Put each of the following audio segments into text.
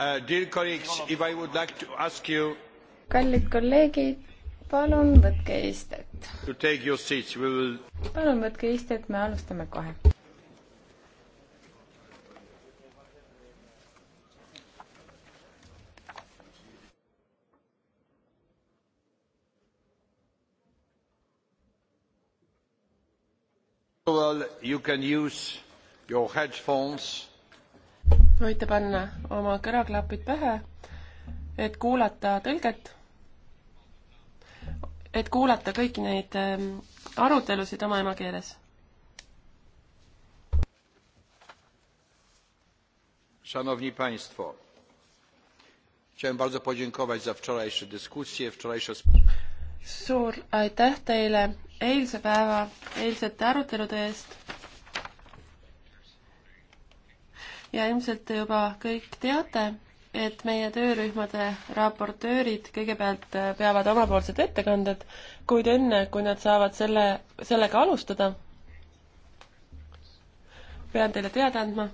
Uh, like you... kallid kolleegid, palun võtke istet. Will... palun võtke istet, me alustame kohe. Well, you can use your headphones võite panna oma kõrvaklapid pähe, et kuulata tõlget, et kuulata kõiki neid ähm, arutelusid oma emakeeles. Szanowni Państwo, chciałem bardzo podziękować za wczorajsze dyskusje, wczorajsze... Suur aitäh teile eilse päeva, eilsete arutelude eest ja ilmselt te juba kõik teate, et meie töörühmade raportöörid kõigepealt äh, peavad omapoolsed ettekanded, kuid enne, kui nad saavad selle, sellega alustada, pean teile teada andma,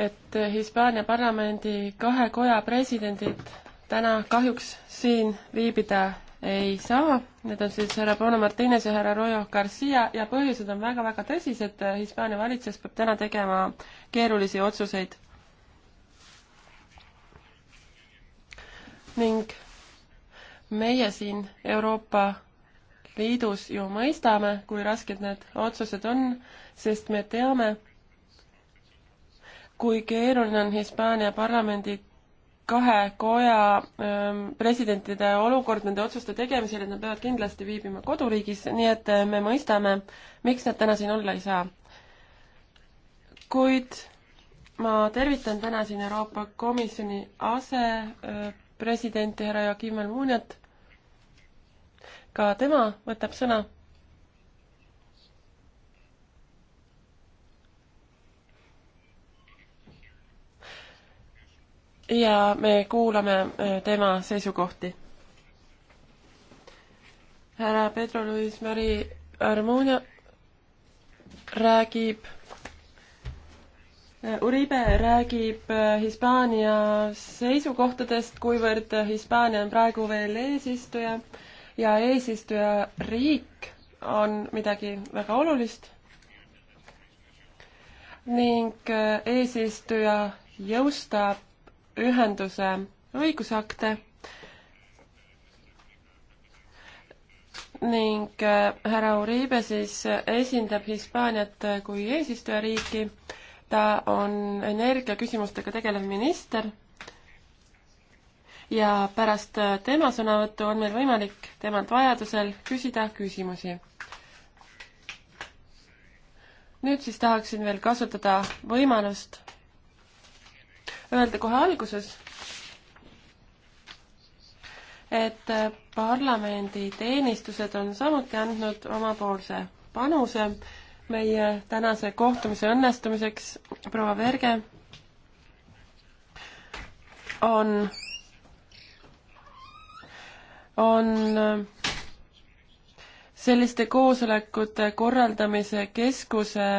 et Hispaania parlamendi kahe koja presidendid täna kahjuks siin viibida ei saa. Need on siis härra Bruno Martines ja härra Royo Garcia ja põhjused on väga-väga tõsised. Hispaania valitsus peab täna tegema keerulisi otsuseid. ning meie siin Euroopa Liidus ju mõistame, kui rasked need otsused on, sest me teame, kui keeruline on Hispaania parlamendi kahe koja ähm, presidentide olukord nende otsuste tegemisel, et nad peavad kindlasti viibima koduriigis, nii et äh, me mõistame, miks nad täna siin olla ei saa. kuid ma tervitan täna siin Euroopa Komisjoni asepresidenti härra Joakim Almuniat. ka tema võtab sõna ja me kuulame äh, tema seisukohti. härra Pedro Luis Mari Armonia räägib, äh, Uribe räägib äh, Hispaania seisukohtadest, kuivõrd Hispaania on praegu veel eesistuja ja eesistujariik on midagi väga olulist ning eesistuja jõustab ühenduse õigusakte ning äh, härra Uribe siis esindab Hispaaniat kui eesistujariiki. ta on energiaküsimustega tegelev minister. ja pärast äh, tema sõnavõttu on meil võimalik temalt vajadusel küsida küsimusi. nüüd siis tahaksin veel kasutada võimalust öelda kohe alguses, et parlamendi teenistused on samuti andnud omapoolse panuse meie tänase kohtumise õnnestumiseks. proua Verge on, on selliste koosolekute korraldamise keskuse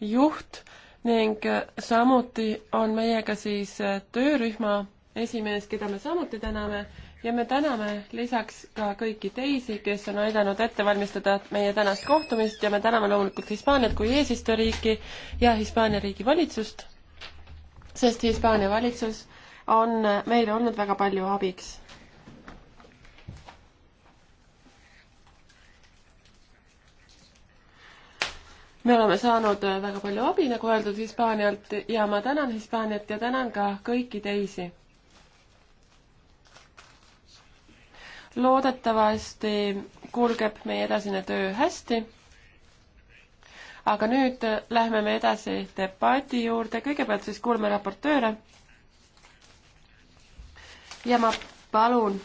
juht ning äh, samuti on meiega siis äh, töörühma esimees, keda me samuti täname ja me täname lisaks ka kõiki teisi, kes on aidanud ette valmistada meie tänast kohtumist ja me täname loomulikult Hispaaniat kui eesistujariiki ja Hispaania riigi valitsust, sest Hispaania valitsus on äh, meile olnud väga palju abiks me oleme saanud äh, väga palju abi, nagu öeldud, Hispaanialt ja ma tänan Hispaaniat ja tänan ka kõiki teisi. loodetavasti kulgeb meie edasine töö hästi. aga nüüd äh, lähme me edasi debati juurde, kõigepealt siis kuulame raportööre. ja ma palun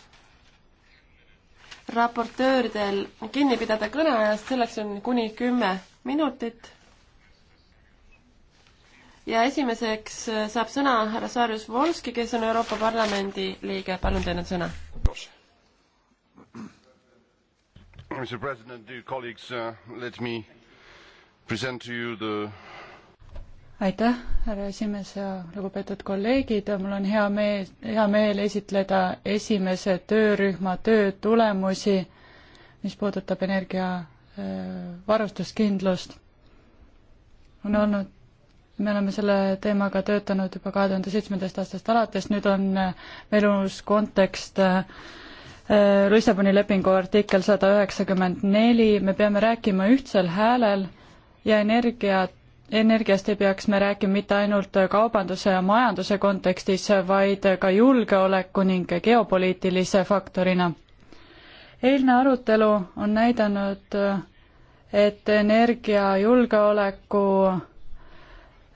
raportööridel kinni pidada kõneajast, selleks on kuni kümme minutit. ja esimeseks saab sõna härra Saarjus Volski, kes on Euroopa Parlamendi liige, palun teil on sõna. Mr President, dear colleagues uh,, let me present to you the aitäh, härra esimees ja lugupeetud kolleegid, mul on hea meel, hea meel esitleda esimese töörühma töö tulemusi, mis puudutab energia äh, varustuskindlust. on olnud, me oleme selle teemaga töötanud juba kahe tuhande seitsmendast aastast alates, nüüd on äh, meil uus kontekst äh, äh, Lissaboni lepingu artikkel sada üheksakümmend neli, me peame rääkima ühtsel häälel ja energiat energiast ei peaks me rääkima mitte ainult kaubanduse ja majanduse kontekstis, vaid ka julgeoleku ning geopoliitilise faktorina. eilne arutelu on näidanud, et energiajulgeoleku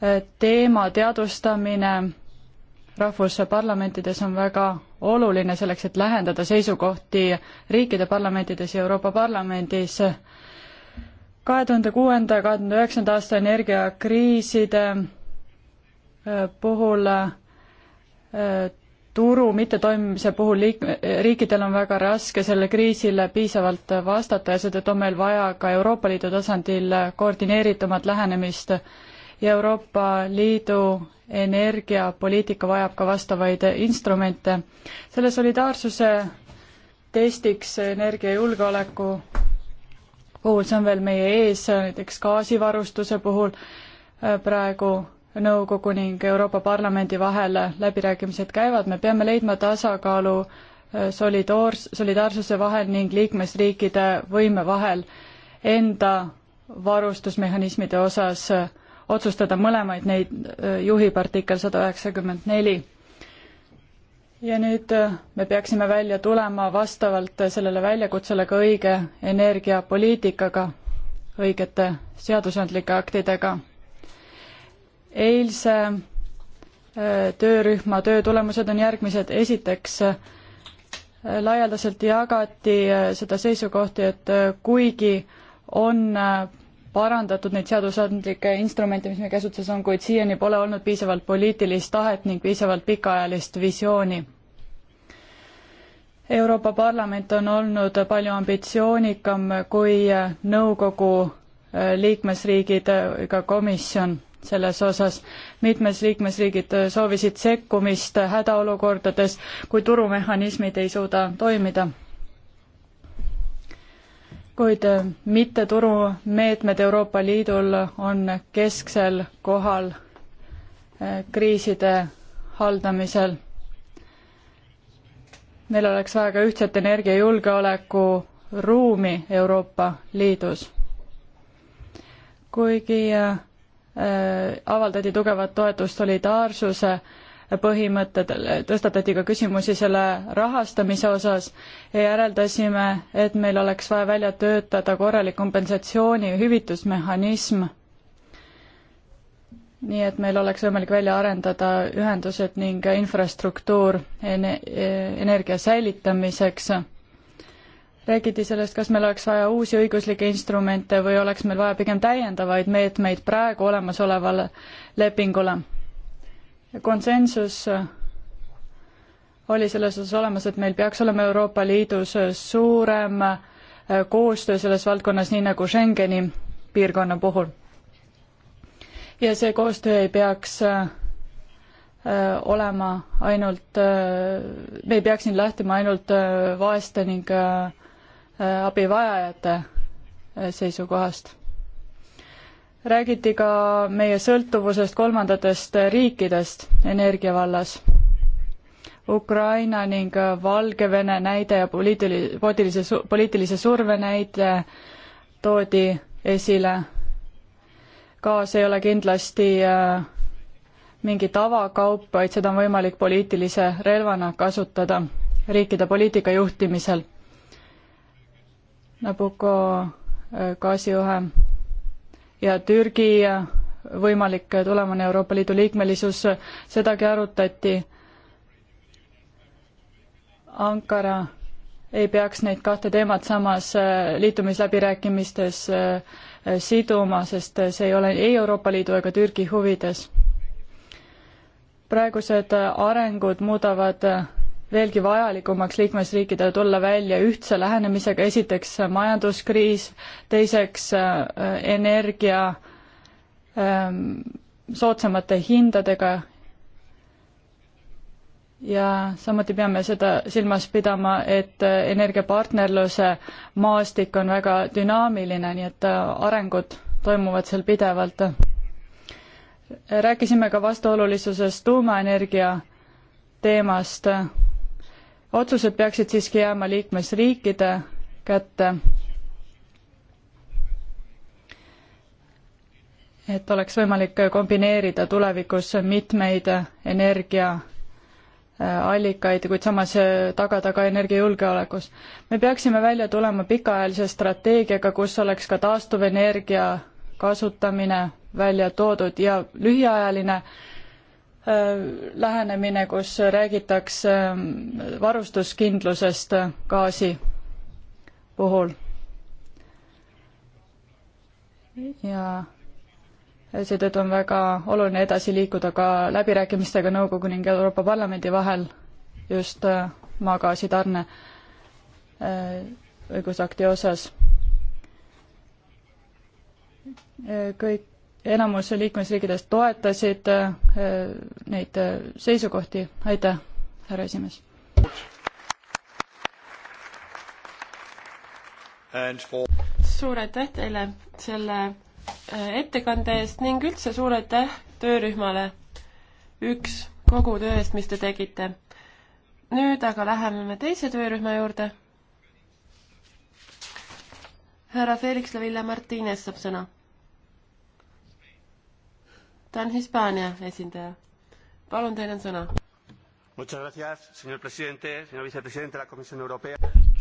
eh, teema teadvustamine rahvusparlamentides on väga oluline selleks, et lähendada seisukohti riikide parlamentides ja Euroopa Parlamendis kahe tuhande kuuenda ja kahe tuhande üheksanda aasta energiakriiside äh, puhul äh, turu mittetoimimise puhul liik-, riikidel on väga raske sellele kriisile piisavalt vastata ja seetõttu on meil vaja ka Euroopa Liidu tasandil koordineeritumat lähenemist ja Euroopa Liidu energiapoliitika vajab ka vastavaid instrumente. selle solidaarsuse testiks energiajulgeoleku puhul, see on veel meie ees, näiteks gaasivarustuse puhul äh, praegu nõukogu ning Euroopa Parlamendi vahel läbirääkimised käivad, me peame leidma tasakaalu äh, solidaars-, solidaarsuse vahel ning liikmesriikide võime vahel enda varustusmehhanismide osas äh, otsustada mõlemaid neid juhib artikkel sada üheksakümmend neli ja nüüd äh, me peaksime välja tulema vastavalt äh, sellele väljakutsele ka õige energiapoliitikaga, õigete seadusandlike aktidega. eilse äh, töörühma töö tulemused on järgmised, esiteks laialdaselt jagati seda seisukohti, et kuigi on parandatud neid seadusandlikke instrumente, mis meie käsutuses on, kuid siiani pole olnud piisavalt poliitilist tahet ning piisavalt pikaajalist visiooni. Euroopa Parlament on olnud palju ambitsioonikam kui nõukogu äh, liikmesriigid ega äh, komisjon selles osas. mitmes liikmesriigid äh, soovisid sekkumist hädaolukordades, kui turumehhanismid ei suuda toimida kuid äh, mitteturumeetmed Euroopa Liidul on kesksel kohal äh, kriiside haldamisel. meil oleks vaja ka ühtset energiajulgeoleku ruumi Euroopa Liidus. kuigi äh, äh avaldati tugevat toetust solidaarsuse äh, põhimõtetele, tõstatati ka küsimusi selle rahastamise osas ja järeldasime, et meil oleks vaja välja töötada korralik kompensatsiooni hüvitusmehhanism. nii et meil oleks võimalik välja arendada ühendused ning infrastruktuur ene-, energia säilitamiseks räägiti sellest, kas meil oleks vaja uusi õiguslikke instrumente või oleks meil vaja pigem täiendavaid meetmeid praegu olemasolevale lepingule konsensus äh, oli selles osas olemas, et meil peaks olema Euroopa Liidus äh, suurem äh, koostöö selles valdkonnas, nii nagu Schengeni piirkonna puhul. ja see koostöö ei peaks olema ainult, me ei peaks siin lähtuma ainult vaeste ning abivajajate seisukohast räägiti ka meie sõltuvusest kolmandatest riikidest energia vallas. Ukraina ning Valgevene näide ja poliitilise, poliitilise, poliitilise surve näide toodi esile. gaas ei ole kindlasti äh, mingi tavakaup, vaid seda on võimalik poliitilise relvana kasutada riikide poliitika juhtimisel. Nabucco äh, gaasijuhe ja Türgi võimalik tulevane Euroopa Liidu liikmelisus, sedagi arutati. Ankara ei peaks neid kahte teemat samas äh, liitumisläbirääkimistes äh, äh, siduma, sest see ei ole ei Euroopa Liidu ega Türgi huvides. praegused arengud muudavad veelgi vajalikumaks liikmesriikidele tulla välja ühtse lähenemisega, esiteks majanduskriis, teiseks äh, energia ähm, soodsamate hindadega ja samuti peame seda silmas pidama, et äh, energiapartnerluse maastik on väga dünaamiline, nii et äh, arengud toimuvad seal pidevalt. rääkisime ka vastuolulisusest tuumaenergia teemast otsused peaksid siiski jääma liikmesriikide kätte. et oleks võimalik kombineerida tulevikus mitmeid energiaallikaid, kuid samas tagada ka energiajulgeolekus. me peaksime välja tulema pikaajalise strateegiaga, kus oleks ka taastuvenergia kasutamine välja toodud ja lühiajaline äh, Äh, lähenemine, kus räägitakse ähm, varustuskindlusest gaasi puhul. ja seetõttu on väga oluline edasi liikuda ka läbirääkimistega Nõukogu ning Euroopa Parlamendi vahel just äh, maagaasi tarne äh, õigusakti osas. kõik enamus liikmesriikidest toetasid eh, neid eh, seisukohti. aitäh, härra esimees! suur aitäh teile selle eh, ettekande eest ning üldse suur aitäh töörühmale, üks kogu töö eest, mis te tegite. nüüd aga läheme me teise töörühma juurde. härra Felix Lavilla Martines saab sõna ta on Hispaania esindaja. palun, teil on sõna.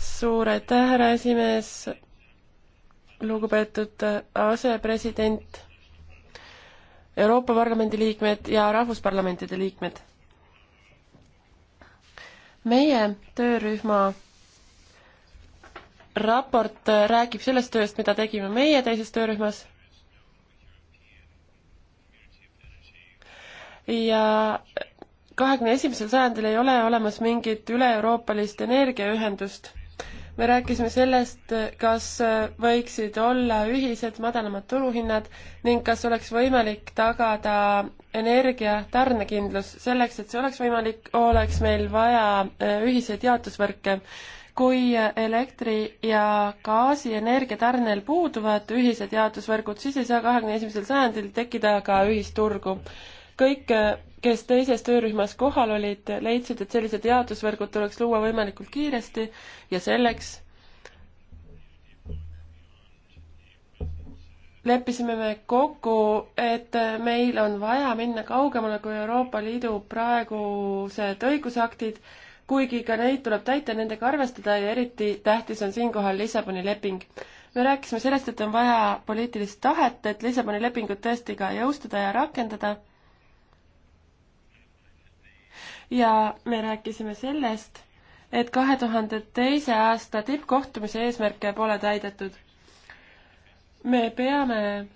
suur aitäh, härra esimees, lugupeetud äh, asepresident, Euroopa Parlamendi liikmed ja rahvusparlamentide liikmed. meie töörühma raport äh, räägib sellest tööst, mida tegime meie teises töörühmas ja kahekümne esimesel sajandil ei ole olemas mingit üle-euroopalist energiaühendust. me rääkisime sellest, kas võiksid olla ühised madalamad turuhinnad ning kas oleks võimalik tagada energia tarnekindlus. selleks, et see oleks võimalik, oleks meil vaja äh, ühiseid jaotusvõrke kui elektri- ja gaasienergia tarnel puuduvad ühised jaotusvõrgud, siis ei saa kahekümne esimesel sajandil tekkida ka ühisturgu kõik, kes teises töörühmas kohal olid, leidsid, et sellised jaotusvõrgud tuleks luua võimalikult kiiresti ja selleks leppisime me kokku, et meil on vaja minna kaugemale kui Euroopa Liidu praegused õigusaktid, kuigi ka neid tuleb täita, nendega arvestada ja eriti tähtis on siinkohal Lissaboni leping me rääkisime sellest, et on vaja poliitilist tahet, et Lissaboni lepingut tõesti ka jõustada ja rakendada ja me rääkisime sellest, et kahe tuhande teise aasta tippkohtumise eesmärke pole täidetud. me peame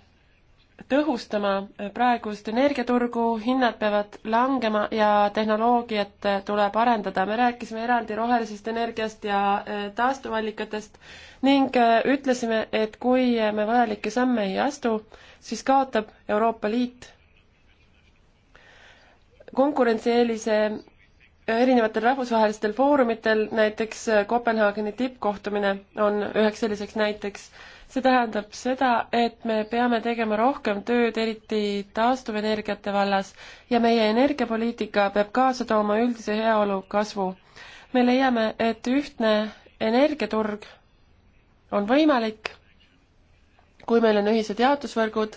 tõhustama praegust energiaturgu, hinnad peavad langema ja tehnoloogiat tuleb arendada. me rääkisime eraldi rohelisest energiast ja e, taastuvallikatest ning e, ütlesime, et kui me vajalikke samme ei astu, siis kaotab Euroopa Liit konkurentsieelise äh, erinevatel rahvusvahelistel foorumitel, näiteks äh, Kopenhaageni tippkohtumine on üheks selliseks näiteks. see tähendab seda, et me peame tegema rohkem tööd, eriti taastuvenergiate vallas, ja meie energiapoliitika peab kaasa tooma üldise heaolu kasvu. me leiame, et ühtne energiaturg on võimalik, kui meil on ühised jaotusvõrgud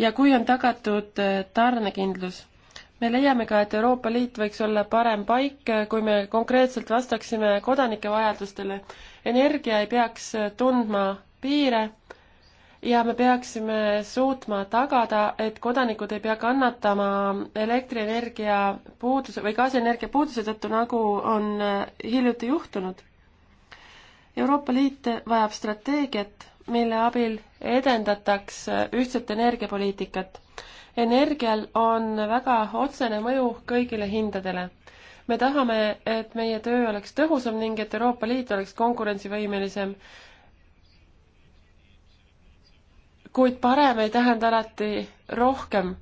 ja kui on tagatud äh, tarnekindlus. me leiame ka, et Euroopa Liit võiks olla parem paik, äh, kui me konkreetselt vastaksime kodanike vajadustele. energia ei peaks äh, tundma piire ja me peaksime suutma tagada, et kodanikud ei pea kannatama elektrienergia puuduse või gaasienergia puuduse tõttu, nagu on hiljuti juhtunud. Euroopa Liit vajab strateegiat, mille abil edendatakse ühtset energiapoliitikat. energial on väga otsene mõju kõigile hindadele. me tahame, et meie töö oleks tõhusam ning et Euroopa Liit oleks konkurentsivõimelisem. kuid parem ei tähenda alati rohkem.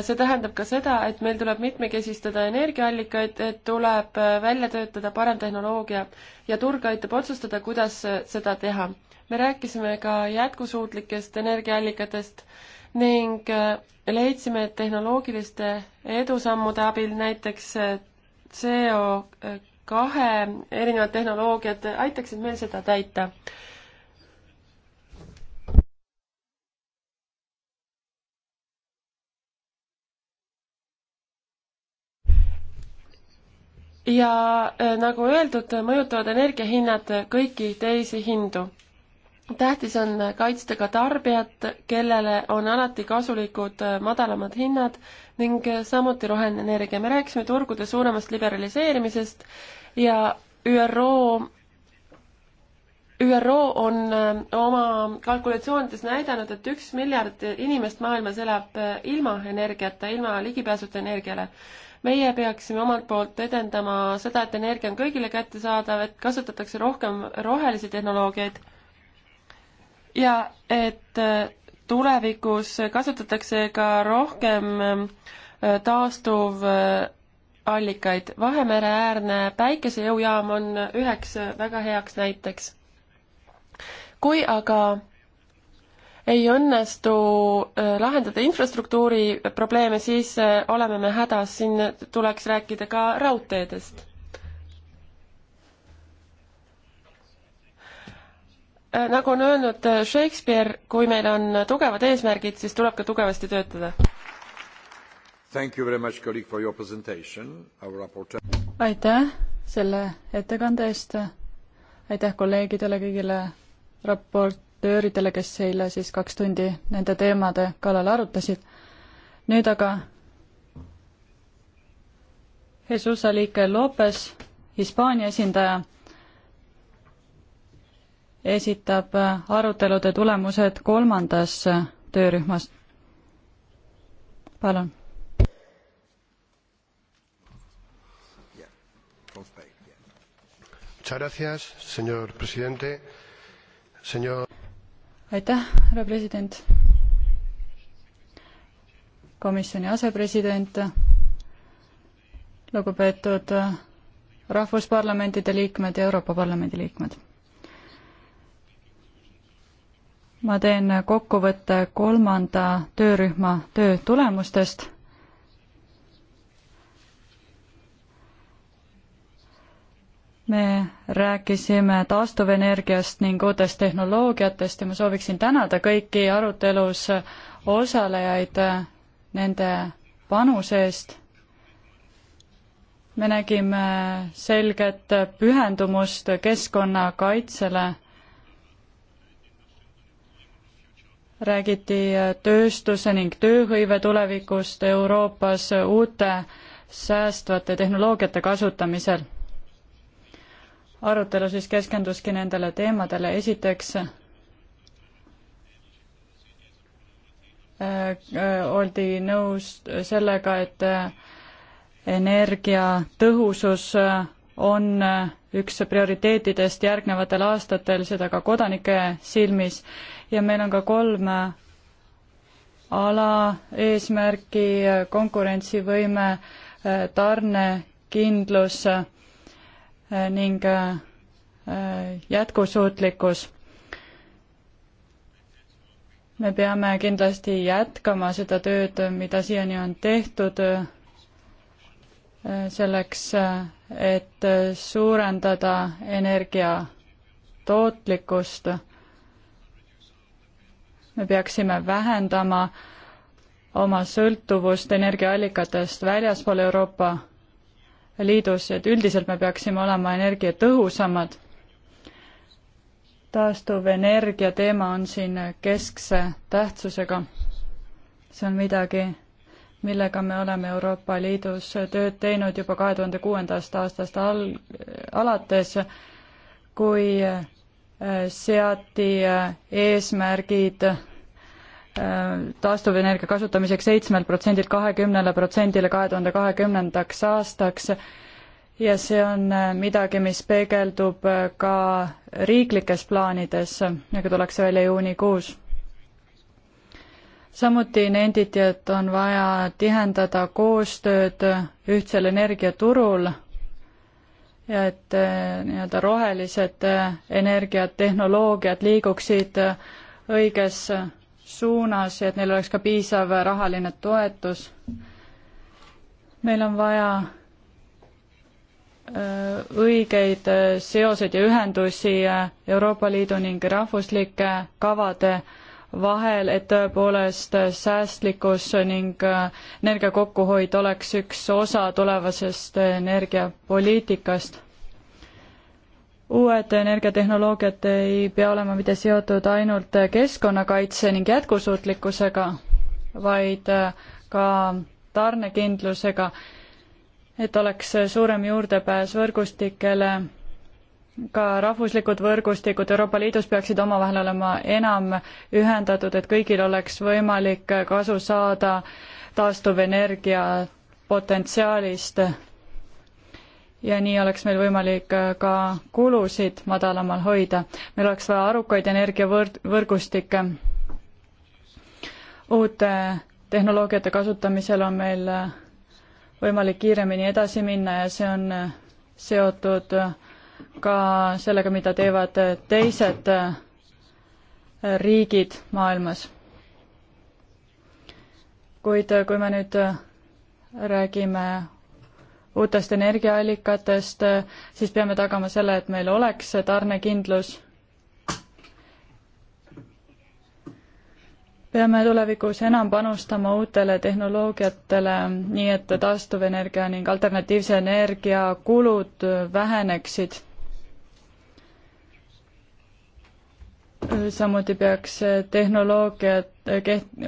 see tähendab ka seda, et meil tuleb mitmekesistada energiaallikaid, et tuleb välja töötada parem tehnoloogia ja turg aitab otsustada, kuidas seda teha me rääkisime ka jätkusuutlikest energiaallikatest ning äh, leidsime, et tehnoloogiliste edusammude abil, näiteks äh, CO äh, kahe erinevad tehnoloogiad aitaksid meil seda täita. ja nagu öeldud, mõjutavad energiahinnad kõiki teisi hindu tähtis on kaitsta ka tarbijat, kellele on alati kasulikud äh, madalamad hinnad ning äh, samuti roheline energia. me rääkisime turgude suuremast liberaliseerimisest ja ÜRO ÜRO on äh, oma kalkulatsioonides näidanud, et üks miljard inimest maailmas elab ilma energiata, ilma ligipääsuta energiale. meie peaksime omalt poolt edendama seda, et energia on kõigile kättesaadav, et kasutatakse rohkem rohelisi tehnoloogiaid ja et äh, tulevikus kasutatakse ka rohkem ähm, äh, taastuvallikaid. Äh, Vahemereäärne päikesejõujaam on üheks väga heaks näiteks. kui aga ei õnnestu lahendada infrastruktuuri probleeme, siis oleme me hädas, siin tuleks rääkida ka raudteedest Äh, nagu on öelnud äh, Shakespeare, kui meil on äh, tugevad eesmärgid, siis tuleb ka tugevasti töötada. aitäh selle ettekande eest. aitäh kolleegidele, kõigile raportööridele, kes eile siis kaks tundi nende teemade kallal arutasid. nüüd aga Jesus Alique Lopez, Hispaania esindaja esitab arutelude tulemused kolmandas töörühmas. palun. aitäh, härra president. komisjoni asepresident, lugupeetud rahvusparlamentide liikmed ja Euroopa Parlamendi liikmed ma teen kokkuvõtte kolmanda töörühma töö tulemustest. me rääkisime taastuvenergiast ning uutest tehnoloogiatest ja ma sooviksin tänada kõiki arutelus osalejaid nende panuse eest. me nägime selget pühendumust keskkonnakaitsele räägiti tööstuse ning tööhõive tulevikust Euroopas uute säästvate tehnoloogiate kasutamisel. arutelu siis keskenduski nendele teemadele, esiteks äh, äh, oldi nõus sellega, et äh, energiatõhusus on üks prioriteetidest järgnevatel aastatel, seda ka kodanike silmis ja meil on ka kolm alaeesmärki, konkurentsivõime, tarnekindlus eh, ning eh, jätkusuutlikkus. me peame kindlasti jätkama seda tööd, mida siiani on tehtud eh, selleks, et suurendada energia tootlikkust me peaksime vähendama oma sõltuvust energiaallikatest väljaspool Euroopa Liidus, et üldiselt me peaksime olema energiatõhusamad. taastuvenergia teema on siin keskse tähtsusega. see on midagi, millega me oleme Euroopa Liidus tööd teinud juba kahe tuhande kuuendast aastast al-, alates, kui seati äh, eesmärgid äh, taastuvenergia kasutamiseks seitsmelt protsendilt kahekümnele protsendile kahe tuhande kahekümnendaks aastaks ja see on äh, midagi, mis peegeldub ka riiklikes plaanides, millega nagu tullakse välja juunikuus. samuti nenditi, et on vaja tihendada koostööd ühtsel energiaturul ja et äh, nii-öelda rohelised äh, energiad, tehnoloogiad liiguksid äh, õiges suunas ja et neil oleks ka piisav rahaline toetus. meil on vaja õigeid seoseid ja ühendusi Euroopa Liidu ning rahvuslike kavade vahel, et tõepoolest säästlikkus ning äh, energia kokkuhoid oleks üks osa tulevasest energiapoliitikast. uued energiatehnoloogiad ei pea olema mitte seotud ainult keskkonnakaitse ning jätkusuutlikkusega, vaid äh, ka tarnekindlusega, et oleks suurem juurdepääs võrgustikele ka rahvuslikud võrgustikud Euroopa Liidus peaksid omavahel olema enam ühendatud, et kõigil oleks võimalik kasu saada taastuvenergia potentsiaalist. ja nii oleks meil võimalik ka kulusid madalamal hoida. meil oleks vaja arukaid energiavõrgustikke. uute tehnoloogiate kasutamisel on meil võimalik kiiremini edasi minna ja see on seotud ka sellega, mida teevad teised riigid maailmas. kuid kui me nüüd räägime uutest energiaallikatest, siis peame tagama selle, et meil oleks tarnekindlus peame tulevikus enam panustama uutele tehnoloogiatele, nii et taastuvenergia ning alternatiivse energia kulud väheneksid. samuti peaks tehnoloogiad,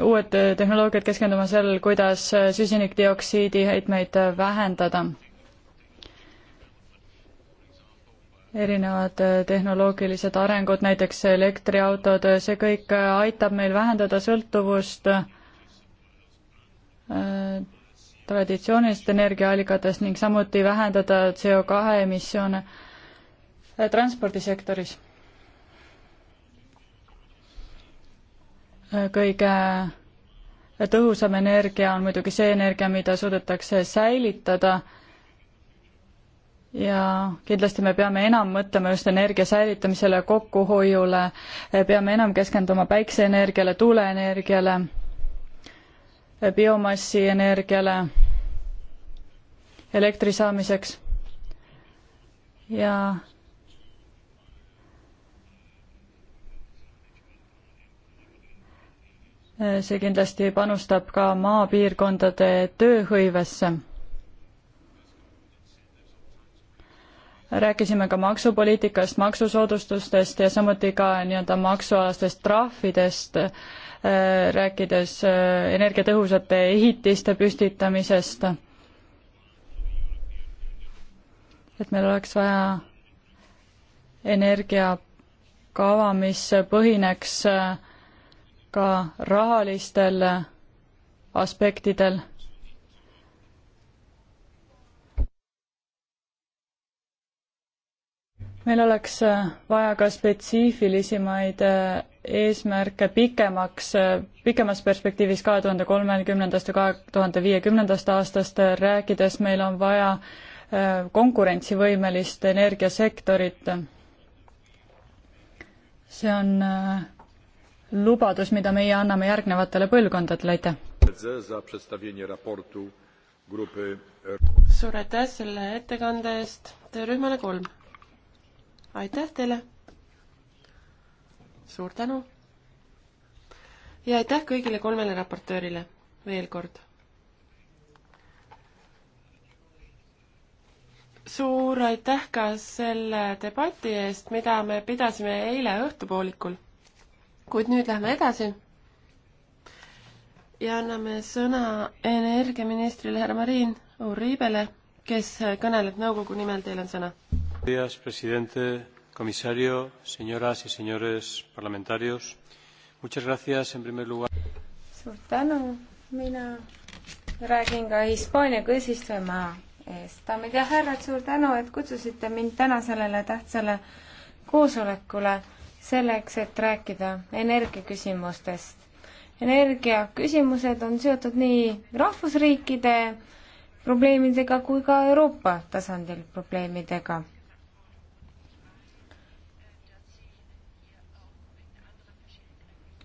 uued tehnoloogiad keskenduma sellel, kuidas süsinikdioksiidi heitmeid vähendada erinevad äh, tehnoloogilised arengud, näiteks elektriautod, äh, see kõik äh, aitab meil vähendada sõltuvust traditsioonilistest energiaallikatest ning samuti vähendada CO2 emissioone transpordisektoris. kõige tõhusam energia on muidugi see energia, mida suudetakse säilitada ja kindlasti me peame enam mõtlema just energia säilitamisele, kokkuhoiule, peame enam keskenduma päikseenergiale, tuuleenergiale, biomassi energiale elektri saamiseks ja see kindlasti panustab ka maapiirkondade tööhõivesse rääkisime ka maksupoliitikast, maksusoodustustest ja samuti ka nii-öelda maksualastest trahvidest, äh, rääkides äh, energiatõhusate ehitiste püstitamisest. et meil oleks vaja energiakava, mis põhineks äh, ka rahalistel aspektidel meil oleks äh, vaja ka spetsiifilisemaid äh, eesmärke pikemaks, äh, pikemas perspektiivis kahe tuhande kolmekümnendast ja kahe tuhande viiekümnendast aastast rääkides meil on vaja konkurentsivõimelist energiasektorit. see on lubadus, mida meie anname järgnevatele põlvkondadele, aitäh! suur aitäh selle ettekande eest, töörühmale kolm! aitäh teile! suur tänu! ja aitäh kõigile kolmele raportöörile veel kord. suur aitäh ka selle debati eest, mida me pidasime eile õhtupoolikul. kuid nüüd lähme edasi ja anname sõna energiaministrile härra Marin Uribele, kes kõneleb nõukogu nimel, teil on sõna Gracias, presidente, comisario, señoras y señores parlamentarios. Muchas gracias en primer lugar. suur tänu, mina räägin ka Hispaania kui eesistujamaa eest. daamid ja härrad, suur tänu, et kutsusite mind täna sellele tähtsale koosolekule selleks, et rääkida energiaküsimustest. energiaküsimused on seotud nii rahvusriikide probleemidega kui ka Euroopa tasandil probleemidega.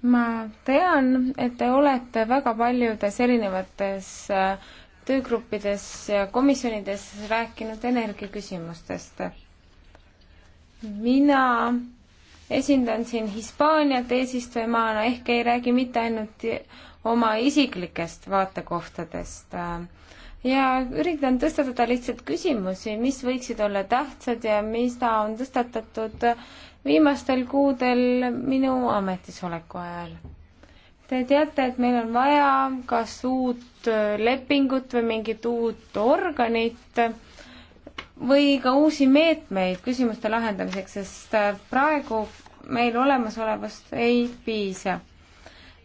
ma tean, et te olete väga paljudes erinevates äh, töögruppides ja komisjonides rääkinud energiaküsimustest. mina esindan siin Hispaaniat eesistujamaana, ehk ei räägi mitte ainult oma isiklikest vaatekohtadest ja üritan tõstatada lihtsalt küsimusi, mis võiksid olla tähtsad ja mida on tõstatatud viimastel kuudel minu ametisoleku ajal. Te teate, et meil on vaja kas uut lepingut või mingit uut organit või ka uusi meetmeid küsimuste lahendamiseks, sest praegu meil olemasolevast ei piisa.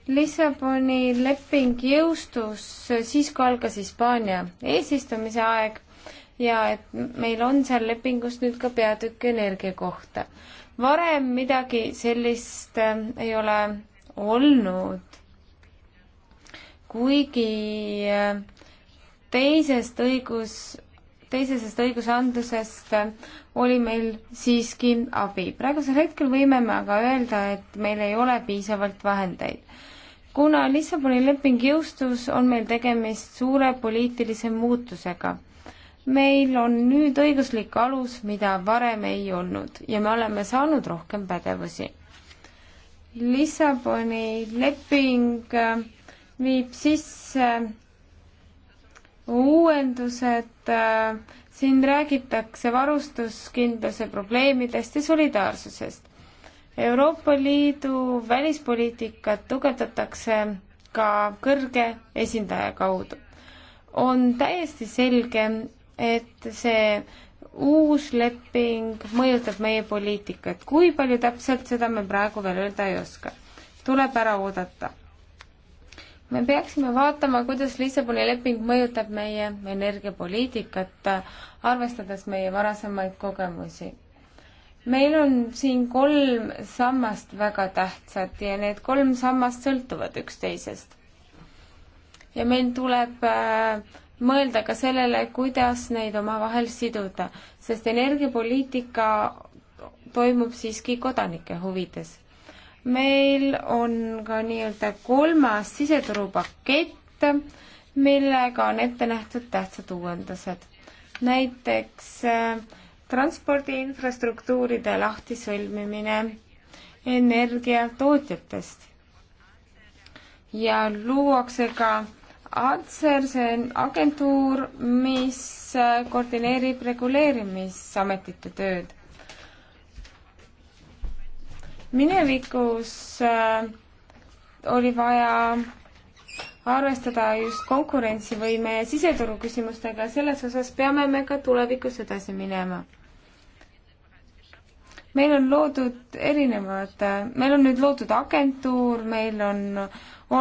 Lissaboni leping jõustus siis, kui algas Hispaania eesistumise aeg ja et meil on seal lepingus nüüd ka peatükk energia kohta varem midagi sellist ähm, ei ole olnud. kuigi ähm, teisest õigus, teisesest õigusandlusest ähm, oli meil siiski abi. praegusel hetkel võime me aga öelda, et meil ei ole piisavalt vahendeid. kuna Lissaboni leping jõustus, on meil tegemist suure poliitilise muutusega meil on nüüd õiguslik alus, mida varem ei olnud ja me oleme saanud rohkem pädevusi. Lissaboni leping äh, viib sisse äh, uuendused, äh, siin räägitakse varustuskindluse probleemidest ja solidaarsusest. Euroopa Liidu välispoliitikat tugevdatakse ka kõrge esindaja kaudu. on täiesti selge, et see uus leping mõjutab meie poliitikat. kui palju täpselt, seda me praegu veel öelda ei oska. tuleb ära oodata. me peaksime vaatama, kuidas Lissaboni leping mõjutab meie energiapoliitikat, arvestades meie varasemaid kogemusi. meil on siin kolm sammast väga tähtsad ja need kolm sammast sõltuvad üksteisest. ja meil tuleb äh, mõelda ka sellele, kuidas neid omavahel siduda, sest energiapoliitika toimub siiski kodanike huvides. meil on ka nii-öelda kolmas siseturupakett, millega on ette nähtud tähtsad uuendused. näiteks äh, transpordi infrastruktuuride lahtisõlmimine energiatootjatest ja luuakse ka ACER, see on agentuur, mis koordineerib reguleerimisametite tööd. minevikus äh, oli vaja arvestada just konkurentsivõime ja siseturu küsimustega ja selles osas peame me ka tulevikus edasi minema. meil on loodud erinevad, äh, meil on nüüd loodud agentuur, meil on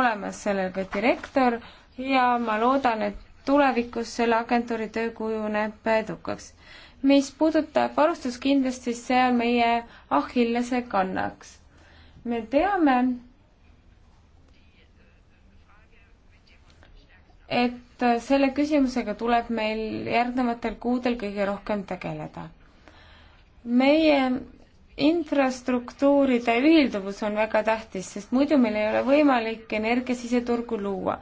olemas sellel ka direktor, ja ma loodan, et tulevikus selle agentuuri töö kujuneb edukaks. mis puudutab varustuskindlust, siis see on meie Achillese kannaks. me teame, et selle küsimusega tuleb meil järgnevatel kuudel kõige rohkem tegeleda. meie infrastruktuuride ühilduvus on väga tähtis, sest muidu meil ei ole võimalik energiasiseturgu luua.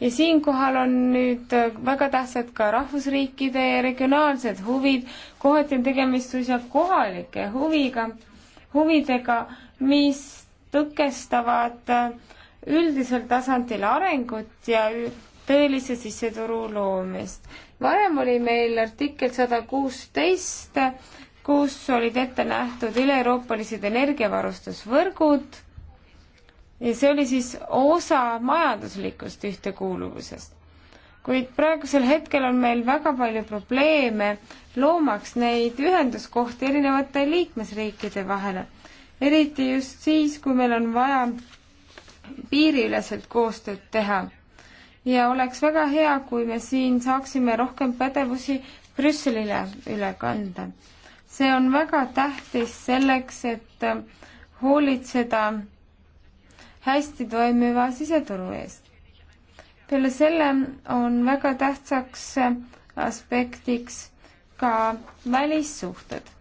ja siinkohal on nüüd väga tähtsad ka rahvusriikide ja regionaalsed huvid, kohati on tegemist suisa kohalike huviga, huvidega, mis tõkestavad üldisel tasandil arengut ja tõelise siseturu loomist. varem oli meil artikkel sada kuusteist, kus olid ette nähtud üle-euroopalised energiavarustusvõrgud ja see oli siis osa majanduslikust ühtekuuluvusest. kuid praegusel hetkel on meil väga palju probleeme loomaks neid ühenduskohti erinevate liikmesriikide vahele, eriti just siis, kui meil on vaja piiriüleselt koostööd teha. ja oleks väga hea, kui me siin saaksime rohkem pädevusi Brüsselile üle kanda see on väga tähtis selleks, et hoolitseda hästi toimiva siseturu eest. peale selle on väga tähtsaks aspektiks ka välissuhted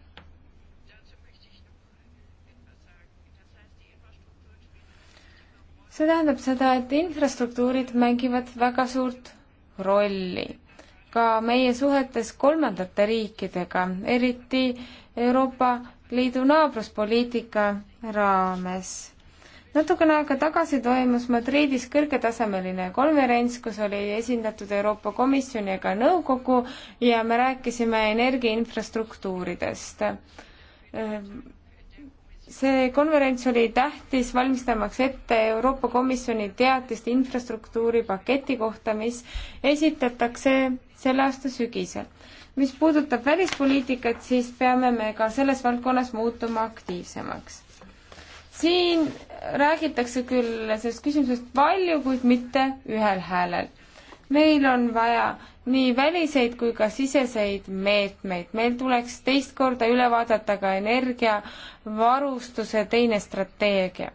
see tähendab seda, et infrastruktuurid mängivad väga suurt rolli ka meie suhetes kolmandate riikidega, eriti Euroopa Liidu naabruspoliitika raames. natukene aega tagasi toimus Madridis kõrgetasemeline konverents, kus oli esindatud Euroopa Komisjoni ja ka nõukogu ja me rääkisime energiainfrastruktuuridest see konverents oli tähtis valmistamaks ette Euroopa Komisjoni teatist infrastruktuuripaketi kohta, mis esitatakse selle aasta sügisel. mis puudutab välispoliitikat, siis peame me ka selles valdkonnas muutuma aktiivsemaks. siin räägitakse küll sellest küsimusest palju, kuid mitte ühel häälel. meil on vaja nii väliseid kui ka siseseid meetmeid. meil tuleks teist korda üle vaadata ka energiavarustuse teine strateegia.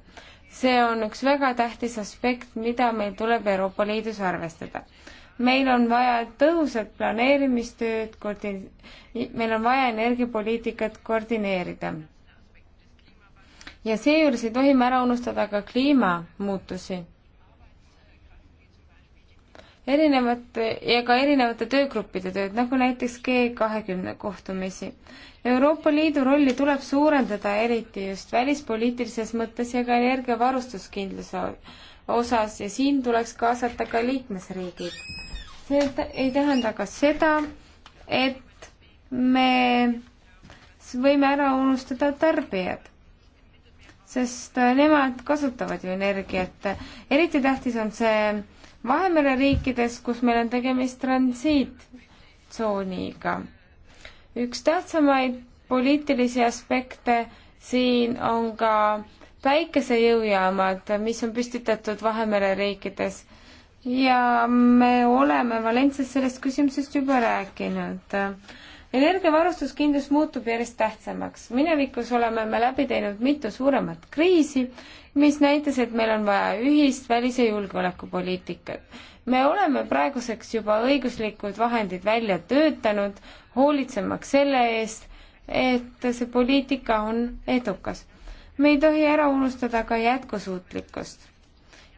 see on üks väga tähtis aspekt, mida meil tuleb Euroopa Liidus arvestada meil on vaja tõhusat planeerimistööd, koordi-, meil on vaja energiapoliitikat koordineerida. ja seejuures ei tohi me ära unustada ka kliimamuutusi. erinevate ja ka erinevate töögruppide tööd, nagu näiteks G kahekümne kohtumisi. Euroopa Liidu rolli tuleb suurendada, eriti just välispoliitilises mõttes ja ka energiavarustuskindluse osas ja siin tuleks kaasata ka liikmesriigid. Need ei tähenda ka seda, et me võime ära unustada tarbijad, sest nemad kasutavad ju energiat. eriti tähtis on see Vahemere riikides, kus meil on tegemist transiitsooniga. üks tähtsamaid poliitilisi aspekte siin on ka päikesejõujaamad, mis on püstitatud Vahemere riikides ja me oleme Valentsias sellest küsimusest juba rääkinud. energiavarustuskindlus muutub järjest tähtsamaks. minevikus oleme me läbi teinud mitu suuremat kriisi, mis näitas, et meil on vaja ühist välis- ja julgeolekupoliitikat. me oleme praeguseks juba õiguslikud vahendid välja töötanud, hoolitsemaks selle eest, et see poliitika on edukas. me ei tohi ära unustada ka jätkusuutlikkust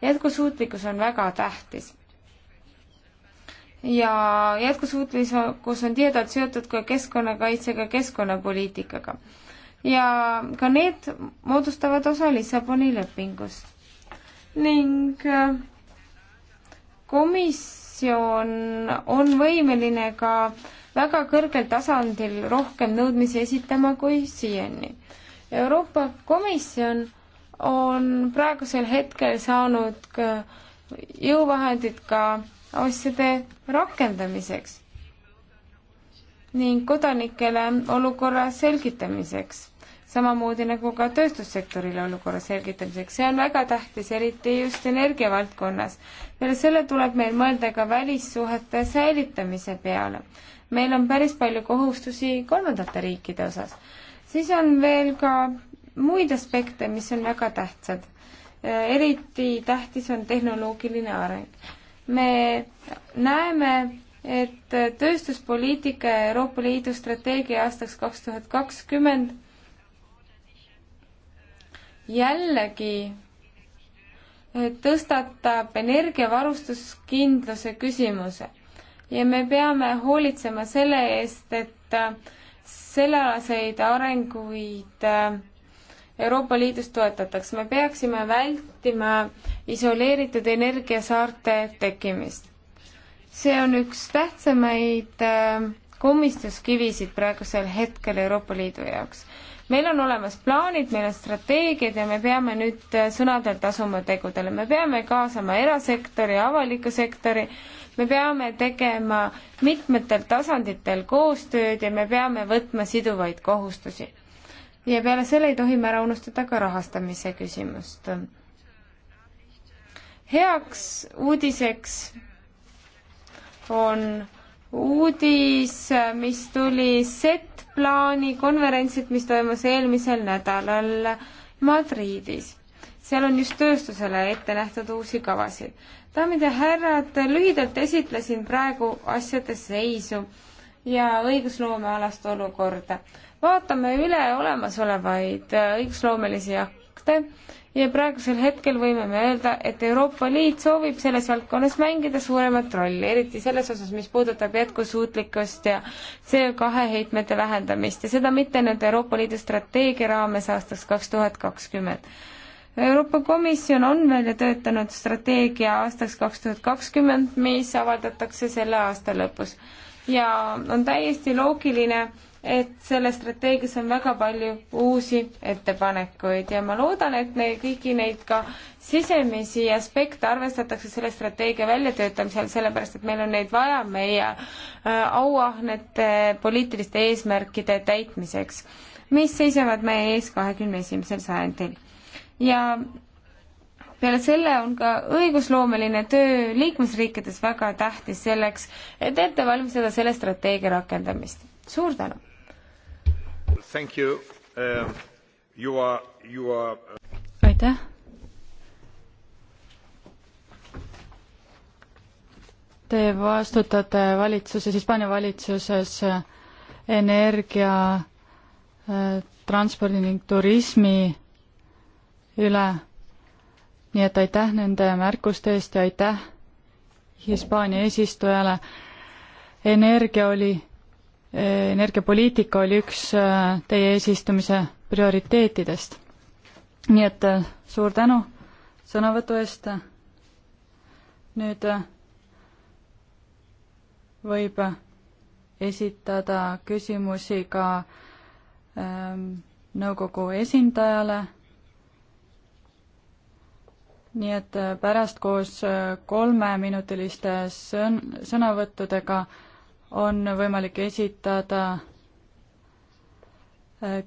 jätkusuutlikkus on väga tähtis. ja jätkusuutlikkus on tihedalt seotud ka keskkonnakaitsega, keskkonnapoliitikaga. ja ka need moodustavad osa Lissaboni lepingust. ning äh, komisjon on võimeline ka väga kõrgel tasandil rohkem nõudmisi esitama kui siiani. Euroopa Komisjon on praegusel hetkel saanud ka jõuvahendid ka asjade rakendamiseks ning kodanikele olukorra selgitamiseks, samamoodi nagu ka tööstussektorile olukorra selgitamiseks. see on väga tähtis, eriti just energiavaldkonnas. peale selle tuleb meil mõelda ka välissuhete säilitamise peale. meil on päris palju kohustusi kolmandate riikide osas. siis on veel ka muid aspekte, mis on väga tähtsad. eriti tähtis on tehnoloogiline areng. me näeme, et tööstuspoliitika Euroopa Liidu strateegia aastaks kaks tuhat kakskümmend jällegi tõstatab energiavarustuskindluse küsimuse ja me peame hoolitsema selle eest, et sellealaseid arenguid äh, Euroopa Liidus toetataks. me peaksime vältima isoleeritud energiasaarte tekkimist. see on üks tähtsamaid äh, komistuskivisid praegusel hetkel Euroopa Liidu jaoks. meil on olemas plaanid, meil on strateegiad ja me peame nüüd äh, sõnadelt asuma tegudele. me peame kaasama erasektori, avaliku sektori, me peame tegema mitmetel tasanditel koostööd ja me peame võtma siduvaid kohustusi ja peale selle ei tohi me ära unustada ka rahastamise küsimust. heaks uudiseks on uudis, mis tuli Z-plaani konverentsilt, mis toimus eelmisel nädalal Madridis. seal on just tööstusele ette nähtud uusi kavasid. daamid ja härrad, lühidalt esitlesin praegu asjade seisu ja õigusloomealast olukorda vaatame üle olemasolevaid äh, õigusloomelisi akte ja praegusel hetkel võime me öelda, et Euroopa Liit soovib selles valdkonnas mängida suuremat rolli, eriti selles osas, mis puudutab jätkusuutlikkust ja CO2 heitmete vähendamist ja seda mitte nüüd Euroopa Liidu strateegia raames aastaks kaks tuhat kakskümmend Euroopa Komisjon on välja töötanud strateegia aastaks kaks tuhat kakskümmend, mis avaldatakse selle aasta lõpus. ja on täiesti loogiline, et selles strateegias on väga palju uusi ettepanekuid ja ma loodan, et me kõiki neid ka sisemisi aspekte arvestatakse selle strateegia väljatöötamisel, sellepärast et meil on neid vaja meie äh, auahnete poliitiliste eesmärkide täitmiseks, mis seisavad meie ees kahekümne esimesel sajandil. ja peale selle on ka õigusloomeline töö liikmesriikides väga tähtis selleks, et ette valmistada selle strateegia rakendamist. suur tänu! You. Um, you are, you are... Uh, aitäh. Te vastutate valitsuses, Hispaania valitsuses äh, energia, äh, transpordi ning turismi üle. nii et aitäh nende märkuste eest ja aitäh Hispaania eesistujale. energia oli energiapoliitika oli üks äh, teie eesistumise prioriteetidest. nii et äh, suur tänu sõnavõtu eest. nüüd äh, võib esitada küsimusi ka ähm, nõukogu esindajale. nii et pärast koos kolmeminutiliste sõn-, sõnavõttudega äh, on võimalik esitada äh,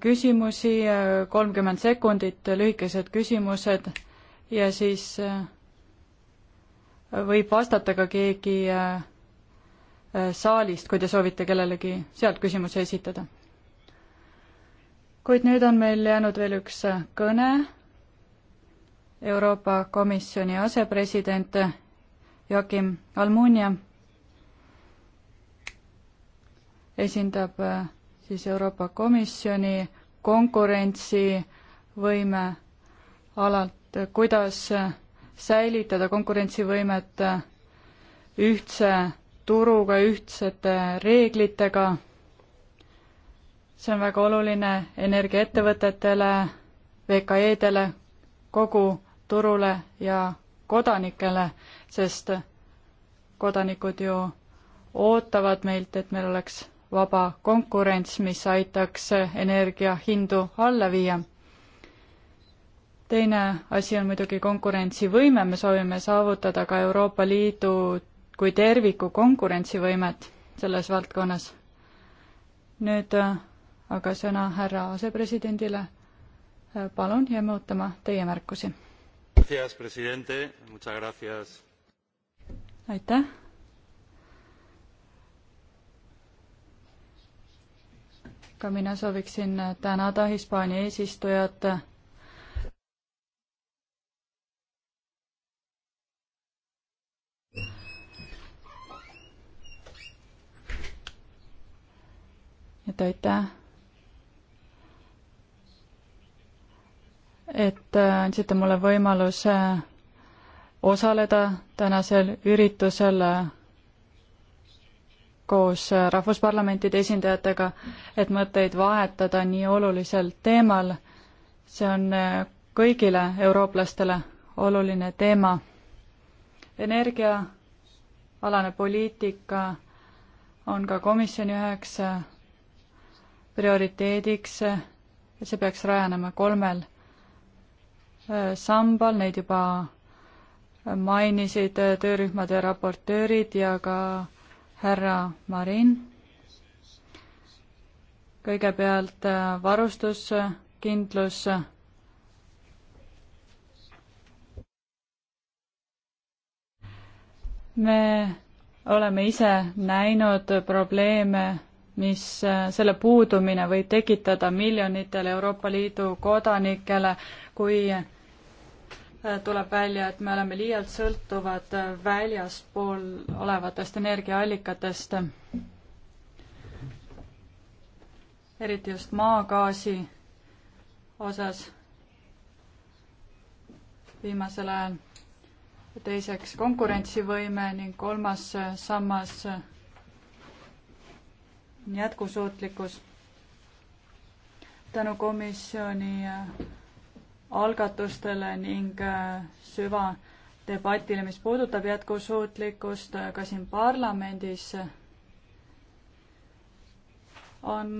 küsimusi, äh, kolmkümmend sekundit, lühikesed küsimused ja siis äh, võib vastata ka keegi saalist, kui te soovite kellelegi sealt küsimusi esitada. kuid nüüd on meil jäänud veel üks kõne. Euroopa Komisjoni asepresident Joakim Almunia esindab äh, siis Euroopa Komisjoni konkurentsivõime alalt, kuidas äh, säilitada konkurentsivõimet äh, ühtse turuga, ühtsete reeglitega. see on väga oluline energiaettevõtetele, VKE-dele, kogu turule ja kodanikele, sest kodanikud ju ootavad meilt, et meil oleks vaba konkurents, mis aitaks energia hindu alla viia. teine asi on muidugi konkurentsivõime, me soovime saavutada ka Euroopa Liidu kui terviku konkurentsivõimet selles valdkonnas. nüüd äh, aga sõna härra asepresidendile. Äh, palun, jääme ootama teie märkusi. aitäh, ka mina sooviksin tänada Hispaania eesistujat et aitäh, et äh, andsite mulle võimaluse osaleda tänasel üritusel koos rahvusparlamentide esindajatega, et mõtteid vahetada nii olulisel teemal. see on äh, kõigile eurooplastele oluline teema. energiaalane poliitika on ka komisjoni üheks äh, prioriteediks äh, ja see peaks rajanema kolmel sambal, neid juba mainisid töörühmade raportöörid ja ka härra Marin. kõigepealt äh, varustuskindlus. me oleme ise näinud probleeme, mis äh, selle puudumine võib tekitada miljonitele Euroopa Liidu kodanikele, kui tuleb välja, et me oleme liialt sõltuvad väljaspool olevatest energiaallikatest, eriti just maagaasi osas viimasel ajal. teiseks konkurentsivõime ning kolmas sammas jätkusuutlikkus. tänu komisjoni algatustele ning äh, süvadebatile, mis puudutab jätkusuutlikkust äh, ka siin parlamendis, äh, on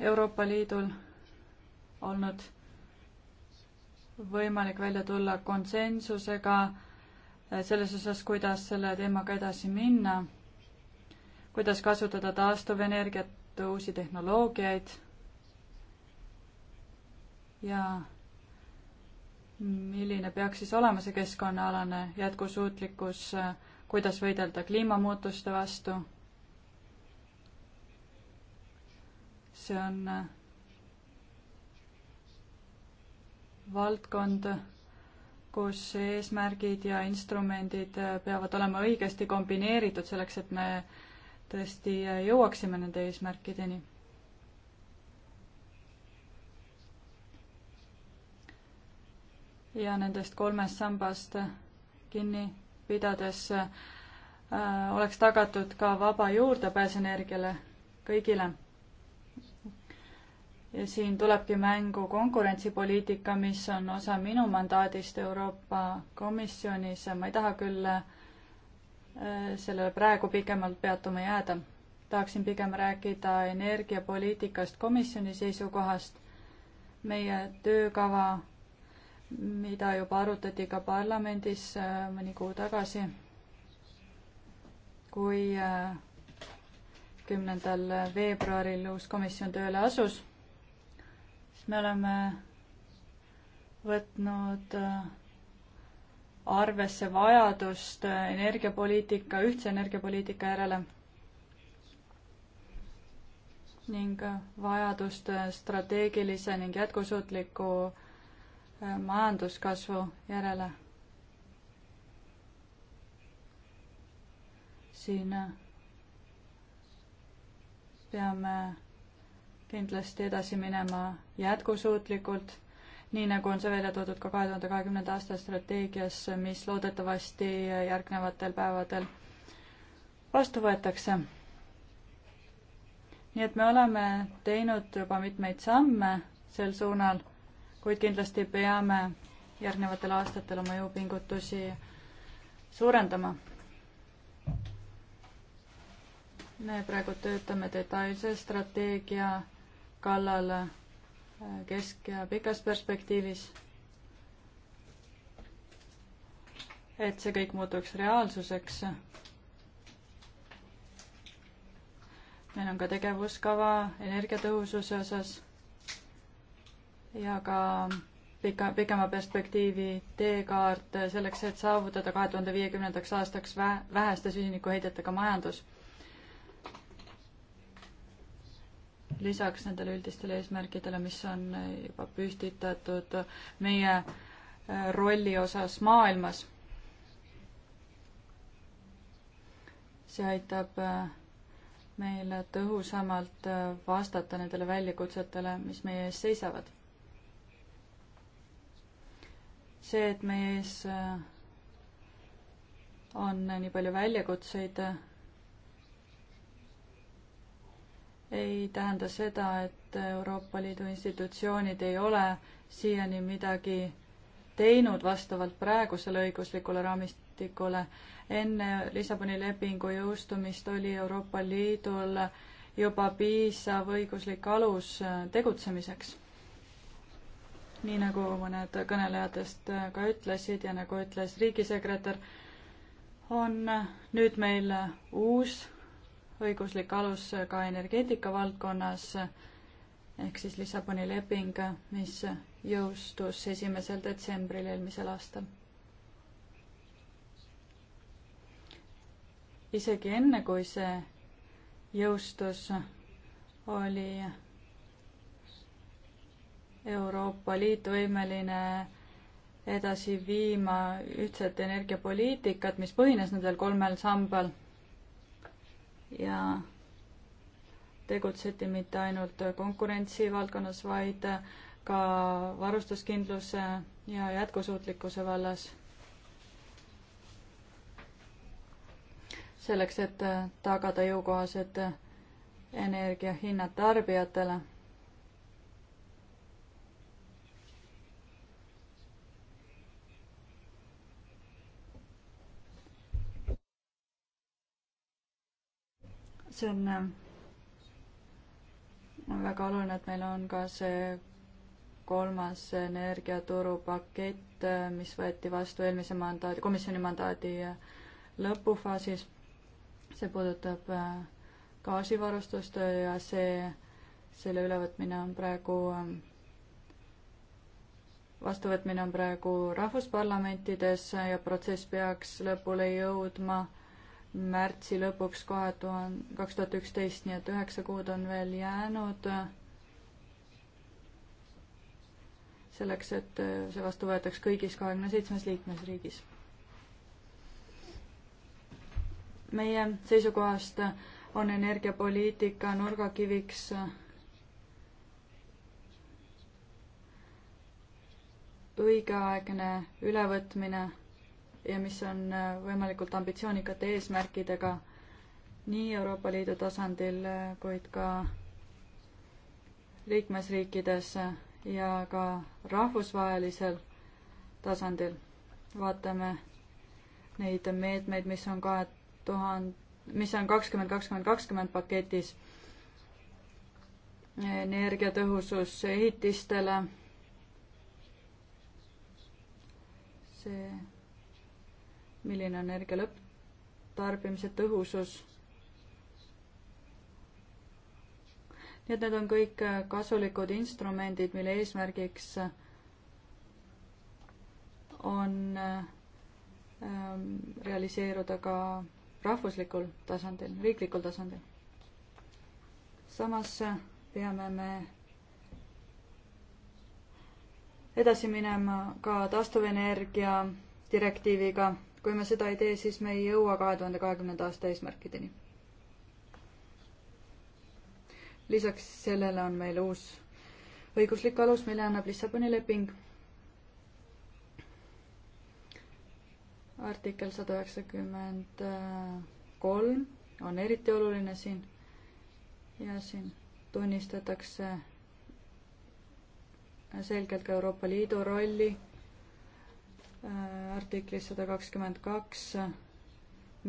Euroopa Liidul olnud võimalik välja tulla konsensusega selles osas, kuidas selle teemaga edasi minna, kuidas kasutada taastuvenergiat, uusi tehnoloogiaid ja milline peaks siis olema see keskkonnaalane jätkusuutlikkus, kuidas võidelda kliimamuutuste vastu? see on äh, valdkond, kus eesmärgid ja instrumendid äh, peavad olema õigesti kombineeritud selleks, et me tõesti äh, jõuaksime nende eesmärkideni ja nendest kolmest sambast kinni pidades äh, oleks tagatud ka vaba juurdepääs energiale kõigile. ja siin tulebki mängu konkurentsipoliitika, mis on osa minu mandaadist Euroopa Komisjonis, ma ei taha küll äh, sellele praegu pikemalt peatuma jääda. tahaksin pigem rääkida energiapoliitikast komisjoni seisukohast. meie töökava mida juba arutati ka parlamendis äh, mõni kuu tagasi, kui äh, kümnendal veebruaril uus komisjon tööle asus, siis me oleme võtnud äh, arvesse vajadust energiapoliitika, ühtse energiapoliitika järele ning vajadust strateegilise ning jätkusuutliku majanduskasvu järele. siin peame kindlasti edasi minema jätkusuutlikult, nii nagu on see välja toodud ka kahe tuhande kahekümnenda aasta strateegias, mis loodetavasti järgnevatel päevadel vastu võetakse. nii et me oleme teinud juba mitmeid samme sel suunal kuid kindlasti peame järgnevatel aastatel oma jõupingutusi suurendama. me praegu töötame detailse strateegia kallal äh, kesk- ja pikas perspektiivis. et see kõik muutuks reaalsuseks. meil on ka tegevuskava energiatõhususe osas ja ka pika, pikema perspektiivi teekaart selleks, et saavutada kahe tuhande viiekümnendaks aastaks vä-, väheste süsinikuheidetega majandus. lisaks nendele üldistele eesmärkidele, mis on juba püstitatud meie äh, rolli osas maailmas, see aitab äh, meil tõhusamalt äh, vastata nendele väljakutsetele, mis meie ees seisavad see, et meie ees äh, on nii palju väljakutseid, äh, ei tähenda seda, et Euroopa Liidu institutsioonid ei ole siiani midagi teinud vastavalt praegusele õiguslikule raamistikule. enne Lissaboni lepingu jõustumist oli Euroopa Liidul juba piisav õiguslik alus äh, tegutsemiseks nii nagu mõned kõnelejatest ka ütlesid ja nagu ütles riigisekretär, on nüüd meil uus õiguslik alus ka energeetika valdkonnas ehk siis Lissaboni leping, mis jõustus esimesel detsembril eelmisel aastal. isegi enne, kui see jõustus, oli Euroopa Liit võimeline edasi viima ühtset energiapoliitikat, mis põhines nendel kolmel sambal ja tegutseti mitte ainult konkurentsi valdkonnas, vaid ka varustuskindluse ja jätkusuutlikkuse vallas. selleks, et tagada jõukohased energiahinnad tarbijatele see on, äh, on väga oluline, et meil on ka see kolmas energiaturupakett, äh, mis võeti vastu eelmise mandaadi, komisjoni mandaadi äh, lõpufaasis. see puudutab gaasivarustust ja see, selle ülevõtmine on praegu, vastuvõtmine on praegu rahvusparlamentides ja protsess peaks lõpule jõudma märtsi lõpuks kahe tuhande, kaks tuhat üksteist, nii et üheksa kuud on veel jäänud selleks, et see vastu võetaks kõigis kahekümne seitsmes liikmesriigis. meie seisukohast on energiapoliitika nurgakiviks õigeaegne ülevõtmine ja mis on äh, võimalikult ambitsioonikate eesmärkidega nii Euroopa Liidu tasandil, äh, kuid ka liikmesriikides äh, ja ka rahvusvahelisel tasandil. vaatame neid meetmeid, mis on kahe tuhande, mis on kakskümmend, kakskümmend, kakskümmend paketis. energiatõhusus ehitistele. see milline on energia lõpptarbimise tõhusus. nii et need on kõik äh, kasulikud instrumendid, mille eesmärgiks äh, on äh, ähm, realiseeruda ka rahvuslikul tasandil, riiklikul tasandil. samas peame me edasi minema ka taastuvenergia direktiiviga kui me seda ei tee, siis me ei jõua kahe tuhande kahekümnenda aasta eesmärkideni. lisaks sellele on meil uus õiguslik alus, mille annab Lissaboni leping. artikkel sada üheksakümmend kolm on eriti oluline siin ja siin tunnistatakse selgelt ka Euroopa Liidu rolli Äh, artiklis sada kakskümmend kaks,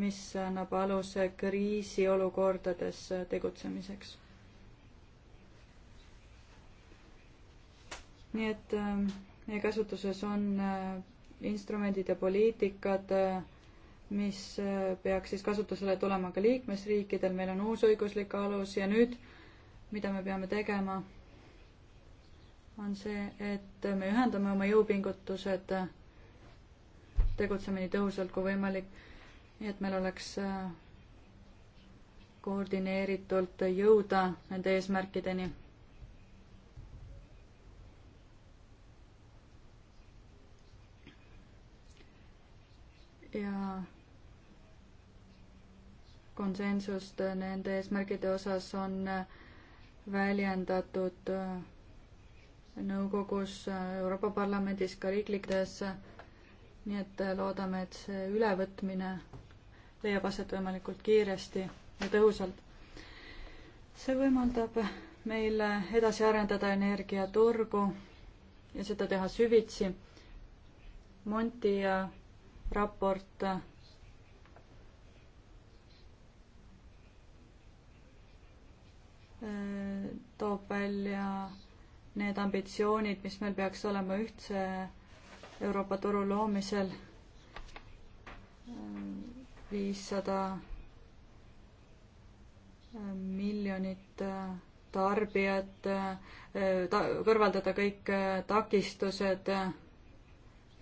mis annab aluse kriisiolukordades äh, tegutsemiseks. nii et äh, meie käsutuses on instrumendid ja poliitikad, mis peaks siis kasutusele tulema ka liikmesriikidel, meil on uus õiguslik alus ja nüüd, mida me peame tegema, on see, et me ühendame oma jõupingutused tegutseme nii tõhusalt kui võimalik, nii et meil oleks äh, koordineeritult jõuda nende eesmärkideni. ja konsensust nende eesmärgide osas on äh, väljendatud äh, nõukogus, Euroopa Parlamendis, ka riiklikes nii et äh, loodame, et see ülevõtmine leiab aset võimalikult kiiresti ja tõhusalt. see võimaldab meil edasi arendada energiaturgu ja seda teha süvitsi. Monti raport äh, toob välja need ambitsioonid, mis meil peaks olema ühtse Euroopa turu loomisel viissada miljonit tarbijat, ta-, kõrvaldada kõik takistused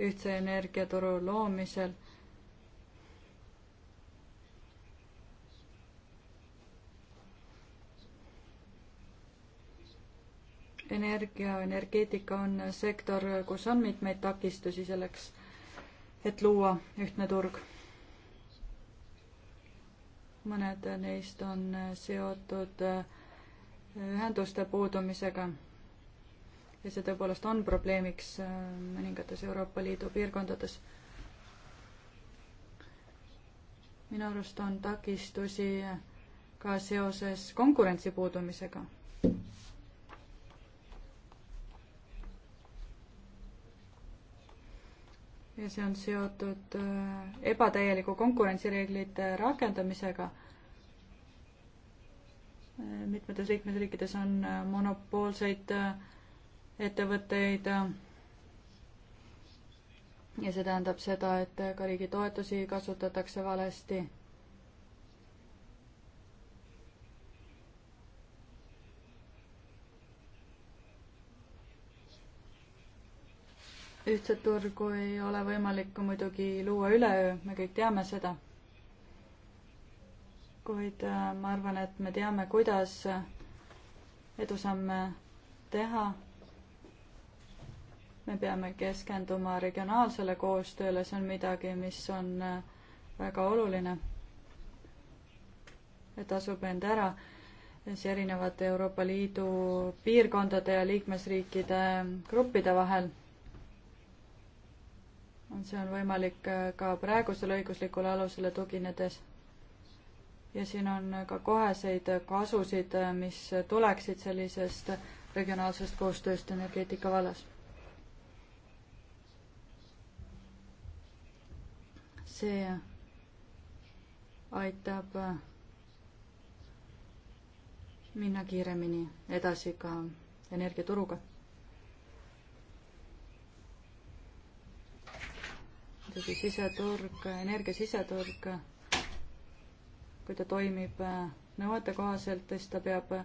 ühtse energiaturu loomisel energia, energeetika on sektor, kus on mitmeid takistusi selleks, et luua ühtne turg. mõned neist on seotud äh, ühenduste puudumisega ja see tõepoolest on probleemiks äh, mõningates Euroopa Liidu piirkondades. minu arust on takistusi ka seoses konkurentsi puudumisega ja see on seotud äh, ebatäieliku konkurentsireeglite rakendamisega. Äh, mitmetes liikmesriikides on äh, monopoolseid ettevõtteid ja see tähendab seda, et ka riigi toetusi kasutatakse valesti ühtset turgu ei ole võimalik muidugi luua üleöö, me kõik teame seda. kuid äh, ma arvan, et me teame, kuidas edusamme teha. me peame keskenduma regionaalsele koostööle, see on midagi, mis on äh, väga oluline. tasub end ära siis erinevate Euroopa Liidu piirkondade ja liikmesriikide gruppide vahel see on võimalik äh, ka praegusele õiguslikule alusele tuginedes. ja siin on äh, ka koheseid äh, kasusid, mis tuleksid sellisest regionaalsest koostööst energeetika vallas. see aitab minna kiiremini edasi ka energiaturuga muidugi siseturg, energia siseturg, kui ta toimib äh, nõuete kohaselt, siis ta peab äh,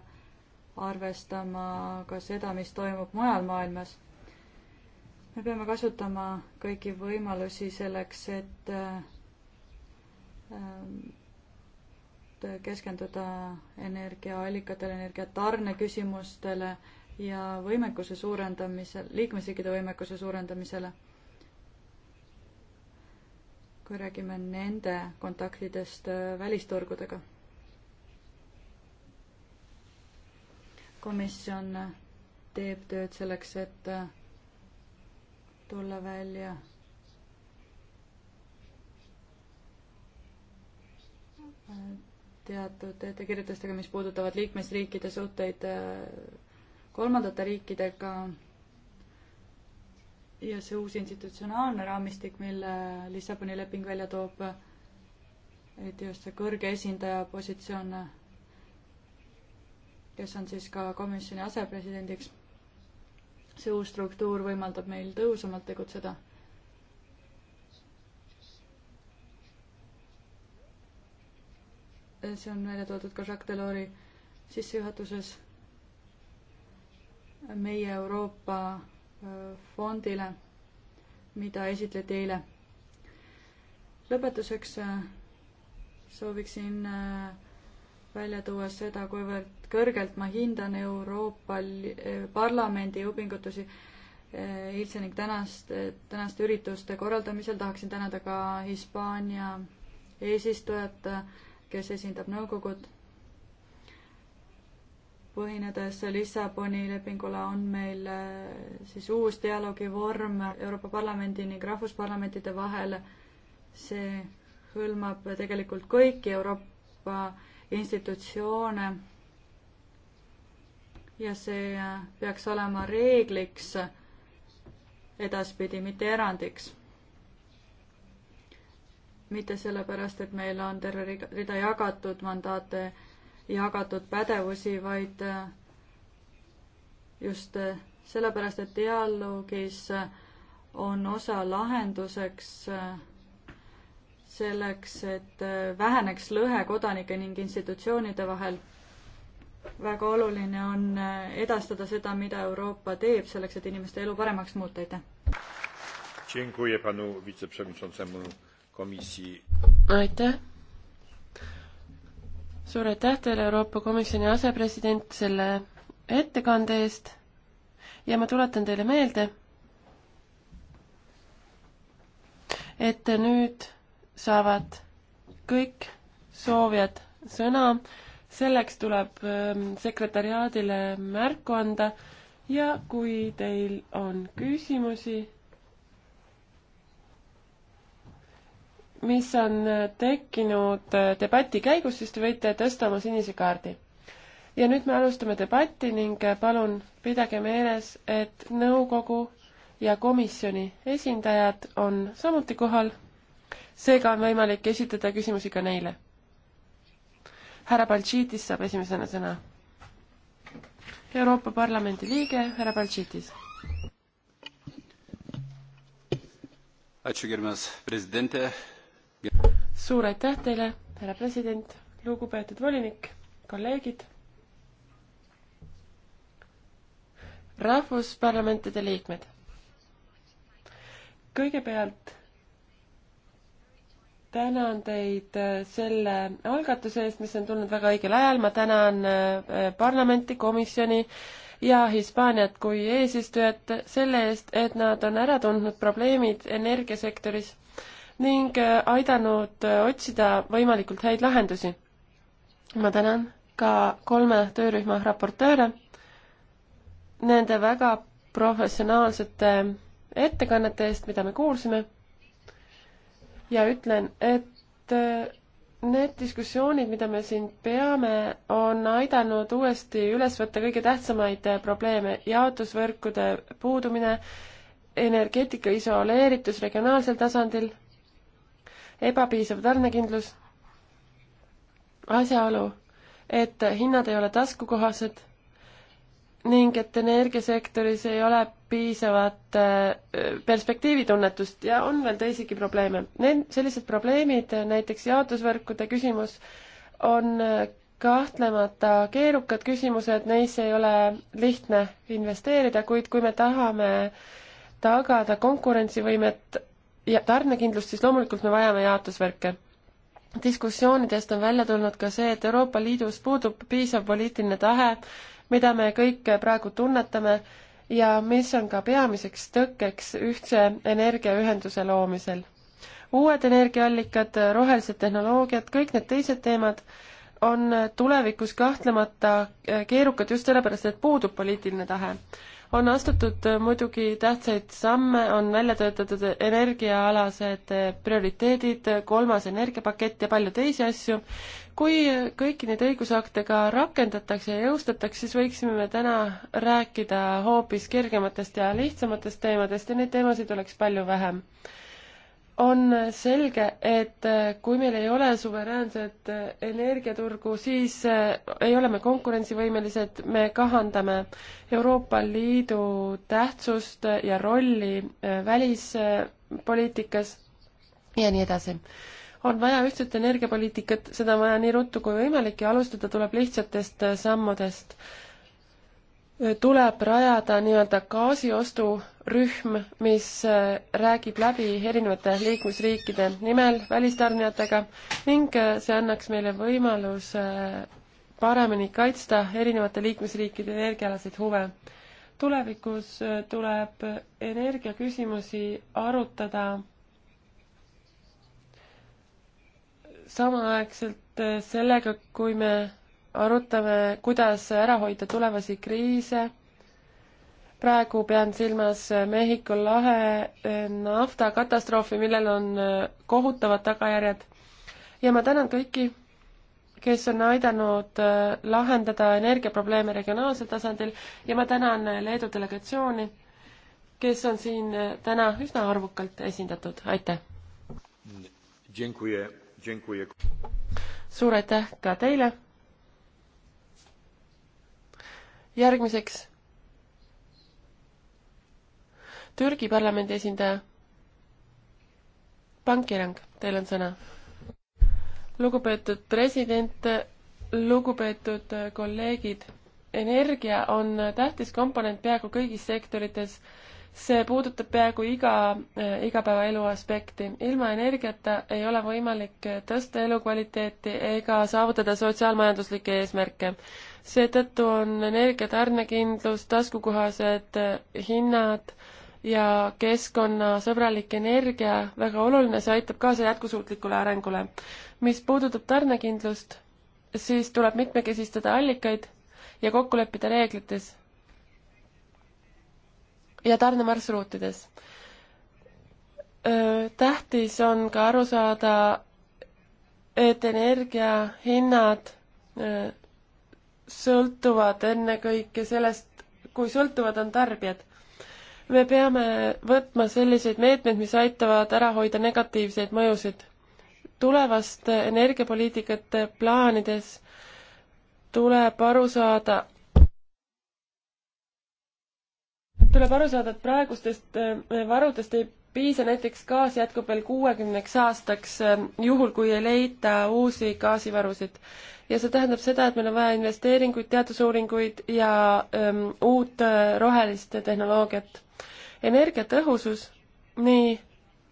arvestama ka seda, mis toimub mujal maailmas. me peame kasutama kõiki võimalusi selleks, et äh, ähm, keskenduda energiaallikatele, energiatarne küsimustele ja võimekuse suurendamisel, liikmesriikide võimekuse suurendamisele kui räägime nende kontaktidest äh, välisturgudega. komisjon teeb tööd selleks, et äh, tulla välja teatud ettekirjutustega, mis puudutavad liikmesriikide suhteid äh, kolmandate riikidega ja see uus institutsionaalne raamistik, mille Lissaboni leping välja toob, eriti just see kõrge esindaja positsioon, kes on siis ka komisjoni asepresidendiks, see uus struktuur võimaldab meil tõhusamalt tegutseda. see on välja toodud ka Jacques Delors'i sissejuhatuses. meie Euroopa fondile, mida esitleti eile. lõpetuseks äh, sooviksin äh, välja tuua seda, kuivõrd kõrgelt ma hindan Euroopa äh, Parlamendi jõupingutusi eilse ning tänast, tänaste ürituste korraldamisel tahaksin tänada ka Hispaania eesistujat, kes esindab nõukogud põhinedes Lissaboni lepingule on meil äh, siis uus dialoogivorm Euroopa Parlamendi ning rahvusparlamentide vahel. see hõlmab tegelikult kõiki Euroopa institutsioone. ja see äh, peaks olema reegliks edaspidi, mitte erandiks. mitte sellepärast, et meil on terve rida jagatud mandaate jagatud pädevusi, vaid äh, just äh, sellepärast, et dialoogis äh, on osa lahenduseks selleks, et väheneks lõhe kodanike ning institutsioonide vahel. väga oluline on edastada seda, mida Euroopa teeb selleks, et inimeste elu paremaks muuta, aitäh! aitäh! suur aitäh teile, Euroopa Komisjoni asepresident, selle ettekande eest ja ma tuletan teile meelde, et nüüd saavad kõik soovijad sõna, selleks tuleb ähm, sekretäriaadile märku anda ja kui teil on küsimusi, mis on tekkinud äh, debati käigus, siis te võite tõsta oma sinise kaardi. ja nüüd me alustame debatti ning äh, palun pidage meeles, et nõukogu ja komisjoni esindajad on samuti kohal. seega on võimalik esitada küsimusi ka neile. härra Baltšiitis saab esimesena sõna. Euroopa Parlamendi liige härra Baltšiitis. ačiū gerbiamas prezidente suur aitäh teile, härra president, lugupeetud volinik, kolleegid, rahvusparlamentide liikmed. kõigepealt tänan teid äh, selle algatuse eest, mis on tulnud väga õigel ajal, ma tänan äh, parlamenti, komisjoni ja Hispaaniat kui eesistujat selle eest, et nad on ära tundnud probleemid energiasektoris ning äh, aidanud äh, otsida võimalikult häid lahendusi. ma tänan ka kolme töörühma raportööre nende väga professionaalsete ettekannete eest, mida me kuulsime. ja ütlen, et äh, need diskussioonid, mida me siin peame, on aidanud uuesti üles võtta kõige tähtsamaid probleeme, jaotusvõrkude puudumine, energeetika isoleeritus regionaalsel tasandil ebapiisav tarnekindlus, asjaolu, et hinnad ei ole taskukohased ning et energiasektoris ei ole piisavat äh, perspektiivitunnetust ja on veel teisigi probleeme. Need, sellised probleemid, näiteks jaotusvõrkude küsimus, on äh, kahtlemata keerukad küsimused, neisse ei ole lihtne investeerida, kuid kui me tahame tagada konkurentsivõimet ja tarnekindlust, siis loomulikult me vajame jaotusvärke. diskussioonidest on välja tulnud ka see, et Euroopa Liidus puudub piisav poliitiline tahe, mida me kõik praegu tunnetame ja mis on ka peamiseks tõkkeks ühtse energiaühenduse loomisel. uued energiaallikad, rohelised tehnoloogiad, kõik need teised teemad on tulevikus kahtlemata keerukad just sellepärast, et puudub poliitiline tahe on astutud äh, muidugi tähtsaid samme, on välja töötatud energiaalased äh, prioriteedid, äh, kolmas energiapakett ja palju teisi asju. kui kõiki neid õigusakte ka rakendatakse ja jõustatakse, siis võiksime me täna rääkida hoopis kergematest ja lihtsamatest teemadest ja neid teemasid oleks palju vähem on selge, et äh, kui meil ei ole suveräänset äh, energiaturgu, siis äh, ei ole me konkurentsivõimelised, me kahandame Euroopa Liidu tähtsust ja rolli välispoliitikas ja nii edasi. on vaja ühtset energiapoliitikat, seda on vaja nii ruttu kui võimalik ja alustada tuleb lihtsatest sammudest tuleb rajada nii-öelda gaasiosturühm, mis äh, räägib läbi erinevate liikmesriikide nimel välistarnijatega ning äh, see annaks meile võimaluse äh, paremini kaitsta erinevate liikmesriikide energiaalaseid huve. tulevikus tuleb energiaküsimusi arutada samaaegselt sellega, kui me arutame, kuidas ära hoida tulevasi kriise. praegu pean silmas Mehhiko lahe eh, naftakatastroofi, millel on eh, kohutavad tagajärjed. ja ma tänan kõiki, kes on aidanud eh, lahendada energiaprobleeme regionaalsel tasandil ja ma tänan Leedu delegatsiooni, kes on siin täna üsna arvukalt esindatud, aitäh! suur aitäh ka teile! järgmiseks Türgi parlamendi esindaja. Pankirang, teil on sõna. lugupeetud president, lugupeetud kolleegid, energia on tähtis komponent peaaegu kõigis sektorites. see puudutab peaaegu iga igapäevaelu aspekti. ilma energiata ei ole võimalik tõsta elukvaliteeti ega saavutada sotsiaalmajanduslikke eesmärke seetõttu on energia tarnekindlus, taskukohased eh, hinnad ja keskkonnasõbralik energia väga oluline, see aitab kaasa jätkusuutlikule arengule. mis puudutab tarnekindlust, siis tuleb mitmekesistada allikaid ja kokku leppida reeglites ja tarnemarsruutides. tähtis on ka aru saada, et energiahinnad sõltuvad ennekõike sellest, kui sõltuvad on tarbijad. me peame võtma selliseid meetmeid, mis aitavad ära hoida negatiivseid mõjusid. tulevast energiapoliitikat plaanides tuleb aru saada, tuleb aru saada, et praegustest varudest ei piisa näiteks gaas jätkub veel kuuekümneks aastaks, äh, juhul kui ei leita uusi gaasivarusid. ja see tähendab seda, et meil on vaja investeeringuid, teadusuuringuid ja ähm, uut äh, rohelist tehnoloogiat. energiatõhusus nii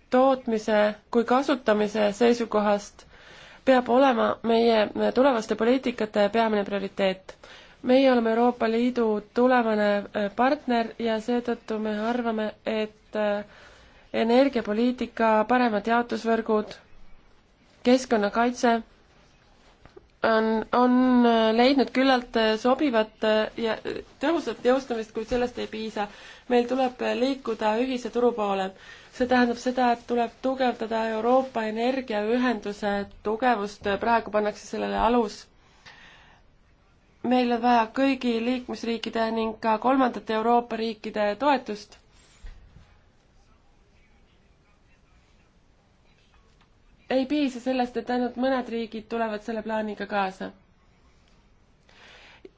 tootmise kui kasutamise seisukohast peab olema meie äh, tulevaste poliitikate peamine prioriteet meie oleme Euroopa Liidu tulevane partner ja seetõttu me arvame, et energiapoliitika, paremad jaotusvõrgud, keskkonnakaitse on, on leidnud küllalt sobivat ja tõhusat teostamist, kuid sellest ei piisa. meil tuleb liikuda ühise turu poole. see tähendab seda, et tuleb tugevdada Euroopa energiaühenduse tugevust, praegu pannakse sellele alus. meil on vaja kõigi liikmesriikide ning ka kolmandate Euroopa riikide toetust ei piisa sellest, et ainult mõned riigid tulevad selle plaaniga kaasa.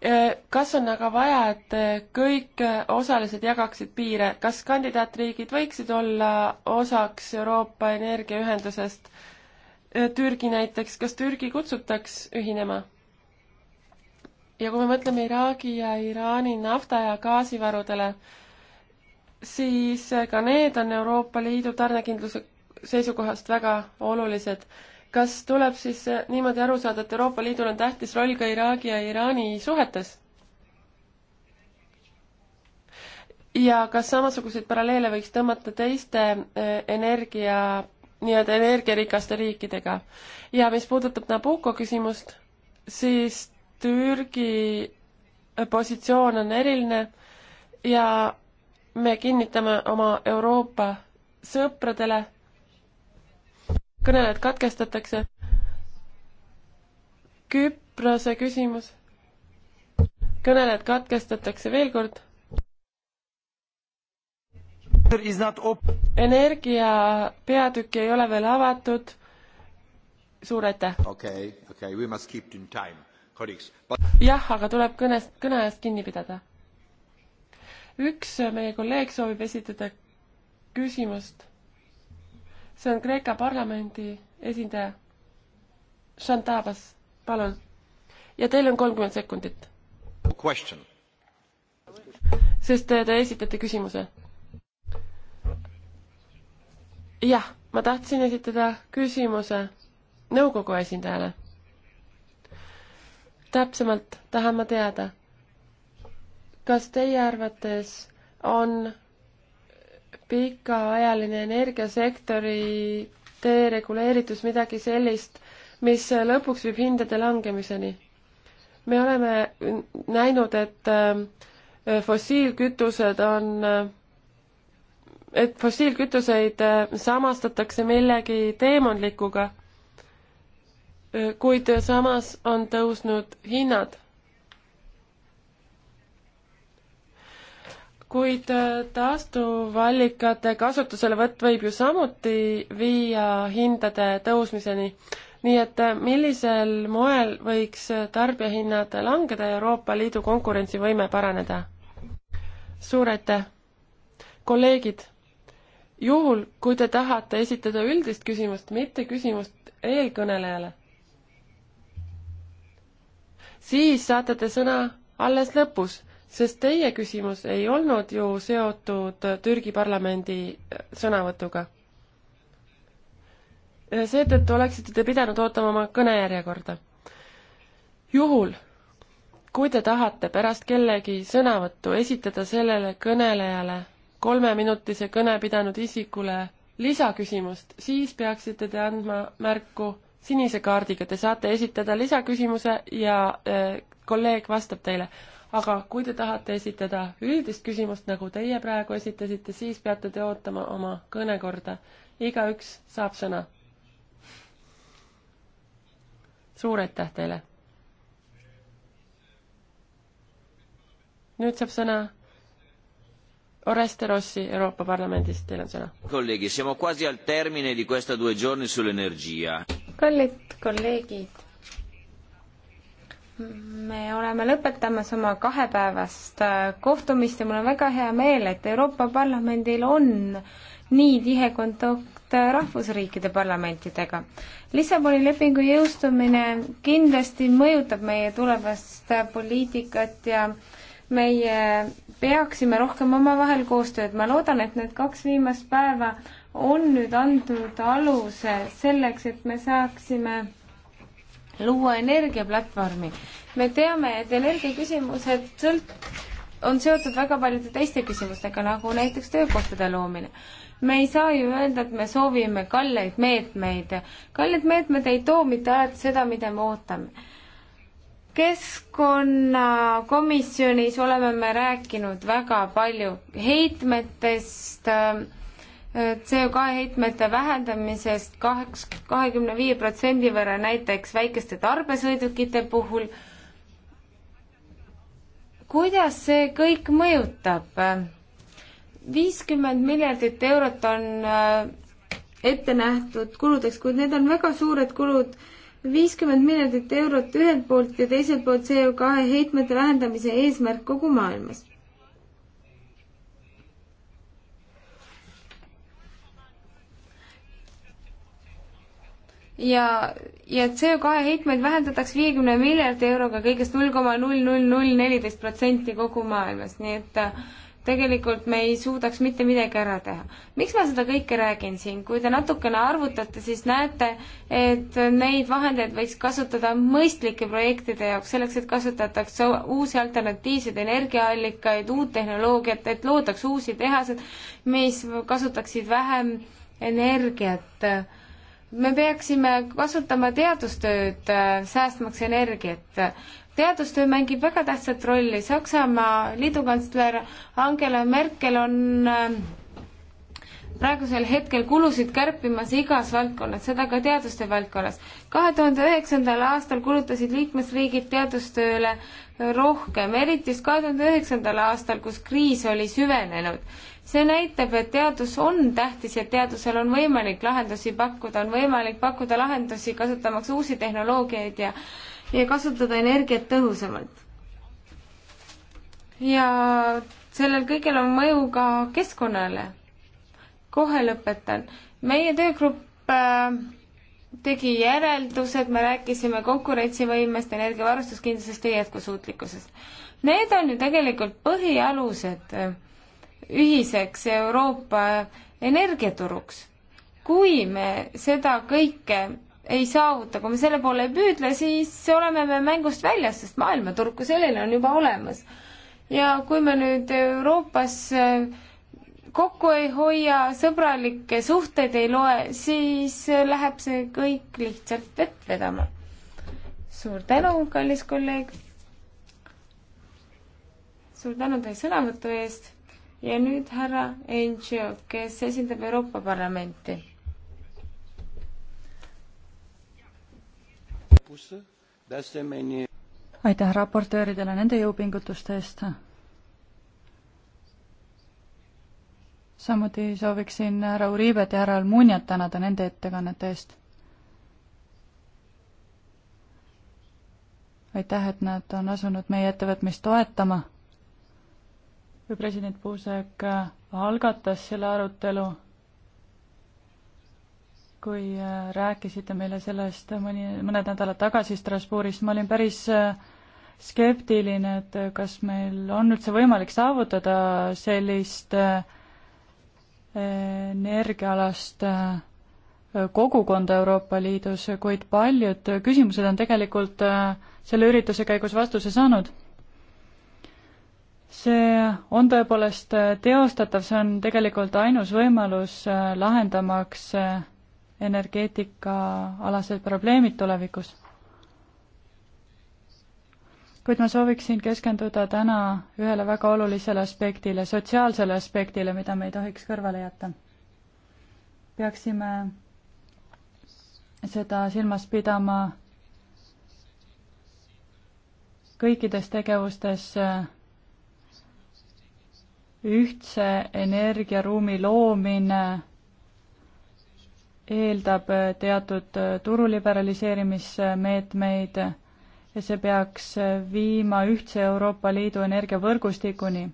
Äh, kas on aga vaja, et äh, kõik äh, osalised jagaksid piire, kas kandidaatriigid võiksid olla osaks Euroopa energiaühendusest? Türgi näiteks, kas Türgi kutsutaks ühinema? ja kui me mõtleme Iraagi ja Iraani nafta ja gaasivarudele, siis ka need on Euroopa Liidu tarnekindluse seisukohast väga olulised. kas tuleb siis äh, niimoodi aru saada, et Euroopa Liidul on tähtis roll ka Iraagi ja Iraani suhetes? ja kas samasuguseid paralleele võiks tõmmata teiste äh, energia, nii-öelda energiarikaste riikidega? ja mis puudutab Nabucco küsimust, siis Türgi äh, positsioon on eriline ja me kinnitame oma Euroopa sõpradele kõnelejad katkestatakse. Küprose küsimus. kõnelejad katkestatakse veel kord. energia peatükki ei ole veel avatud. suur aitäh. okei, okei, we must keep in time, colleagues But.... jah, aga tuleb kõnest, kõneajast kinni pidada. üks meie kolleeg soovib esitada küsimust see on Kreeka parlamendi esindaja. Šantabas, palun. ja teil on kolmkümmend sekundit. sest te, te esitate küsimuse. jah, ma tahtsin esitada küsimuse nõukogu esindajale. täpsemalt tahan ma teada, kas teie arvates on pikaajaline energiasektori dereguleeritus midagi sellist, mis lõpuks viib hindade langemiseni. me oleme näinud, et äh, fossiilkütused on, äh, et fossiilkütuseid äh, samastatakse millegi teemantlikkuga, kuid samas on tõusnud hinnad kuid äh, taastuvallikate kasutuselevõtt võib ju samuti viia hindade tõusmiseni. nii et äh, millisel moel võiks äh, tarbijahinnad langeda ja Euroopa Liidu konkurentsivõime paraneda? suur aitäh! kolleegid, juhul, kui te tahate esitada üldist küsimust, mitte küsimust eelkõnelejale, siis saate te sõna alles lõpus sest teie küsimus ei olnud ju seotud Türgi parlamendi äh, sõnavõtuga. Äh, seetõttu oleksite te pidanud ootama oma kõnejärjekorda. juhul, kui te tahate pärast kellegi sõnavõttu esitada sellele kõnelejale kolmeminutise kõne pidanud isikule lisaküsimust, siis peaksite te andma märku sinise kaardiga, te saate esitada lisaküsimuse ja äh, kolleeg vastab teile aga kui te tahate esitada üldist küsimust, nagu teie praegu esitasite, siis peate te ootama oma kõnekorda. igaüks saab sõna. suur aitäh teile! nüüd saab sõna Oreste Rossi Euroopa Parlamendist, teil on sõna. kolleegid, siamo quasi al termine di questa due giorni sull'energia. kallid kolleegid me oleme lõpetamas oma kahepäevast äh, kohtumist ja mul on väga hea meel, et Euroopa Parlamendil on nii tihe kontakt äh, rahvusriikide parlamentidega. Lissaboni lepingu jõustumine kindlasti mõjutab meie tulevast äh, poliitikat ja meie peaksime rohkem omavahel koostööd, ma loodan, et need kaks viimast päeva on nüüd andnud aluse selleks, et me saaksime luua energiaplatvormi. me teame, et energiaküsimused sõlt-, on seotud väga paljude teiste küsimustega, nagu näiteks töökohtade loomine. me ei saa ju öelda, et me soovime kalleid meetmeid. kallid meetmed ei too mitte alati seda, mida me ootame keskkonnakomisjonis oleme me rääkinud väga palju heitmetest äh,, CO2 heitmete vähendamisest kaheks, kahekümne viie protsendi võrra näiteks väikeste tarbesõidukite puhul. kuidas see kõik mõjutab? viiskümmend miljardit eurot on äh, ette nähtud kuludeks, kuid need on väga suured kulud, viiskümmend miljardit eurot ühelt poolt ja teiselt poolt CO2 heitmete vähendamise eesmärk kogu maailmas ja, ja CO2 heitmeid vähendatakse viiekümne miljardi euroga kõigest null koma null null null neliteist protsenti kogu maailmas, nii et äh, tegelikult me ei suudaks mitte midagi ära teha. miks ma seda kõike räägin siin, kui te natukene arvutate, siis näete, et neid vahendeid võiks kasutada mõistlike projektide jaoks, selleks et kasutatakse uusi alternatiivseid energiaallikaid, uut tehnoloogiat, et loodaks uusi tehased, mis kasutaksid vähem energiat äh, me peaksime kasutama teadustööd äh, säästmaks energiat. teadustöö mängib väga tähtsat rolli, Saksamaa liidukantsler Angela Merkel on äh, praegusel hetkel kulusid kärpimas igas valdkonnas, seda ka teaduste valdkonnas. kahe tuhande üheksandal aastal kulutasid liikmesriigid teadustööle rohkem, eriti just kahe tuhande üheksandal aastal, kus kriis oli süvenenud see näitab, et teadus on tähtis ja teadusel on võimalik lahendusi pakkuda, on võimalik pakkuda lahendusi, kasutamaks uusi tehnoloogiaid ja, ja kasutada energiat tõhusamalt. ja sellel kõigel on mõju ka keskkonnale. kohe lõpetan. meie töögrupp äh, tegi järeldused, me rääkisime konkurentsivõimest, energiavarustuskindlusest ja jätkusuutlikkusest. Need on ju tegelikult põhialused äh, ühiseks Euroopa energiaturuks. kui me seda kõike ei saavuta, kui me selle poole ei püüdle, siis oleme me mängust väljas, sest maailmaturg kui selline on juba olemas. ja kui me nüüd Euroopas äh, kokku ei hoia, sõbralikke suhteid ei loe, siis äh, läheb see kõik lihtsalt vett vedama. suur tänu, kallis kolleeg. suur tänu teie sõnavõtu eest ja nüüd härra Enjo, kes esindab Euroopa Parlamenti. aitäh raportööridele nende jõupingutuste eest. samuti sooviksin härra Uriibet ja härra Almuniat tänada nende ettekannete eest. aitäh, et nad on asunud meie ettevõtmist toetama kui president Puusek algatas selle arutelu, kui äh, rääkisite meile sellest mõni, mõned nädalad tagasi Strasbourgis, ma olin päris äh, skeptiline, et kas meil on üldse võimalik saavutada sellist äh, energiaalast kogukonda Euroopa Liidus, kuid paljud küsimused on tegelikult selle ürituse käigus vastuse saanud see on tõepoolest äh, teostatav, see on tegelikult ainus võimalus äh, lahendamaks äh, energeetikaalased probleemid tulevikus. kuid ma sooviksin keskenduda täna ühele väga olulisele aspektile, sotsiaalsele aspektile, mida me ei tohiks kõrvale jätta. peaksime seda silmas pidama kõikides tegevustes äh, ühtse energiaruumi loomine eeldab teatud turu liberaliseerimismeetmeid ja see peaks viima ühtse Euroopa Liidu energiavõrgustikuni.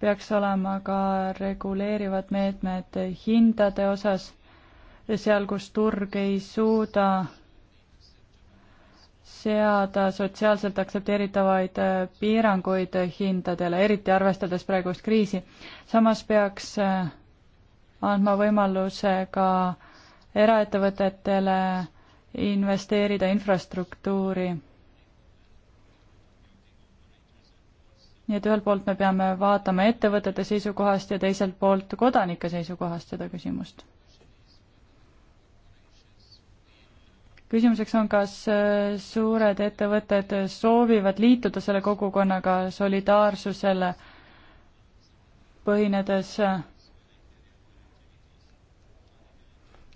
peaks olema ka reguleerivad meetmed hindade osas, seal, kus turg ei suuda seada sotsiaalselt aktsepteeritavaid äh, piiranguid hindadele, eriti arvestades praegust kriisi. samas peaks äh, andma võimaluse ka eraettevõtetele investeerida infrastruktuuri. nii et ühelt poolt me peame vaatama ettevõtete seisukohast ja teiselt poolt kodanike seisukohast seda küsimust küsimuseks on, kas äh, suured ettevõtted soovivad liituda selle kogukonnaga solidaarsusele põhinedes, äh,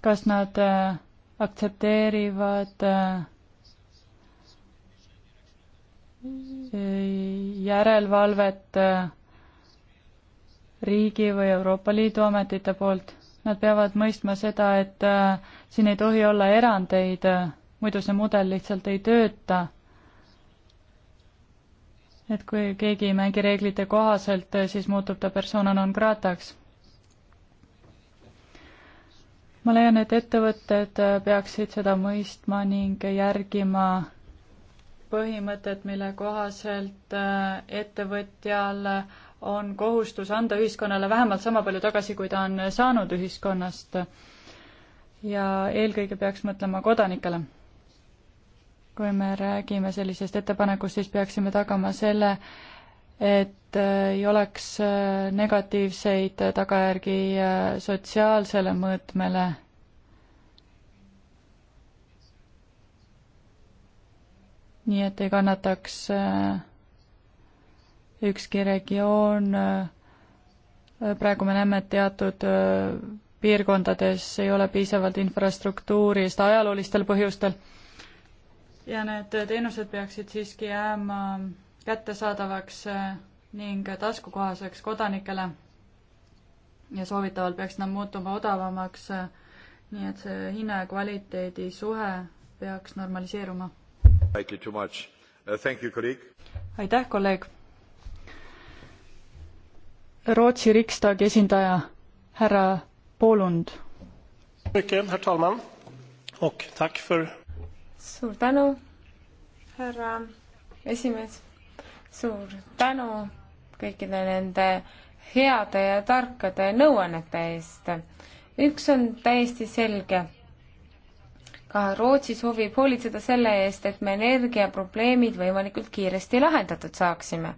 kas nad äh, aktsepteerivad järelevalvet riigi või Euroopa Liidu ametite poolt Nad peavad mõistma seda, et äh, siin ei tohi olla erandeid, äh, muidu see mudel lihtsalt ei tööta. et kui keegi ei mängi reeglite kohaselt, äh, siis muutub ta persona non grataks ma leian, et ettevõtted peaksid seda mõistma ning järgima põhimõtet, mille kohaselt ettevõtjal on kohustus anda ühiskonnale vähemalt sama palju tagasi, kui ta on saanud ühiskonnast. ja eelkõige peaks mõtlema kodanikele. kui me räägime sellisest ettepanekust, siis peaksime tagama selle, et ei oleks negatiivseid tagajärgi sotsiaalsele mõõtmele nii et ei kannataks äh, ükski regioon, äh, praegu me näeme, et teatud äh, piirkondades ei ole piisavalt infrastruktuuri, seda ajaloolistel põhjustel. ja need äh, teenused peaksid siiski jääma kättesaadavaks ning taskukohaseks kodanikele. ja soovitaval peaks nad muutuma odavamaks. nii et see hinna ja kvaliteedi suhe peaks normaliseeruma. Uh, aitäh, kolleeg. Rootsi Riksdagi esindaja härra Poolund. suur tänu, härra esimees, suur tänu kõikide nende heade ja tarkade nõuannete eest. üks on täiesti selge. ka Rootsi soovib hoolitseda selle eest, et me energiaprobleemid võimalikult kiiresti lahendatud saaksime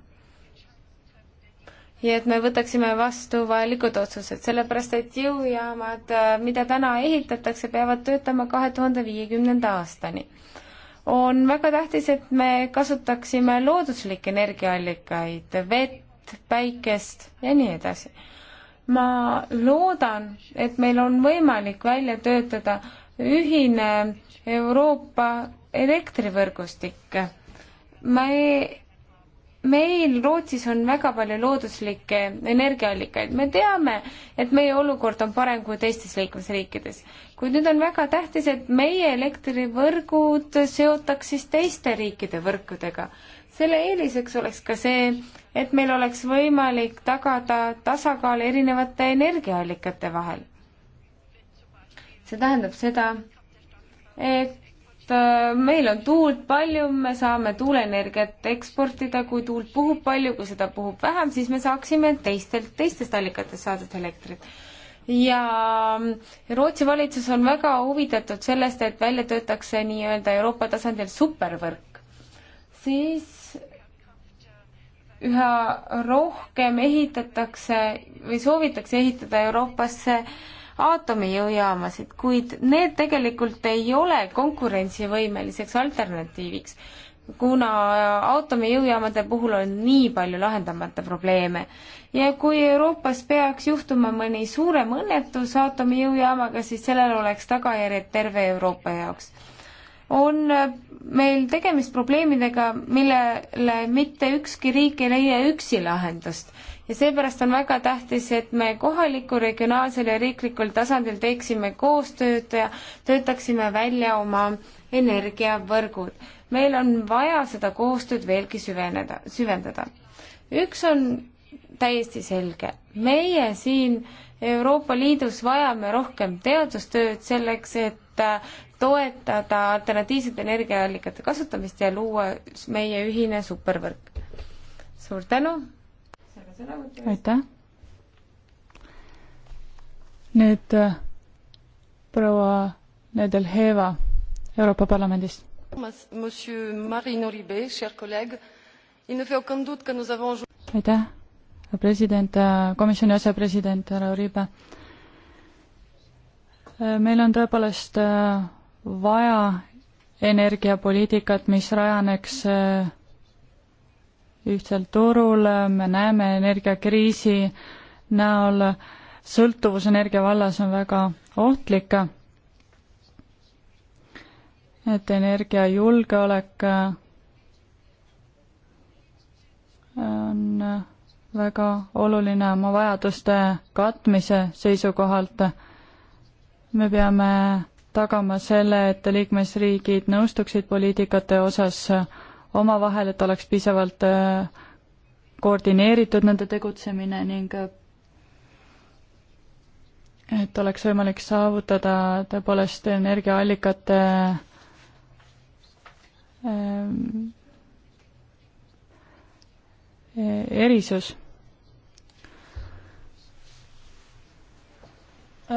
ja et me võtaksime vastu vajalikud otsused, sellepärast et jõujaamad, äh, mida täna ehitatakse, peavad töötama kahe tuhande viiekümnenda aastani. on väga tähtis, et me kasutaksime looduslikke energiaallikaid, vett, päikest ja nii edasi. ma loodan, et meil on võimalik välja töötada ühine Euroopa elektrivõrgustik. ma ei meil Rootsis on väga palju looduslikke energiaallikaid, me teame, et meie olukord on parem kui teistes liikmesriikides. kuid nüüd on väga tähtis, et meie elektrivõrgud seotaks siis teiste riikide võrkudega. selle eeliseks oleks ka see, et meil oleks võimalik tagada tasakaal erinevate energiaallikate vahel. see tähendab seda, et Äh, meil on tuult palju, me saame tuuleenergiat eksportida, kui tuult puhub palju, kui seda puhub vähem, siis me saaksime teistelt, teistest allikatest saadud elektrit. ja mm, Rootsi valitsus on väga huvitatud sellest, et välja töötakse nii-öelda Euroopa tasandil supervõrk. siis üha rohkem ehitatakse või soovitakse ehitada Euroopasse äh, aatomijõujaamasid, kuid need tegelikult ei ole konkurentsivõimeliseks alternatiiviks, kuna aatomijõujaamade puhul on nii palju lahendamata probleeme. ja kui Euroopas peaks juhtuma mõni suurem õnnetus aatomijõujaamaga, siis sellel oleks tagajärjed terve Euroopa jaoks on meil tegemist probleemidega, millele mitte ükski riik ei leia üksi lahendust ja seepärast on väga tähtis, et me kohalikul, regionaalsel ja riiklikul tasandil teeksime koostööd ja töötaksime välja oma energiavõrgud. meil on vaja seda koostööd veelgi süveneda, süvendada. üks on täiesti selge, meie siin Euroopa Liidus vajame rohkem teadustööd selleks, et toetada alternatiivsete energiaallikate kasutamist ja luua meie ühine supervõrk. suur tänu! aitäh. nüüd äh, proua Nedelheva Euroopa Parlamendist. aitäh, president, äh, komisjoni asepresident härra Uribe. Äh, meil on tõepoolest vaja energiapoliitikat, mis rajaneks ühtsel turul, me näeme energiakriisi näol, sõltuvus energia vallas on väga ohtlik. et energiajulgeolek on väga oluline oma vajaduste katmise seisukohalt. me peame tagama selle, et liikmesriigid nõustuksid poliitikate osas äh, omavahel, et oleks piisavalt äh, koordineeritud nende tegutsemine ning äh, et oleks võimalik saavutada tõepoolest energiaallikate äh, erisus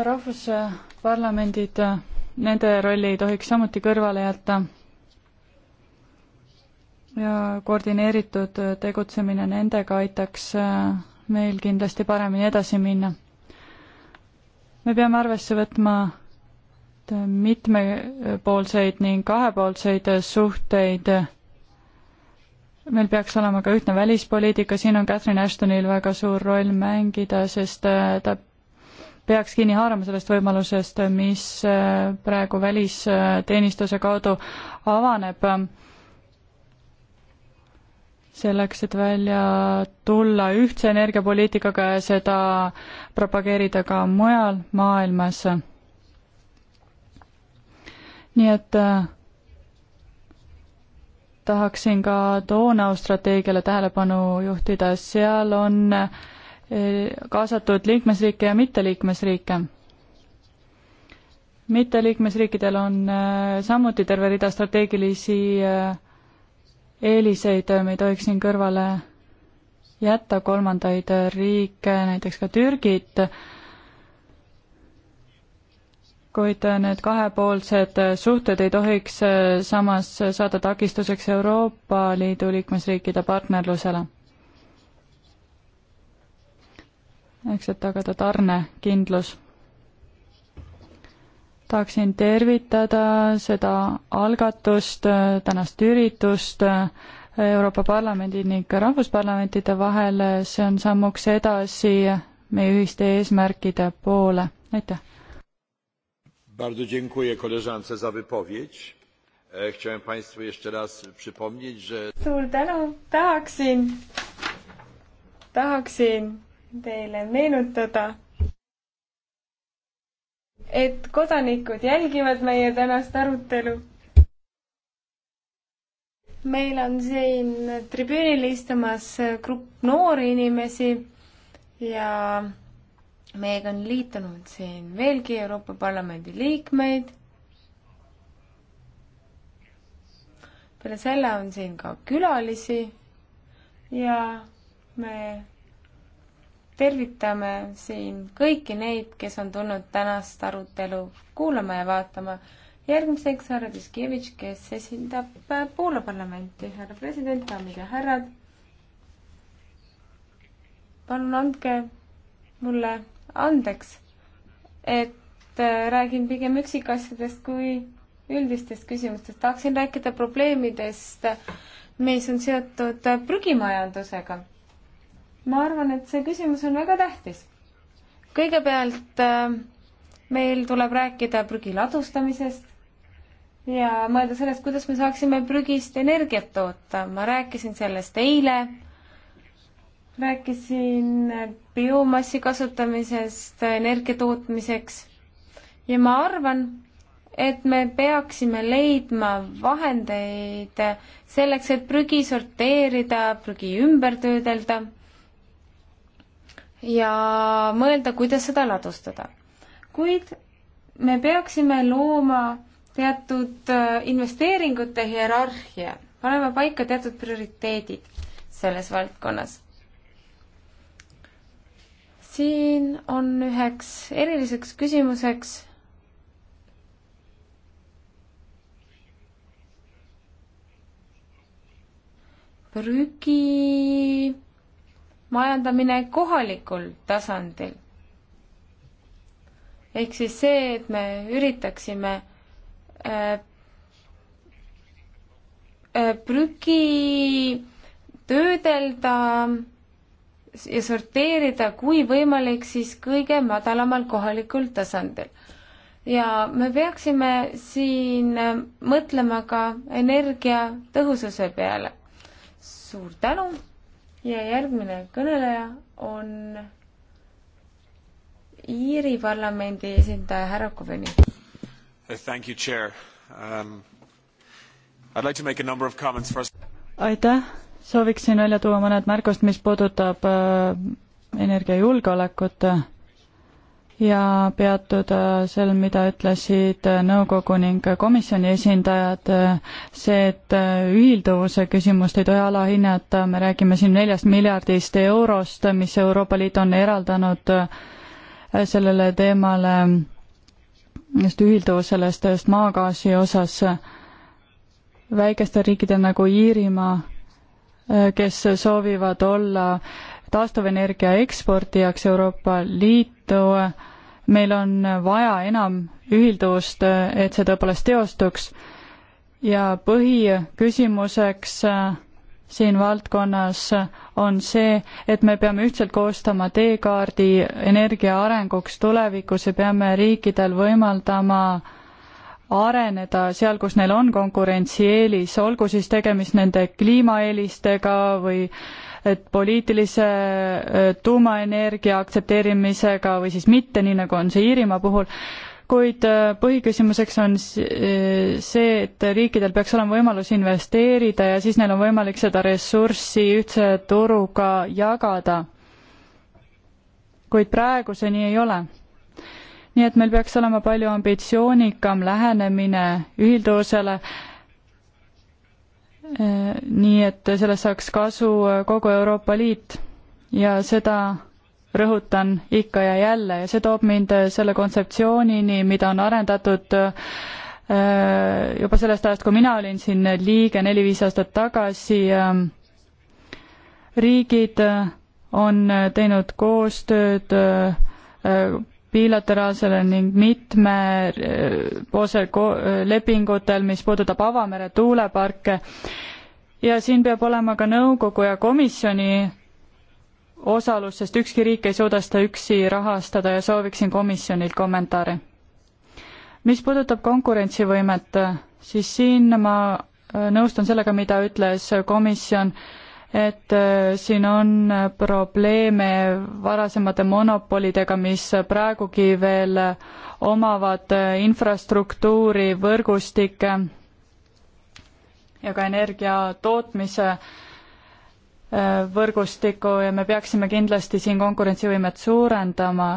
rahvusparlamendid, nende rolli ei tohiks samuti kõrvale jätta ja koordineeritud tegutsemine nendega aitaks äh, meil kindlasti paremini edasi minna. me peame arvesse võtma mitmepoolseid ning kahepoolseid suhteid. meil peaks olema ka ühtne välispoliitika, siin on Catherine Ashtonil väga suur roll mängida, sest äh, ta peaks kinni haarama sellest võimalusest, mis äh, praegu välisteenistuse kaudu avaneb selleks, et välja tulla ühtse energiapoliitikaga ja seda propageerida ka mujal maailmas. nii et äh, tahaksin ka Donau strateegiale tähelepanu juhtida, seal on äh, kaasatud liikmesriike ja mitteliikmesriike mitteliikmesriikidel on äh, samuti terve rida strateegilisi eeliseid me ei tohiks siin kõrvale jätta, kolmandaid riike, näiteks ka Türgit, kuid need kahepoolsed suhted ei tohiks samas saada takistuseks Euroopa Liidu liikmesriikide partnerlusele. eks, et tagada tarnekindlus tahaksin tervitada seda algatust, tänast üritust Euroopa Parlamendi ning rahvusparlamentide vahel, see on sammuks edasi meie ühiste eesmärkide poole, aitäh. Bardzo dziękuję koleżance za wypowiedź. E, chciałem Państwu jeszcze raz przypomnieć, że... Suur tänu, tahaksin, tahaksin teile meenutada et kodanikud jälgivad meie tänast arutelu. meil on siin tribüünil istumas grupp noori inimesi ja meiega on liitunud siin veelgi Euroopa Parlamendi liikmeid. peale selle on siin ka külalisi ja me tervitame siin kõiki neid, kes on tulnud tänast arutelu kuulama ja vaatama. järgmiseks härra Tiskevitš, kes esindab äh, Poola parlamenti. härra president, daamid ja härrad. palun andke mulle andeks, et äh, räägin pigem üksikasjadest kui üldistest küsimustest. tahaksin rääkida probleemidest, mis on seotud prügimajandusega ma arvan, et see küsimus on väga tähtis. kõigepealt äh, meil tuleb rääkida prügi ladustamisest ja mõelda sellest, kuidas me saaksime prügist energiat toota. ma rääkisin sellest eile, rääkisin biomassi kasutamisest energia tootmiseks ja ma arvan, et me peaksime leidma vahendeid selleks, et prügi sorteerida, prügi ümber töödelda ja mõelda, kuidas seda ladustada. kuid me peaksime looma teatud äh, investeeringute hierarhia, panema paika teatud prioriteedid selles valdkonnas. siin on üheks eriliseks küsimuseks prügi majandamine kohalikul tasandil. ehk siis see, et me üritaksime äh, äh, prügi töödelda ja sorteerida, kui võimalik, siis kõige madalamal kohalikul tasandil. ja me peaksime siin äh, mõtlema ka energiatõhususe peale. suur tänu ja järgmine kõneleja on Iiri parlamendi esindaja härra Koveni. Uh, thank you, chair um,. I'd like to make a number of comments first. aitäh, sooviksin välja tuua mõned märkust, mis puudutab äh, energiajulgeolekut äh, ja peatuda sel, mida ütlesid nõukogu ning komisjoni esindajad, see, et ühilduvuse küsimust ei tohi alahinnata, me räägime siin neljast miljardist eurost, mis Euroopa Liit on eraldanud sellele teemale just ühilduvusele, sest maagaasi osas väikestel riikidel nagu Iirimaa, kes soovivad olla taastuvenergia eksportijaks Euroopa Liitu. meil on vaja enam ühilduvust, et see tõepoolest teostuks ja põhiküsimuseks äh, siin valdkonnas on see, et me peame ühtselt koostama teekaardi energia arenguks tulevikus ja peame riikidel võimaldama areneda seal, kus neil on konkurentsieelis, olgu siis tegemist nende kliimaeelistega või äh, et poliitilise äh, tuumaenergia aktsepteerimisega või siis mitte, nii nagu on see Iirimaa puhul, kuid äh, põhiküsimuseks on äh, see, et riikidel peaks olema võimalus investeerida ja siis neil on võimalik seda ressurssi ühtse turuga jagada. kuid praegu see nii ei ole nii et meil peaks olema palju ambitsioonikam lähenemine ühilduvusele nii et sellest saaks kasu kogu Euroopa Liit ja seda rõhutan ikka ja jälle ja see toob mind selle kontseptsioonini, mida on arendatud äh, juba sellest ajast, kui mina olin siin liige neli-viis aastat tagasi. Äh, riigid äh, on teinud koostööd bilateraalsele ning mitmepoolsel eh, eh, lepingutel, mis puudutab avamere tuuleparke. ja siin peab olema ka nõukogu ja komisjoni osalus, sest ükski riik ei suuda seda üksi rahastada ja sooviksin komisjonilt kommentaari. mis puudutab konkurentsivõimet, eh, siis siin ma nõustun sellega, mida ütles komisjon äh, et äh, siin on probleeme varasemate monopolidega, mis praegugi veel omavad äh, infrastruktuuri, võrgustikke ja ka energia tootmise äh, võrgustikku ja me peaksime kindlasti siin konkurentsivõimet suurendama,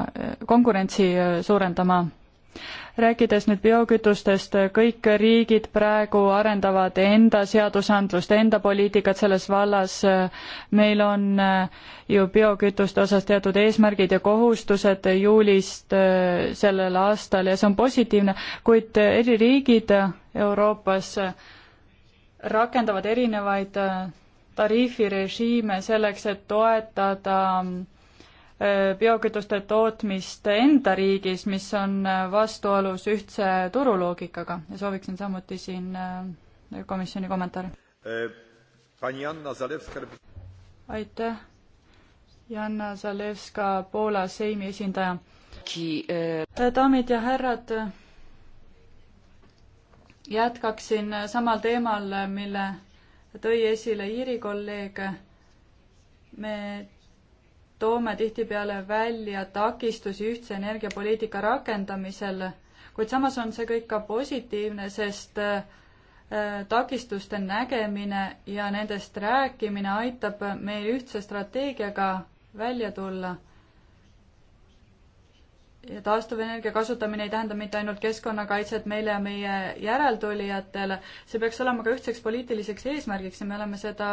konkurentsi suurendama rääkides nüüd biokütustest, kõik riigid praegu arendavad enda seadusandlust, enda poliitikat selles vallas. meil on äh, ju biokütuste osas teatud eesmärgid ja kohustused juulist äh, sellel aastal ja see on positiivne, kuid äh, eri riigid Euroopas rakendavad erinevaid tariifirežiime selleks, et toetada mm, biokütuste tootmist enda riigis, mis on vastuolus ühtse turuloogikaga ja sooviksin samuti siin äh, komisjoni kommentaari. aitäh, Janna Zalewska, Poola Seimi esindaja. Äh, daamid ja härrad, jätkaksin samal teemal, mille tõi esile Iiri kolleeg. me toome tihtipeale välja takistusi ühtse energiapoliitika rakendamisel, kuid samas on see kõik ka positiivne, sest äh, takistuste nägemine ja nendest rääkimine aitab meil ühtse strateegiaga välja tulla. ja taastuvenergia kasutamine ei tähenda mitte ainult keskkonnakaitset meile ja meie järeltulijatele, see peaks olema ka ühtseks poliitiliseks eesmärgiks ja me oleme seda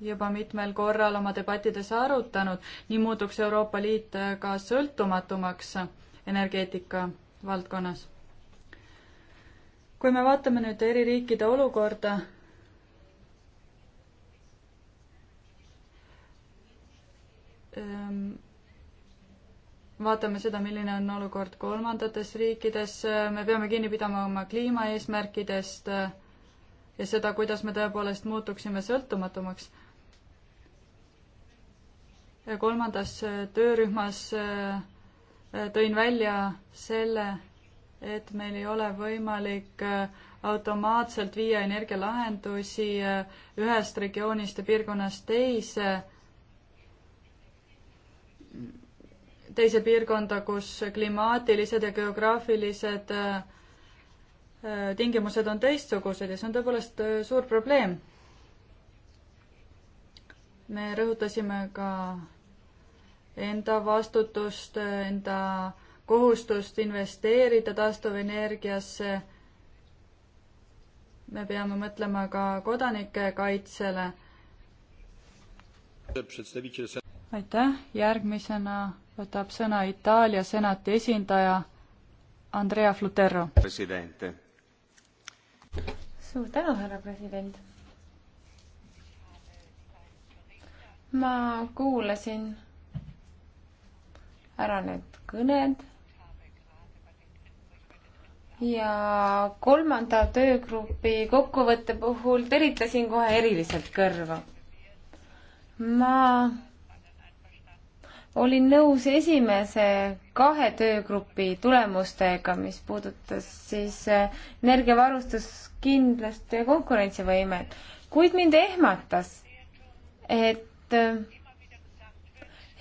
juba mitmel korral oma debattides arutanud, nii muutuks Euroopa Liit äh, ka sõltumatumaks energeetika valdkonnas. kui me vaatame nüüd eri riikide olukorda, ähm, vaatame seda, milline on olukord kolmandates riikides, äh, me peame kinni pidama oma kliimaeesmärkidest äh, ja seda, kuidas me tõepoolest muutuksime sõltumatumaks kolmandas töörühmas äh, tõin välja selle, et meil ei ole võimalik äh, automaatselt viia energialahendusi äh, ühest regioonist ja piirkonnast teise, teise piirkonda, kus klimaatilised ja geograafilised tingimused on teistsugused ja see on tõepoolest suur probleem. me rõhutasime ka enda vastutust, enda kohustust investeerida taastuvenergiasse. me peame mõtlema ka kodanike kaitsele. aitäh, järgmisena võtab sõna Itaalia senati esindaja Andrea Fluterro. suur tänu, härra president. ma kuulasin ära need kõned. ja kolmanda töögrupi kokkuvõtte puhul teritlesin kohe eriliselt kõrva. ma olin nõus esimese kahe töögrupi tulemustega, mis puudutas siis eh, energiavarustuskindlust ja konkurentsivõimet, kuid mind ehmatas, et eh,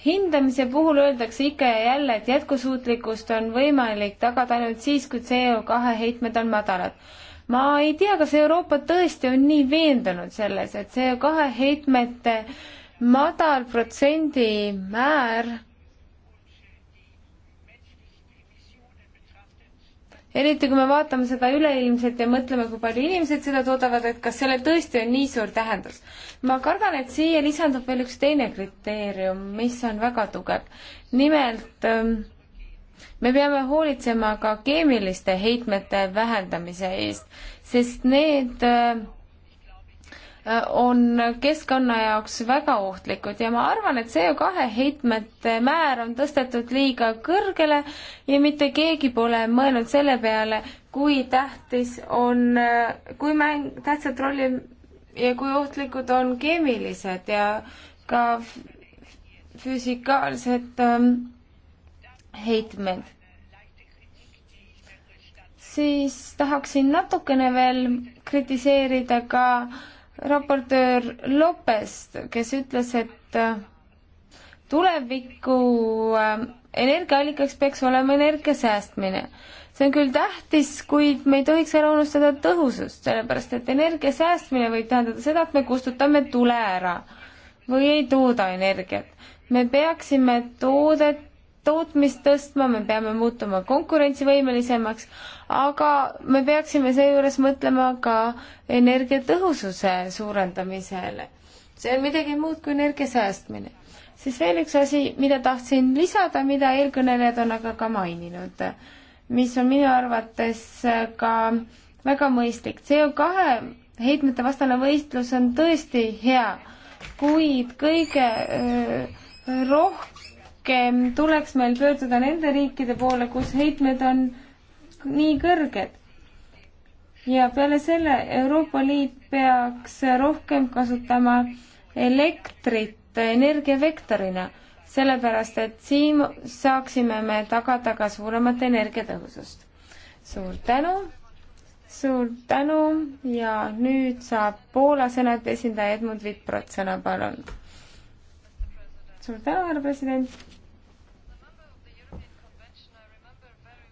hindamise puhul öeldakse ikka ja jälle, et jätkusuutlikkust on võimalik tagada ainult siis, kui CO2 heitmed on madalad. ma ei tea, kas Euroopa tõesti on nii veendunud selles, et CO2 heitmete madal protsendimäär eriti kui me vaatame seda üleilmselt ja mõtleme, kui palju inimesed seda toodavad, et kas sellel tõesti on nii suur tähendus. ma kardan, et siia lisandub veel üks teine kriteerium, mis on väga tugev. nimelt ähm, me peame hoolitsema ka keemiliste heitmete vähendamise eest, sest need äh, on keskkonna jaoks väga ohtlikud ja ma arvan, et CO2 heitmete määr on tõstetud liiga kõrgele ja mitte keegi pole mõelnud selle peale, kui tähtis on, kui mäng, tähtsat rolli ja kui ohtlikud on keemilised ja ka füsikaalsed ähm, heitmed. siis tahaksin natukene veel kritiseerida ka äh, raportöör Lopest, kes ütles, et äh, tuleviku äh, energiaallikaks peaks olema energia säästmine. see on küll tähtis, kuid me ei tohiks ära unustada tõhusust, sellepärast et energia säästmine võib tähendada seda, et me kustutame tule ära või ei tooda energiat. me peaksime toodet tootmist tõstma, me peame muutuma konkurentsivõimelisemaks, aga me peaksime seejuures mõtlema ka energiatõhususe suurendamisele. see on midagi muud kui energia säästmine. siis veel üks asi, mida tahtsin lisada, mida eelkõnelejad on aga ka maininud, mis on minu arvates ka väga mõistlik. CO2 heitmete vastane võistlus on tõesti hea, kuid kõige öö, rohkem pigem tuleks meil pöörduda nende riikide poole, kus heitmed on nii kõrged. ja peale selle Euroopa Liit peaks rohkem kasutama elektrit energiavektorina, sellepärast et siin saaksime me tagada ka suuremat energiatõhusust. suur tänu, suur tänu ja nüüd saab Poola senati esindaja Edmund Vitprot sõna, palun suur tänu, härra president.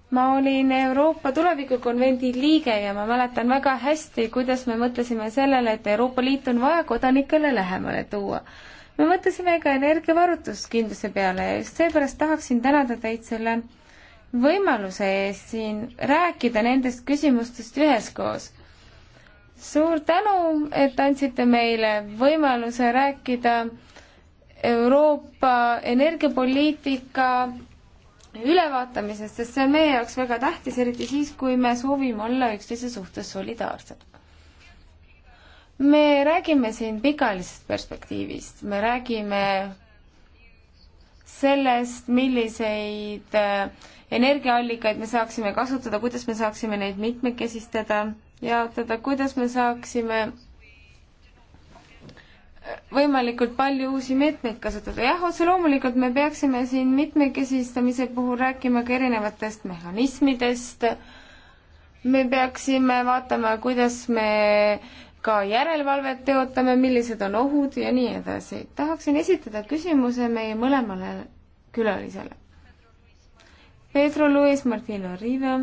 ma olin Euroopa Tulevikukonvendi liige ja ma mäletan väga hästi, kuidas me mõtlesime sellele, et Euroopa Liit on vaja kodanikele lähemale tuua. me mõtlesime ka energiavarutuskindluse peale ja just seepärast tahaksin tänada teid selle võimaluse eest siin rääkida nendest küsimustest üheskoos. suur tänu, et andsite meile võimaluse rääkida Euroopa energiapoliitika ülevaatamisest, sest see on meie jaoks väga tähtis, eriti siis, kui me soovime olla üksteise suhtes solidaarsed. me räägime siin pikaajalisest perspektiivist, me räägime sellest, milliseid äh, energiaallikaid me saaksime kasutada, kuidas me saaksime neid mitmekesistada, jaotada, kuidas me saaksime võimalikult palju uusi meetmeid kasutada. jah, otse loomulikult me peaksime siin mitmekesistamise puhul rääkima ka erinevatest mehhanismidest, me peaksime vaatama, kuidas me ka järelevalvet teotame, millised on ohud ja nii edasi. tahaksin esitada küsimuse meie mõlemale külalisele. Pedro Luis Martino Rive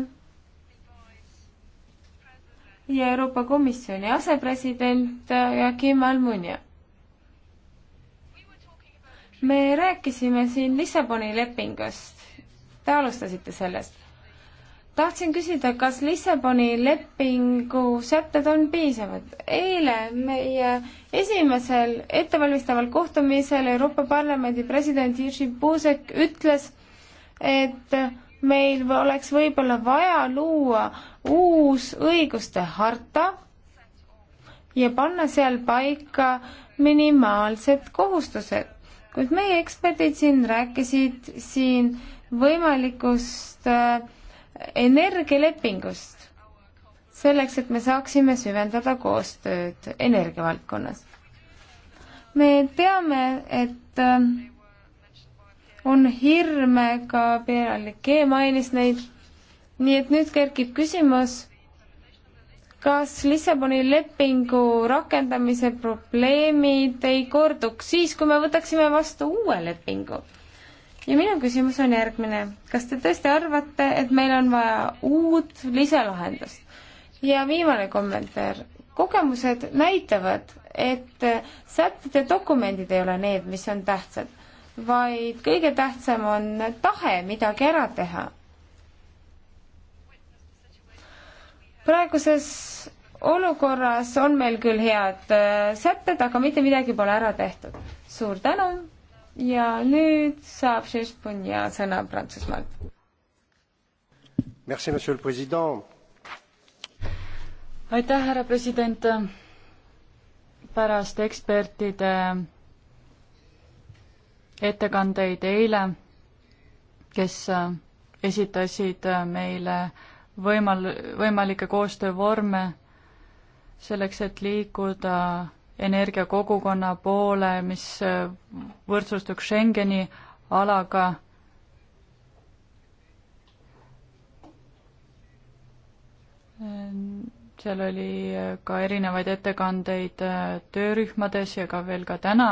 ja Euroopa Komisjoni asepresident Joaquim Almunia me rääkisime siin Lissaboni lepingust. Te alustasite sellest. tahtsin küsida, kas Lissaboni lepingu sätted on piisavad? eile meie esimesel ettevalmistaval kohtumisel Euroopa Parlamendi president Jerzy Buzek ütles, et meil oleks võib-olla vaja luua uus õiguste harta ja panna seal paika minimaalsed kohustused kuid meie eksperdid siin rääkisid siin võimalikust äh, energialepingust, selleks et me saaksime süvendada koostööd energiavaldkonnas. me teame, et äh, on hirme, ka Pierre Allikee mainis neid, nii et nüüd kerkib küsimus, kas Lissaboni lepingu rakendamise probleemid ei korduks siis, kui me võtaksime vastu uue lepingu? ja minu küsimus on järgmine. kas te tõesti arvate, et meil on vaja uut lisalahendust? ja viimane kommentaar. kogemused näitavad, et sätted ja dokumendid ei ole need, mis on tähtsad, vaid kõige tähtsam on tahe midagi ära teha praeguses olukorras on meil küll head äh, sätted, aga mitte midagi pole ära tehtud. suur tänu ja nüüd saab Šešpunja sõna Prantsusmaalt. aitäh, härra president. pärast ekspertide ettekandeid eile, kes esitasid meile äh, võimal-, võimalikke koostöövorme selleks, et liikuda energiakogukonna poole, mis äh, võrdsustuks Schengeni alaga. seal oli äh, ka erinevaid ettekandeid äh, töörühmades ja ka veel ka täna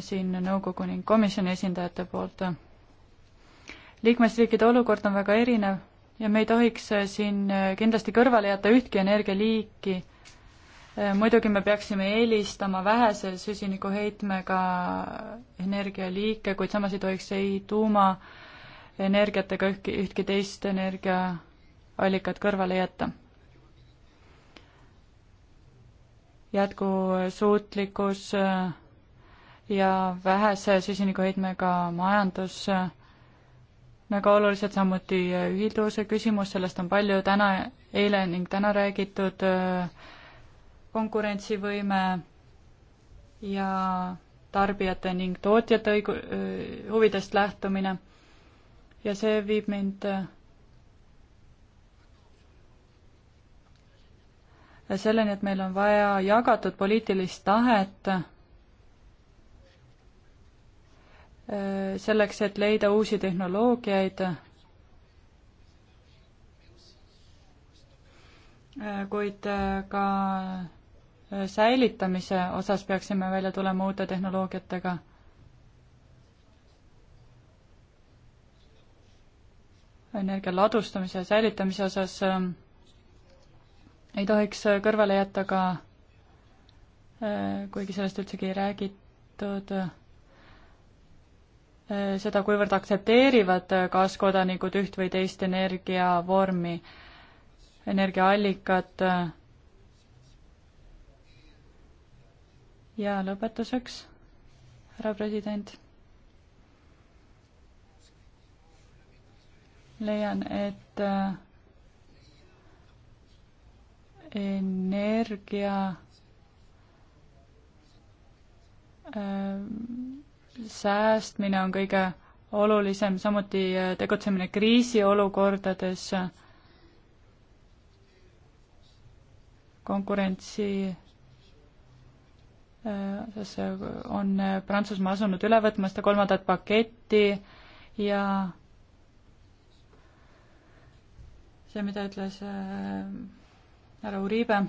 siin nõukogu ning komisjoni esindajate poolt. liikmesriikide olukord on väga erinev ja me ei tohiks äh, siin äh, kindlasti kõrvale jätta ühtki energialiiki. Äh, muidugi me peaksime eelistama vähese süsinikuheitmega energialiike, kuid samas ei tohiks ei tuumaenergiat ega ühtki, ühtki teist energiaallikat kõrvale jätta. jätkusuutlikkus ja vähese süsinikuheitmega majandus äh, väga olulised, samuti ühilduvuse küsimus, sellest on palju täna, eile ning täna räägitud, konkurentsivõime ja tarbijate ning tootjate õigu-, huvidest lähtumine ja see viib mind selleni, et meil on vaja jagatud poliitilist tahet Äh, selleks, et leida uusi tehnoloogiaid, äh, kuid äh, ka säilitamise osas peaksime välja tulema uute tehnoloogiatega. energia ladustamise ja säilitamise osas ei tohiks kõrvale jätta ka, kuigi sellest üldsegi ei räägitud, Äh, seda, kuivõrd aktsepteerivad äh, kaaskodanikud üht või teist energiavormi, energiaallikat. Äh. ja lõpetuseks, härra president. leian, et energia äh, säästmine on kõige olulisem, samuti äh, tegutsemine kriisiolukordades, konkurentsi äh, on äh, Prantsusmaa asunud üle võtma seda kolmandat paketti ja see, mida ütles härra Uribe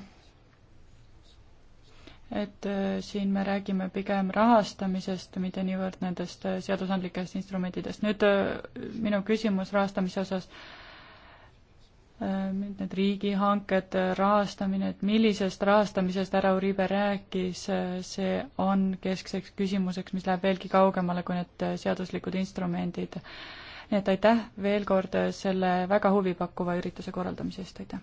et äh, siin me räägime pigem rahastamisest, mitte niivõrd nendest äh, seadusandlikest instrumentidest. nüüd äh, minu küsimus rahastamise osas, need riigihanked, rahastamine, et millisest rahastamisest härra Uribe rääkis, see on keskseks küsimuseks, mis läheb veelgi kaugemale kui need seaduslikud instrumendid. nii et aitäh veel kord selle väga huvipakkuva ürituse korraldamise eest, aitäh!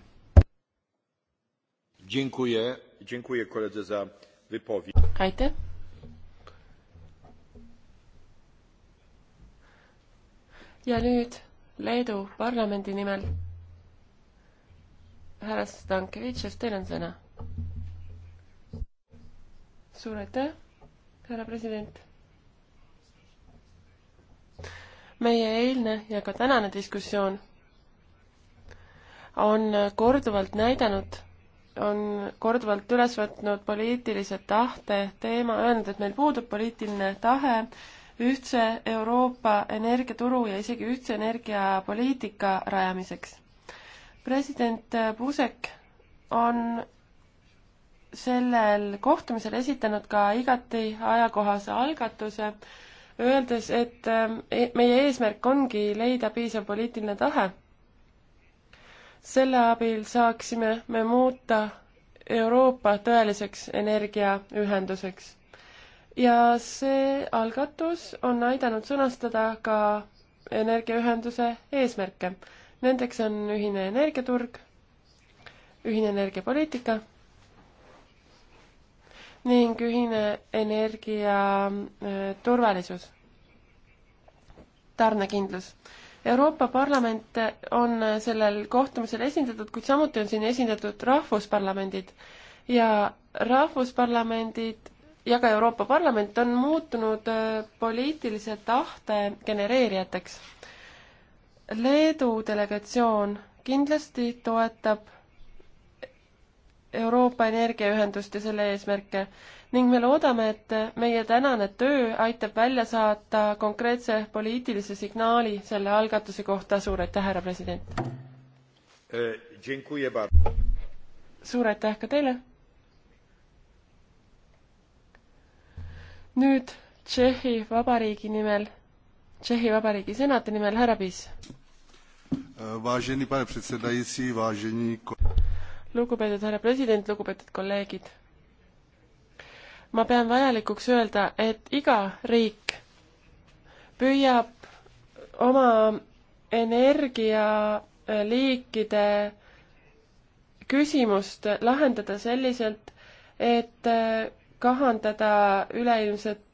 Dziękuję. Dziękuję koledze za wypowiedź. Aitäh. ja nüüd Leedu parlamendi nimel härra Stankevitšev, teil on sõna. suur aitäh, härra president. meie eilne ja ka tänane diskussioon on korduvalt näidanud, on korduvalt üles võtnud poliitilise tahte teema, öelnud, et meil puudub poliitiline tahe ühtse Euroopa energiaturu ja isegi ühtse energiapoliitika rajamiseks. president Buzek on sellel kohtumisel esitanud ka igati ajakohase algatuse, öeldes, et e, meie eesmärk ongi leida piisav poliitiline tahe selle abil saaksime me muuta Euroopa tõeliseks energiaühenduseks. ja see algatus on aidanud sõnastada ka energiaühenduse eesmärke. Nendeks on ühine energiaturg, ühine energiapoliitika ning ühine energia äh, turvalisus, tarnekindlus Euroopa Parlament on sellel kohtumisel esindatud, kuid samuti on siin esindatud rahvusparlamendid ja rahvusparlamendid ja ka Euroopa Parlament on muutunud äh, poliitilise tahte genereerijateks. Leedu delegatsioon kindlasti toetab Euroopa energiaühendust ja selle eesmärke ning me loodame, et meie tänane töö aitab välja saata konkreetse poliitilise signaali selle algatuse kohta. suur aitäh, härra president! suur aitäh ka teile! nüüd Tšehhi Vabariigi nimel, Tšehhi Vabariigi senati nimel härra Piis. lugupeetud härra president, lugupeetud kolleegid ma pean vajalikuks öelda, et iga riik püüab oma energialiikide küsimust lahendada selliselt, et kahandada üleilmset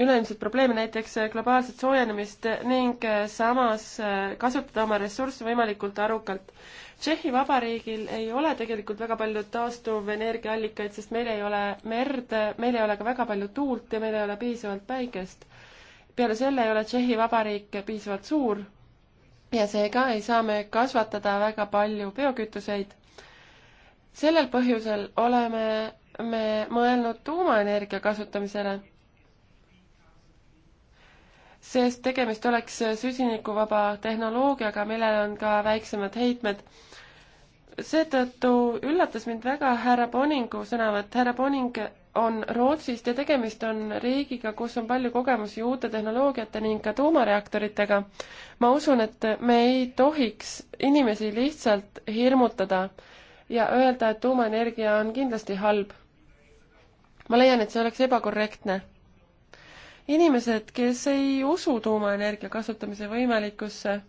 üleilmseid probleeme, näiteks äh, globaalset soojenemist ning äh, samas äh, kasutada oma ressursse võimalikult arukalt. Tšehhi Vabariigil ei ole tegelikult väga palju taastuvenergiaallikaid, sest meil ei ole merd, meil ei ole ka väga palju tuult ja meil ei ole piisavalt päikest. peale selle ei ole Tšehhi Vabariik piisavalt suur ja seega ei saa me kasvatada väga palju biokütuseid. sellel põhjusel oleme me mõelnud tuumaenergia kasutamisele sest tegemist oleks süsinikuvaba tehnoloogiaga, millel on ka väiksemad heitmed. seetõttu üllatas mind väga härra Boningu sõnavõtt, härra Boning on Rootsist ja tegemist on riigiga, kus on palju kogemusi uute tehnoloogiate ning ka tuumareaktoritega. ma usun, et me ei tohiks inimesi lihtsalt hirmutada ja öelda, et tuumaenergia on kindlasti halb. ma leian, et see oleks ebakorrektne inimesed, kes ei usu tuumaenergia kasutamise võimalikkusse,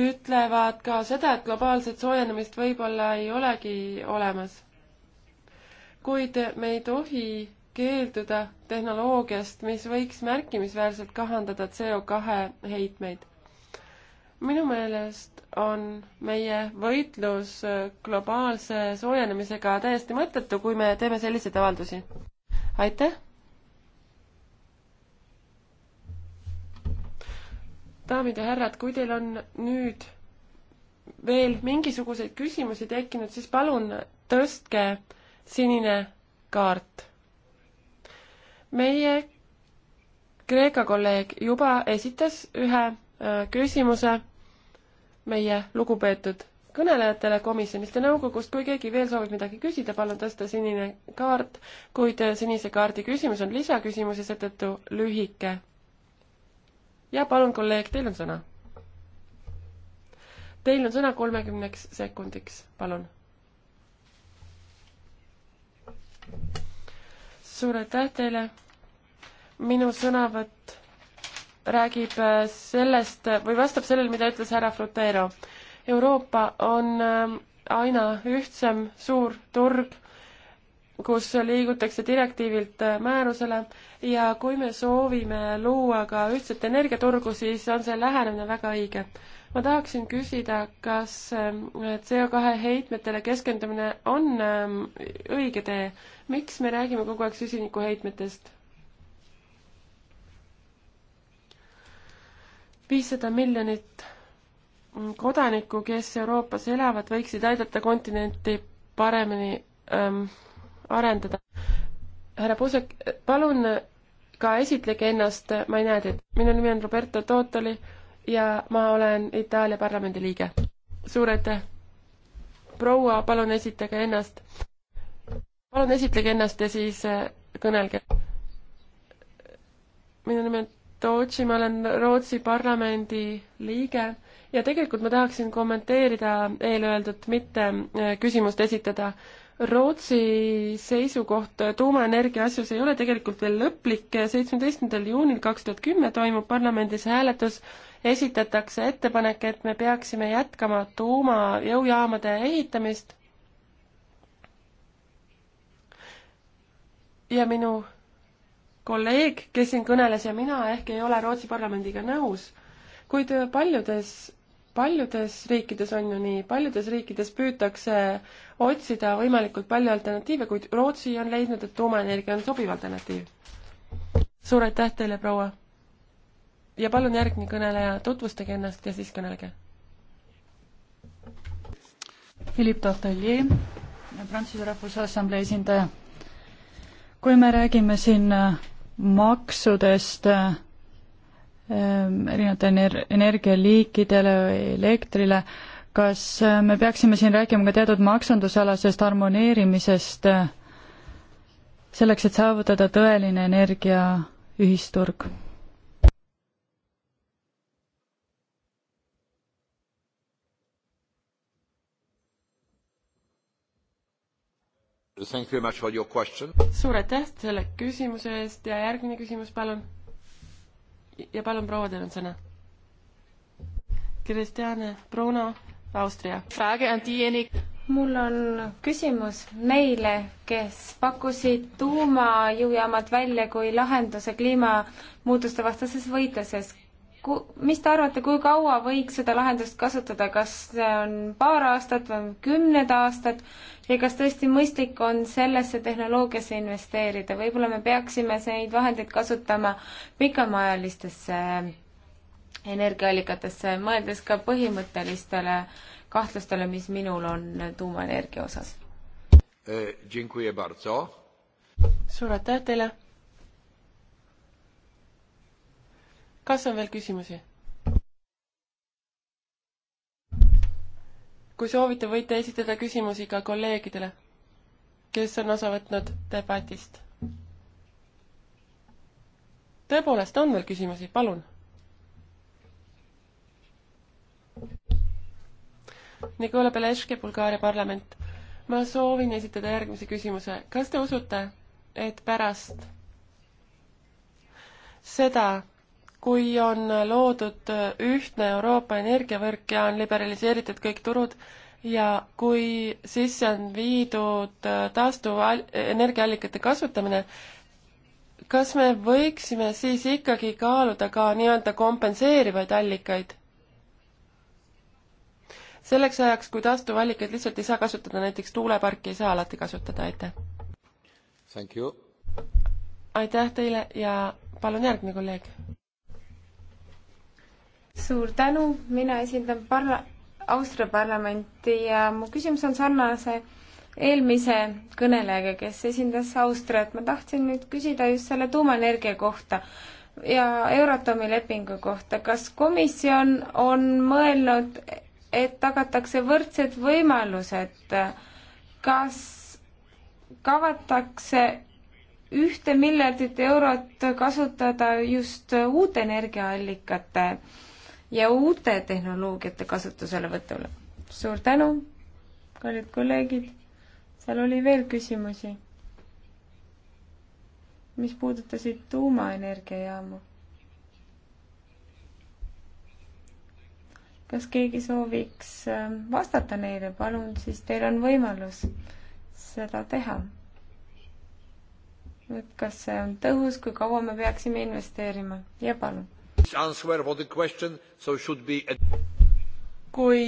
ütlevad ka seda, et globaalset soojenemist võib-olla ei olegi olemas. kuid me ei tohi keelduda tehnoloogiast, mis võiks märkimisväärselt kahandada CO2 heitmeid minu meelest on meie võitlus globaalse soojenemisega täiesti mõttetu, kui me teeme selliseid avaldusi. aitäh! daamid ja härrad, kui teil on nüüd veel mingisuguseid küsimusi tekkinud, siis palun tõstke sinine kaart. meie Kreeka kolleeg juba esitas ühe Äh, küsimuse meie lugupeetud kõnelejatele komisjonist ja nõukogust, kui keegi veel soovib midagi küsida, palun tõsta sinine kaart, kuid äh, sinise kaardi küsimus on lisaküsimus ja seetõttu lühike. ja palun, kolleeg, teil on sõna. Teil on sõna kolmekümneks sekundiks, palun. suur aitäh teile. minu sõnavõtt räägib äh, sellest või vastab sellele, mida ütles härra Frutero. Euroopa on äh, aina ühtsem suur turg, kus liigutakse direktiivilt äh, määrusele ja kui me soovime luua ka ühtset energiaturgu, siis on see lähenemine väga õige. ma tahaksin küsida, kas CO2 heitmetele keskendumine on ähm, õige tee? miks me räägime kogu aeg süsinikuheitmetest? viissada miljonit kodanikku, kes Euroopas elavad, võiksid aidata kontinenti paremini ähm, arendada. härra Puusek, palun ka esitlege ennast, ma ei näe teid. minu nimi on Roberto Totoli ja ma olen Itaalia parlamendi liige. suur aitäh! proua, palun esitage ennast. palun esitlege ennast ja siis äh, kõnelge. minu nimi on Tootsi, ma olen Rootsi parlamendi liige ja tegelikult ma tahaksin kommenteerida eelöeldut, mitte äh, küsimust esitada. Rootsi seisukoht tuumaenergia asjus ei ole tegelikult veel lõplik, seitsmeteistkümnendal juunil kaks tuhat kümme toimub parlamendis hääletus, esitatakse ettepanek, et me peaksime jätkama tuumajõujaamade ehitamist ja minu kolleeg, kes siin kõneles ja mina ehk ei ole Rootsi parlamendiga nõus, kuid paljudes, paljudes riikides on ju nii, paljudes riikides püütakse otsida võimalikult palju alternatiive, kuid Rootsi on leidnud, et tuumaenergia on sobiv alternatiiv. suur aitäh teile, proua! ja palun järgmine kõneleja, tutvustage ennast ja siis kõnelge. Philippe Tortolli, Prantsuse Rahvusassamblee esindaja. kui me räägime siin äh, maksudest ähm, erinevate ener-, energialiikidele või elektrile, kas äh, me peaksime siin rääkima ka teatud maksundusalasest harmoneerimisest äh, selleks, et saavutada tõeline energiaühisturg? suur aitäh selle küsimuse eest ja järgmine küsimus, palun. ja palun, proua, teil on sõna. Kristjane Bruno, Austria. mul on küsimus neile, kes pakkusid tuumajõujaamad välja kui lahenduse kliimamuutuste vastases võitluses mis te arvate, kui kaua võiks seda lahendust kasutada, kas see on paar aastat või kümned aastad ja kas tõesti mõistlik on sellesse tehnoloogiasse investeerida, võib-olla me peaksime neid vahendeid kasutama pikemaajalistesse energiaallikatesse, mõeldes ka põhimõttelistele kahtlustele, mis minul on tuumaenergia osas eh,. suur aitäh teile! kas on veel küsimusi? kui soovite, võite esitada küsimusi ka kolleegidele, kes on osa võtnud debatist. tõepoolest, on veel küsimusi, palun. Nikola Beleške, Bulgaaria parlament. ma soovin esitada järgmise küsimuse. kas te usute, et pärast seda, kui on loodud ühtne Euroopa energiavõrk ja on liberaliseeritud kõik turud ja kui sisse on viidud taastuvenergiaallikate kasutamine, kas me võiksime siis ikkagi kaaluda ka nii-öelda kompenseerivaid allikaid? selleks ajaks, kui taastuvallikaid lihtsalt ei saa kasutada, näiteks tuuleparki ei saa alati kasutada, aitäh! aitäh teile ja palun järgmine kolleeg! suur tänu, mina esindan parla-, Austria parlamenti ja mu küsimus on sarnase eelmise kõnelejaga, kes esindas Austriat. ma tahtsin nüüd küsida just selle tuumaenergia kohta ja Euratomi lepingu kohta. kas komisjon on mõelnud, et tagatakse võrdsed võimalused? kas kavatakse ühte miljardit eurot kasutada just uute energiaallikate äh, ja uute tehnoloogiate kasutuselevõtule. suur tänu, kallid kolleegid, seal oli veel küsimusi, mis puudutasid tuumaenergiajaamu. kas keegi sooviks ähm, vastata neile, palun, siis teil on võimalus seda teha. et kas see on tõhus, kui kaua me peaksime investeerima ja palun kui,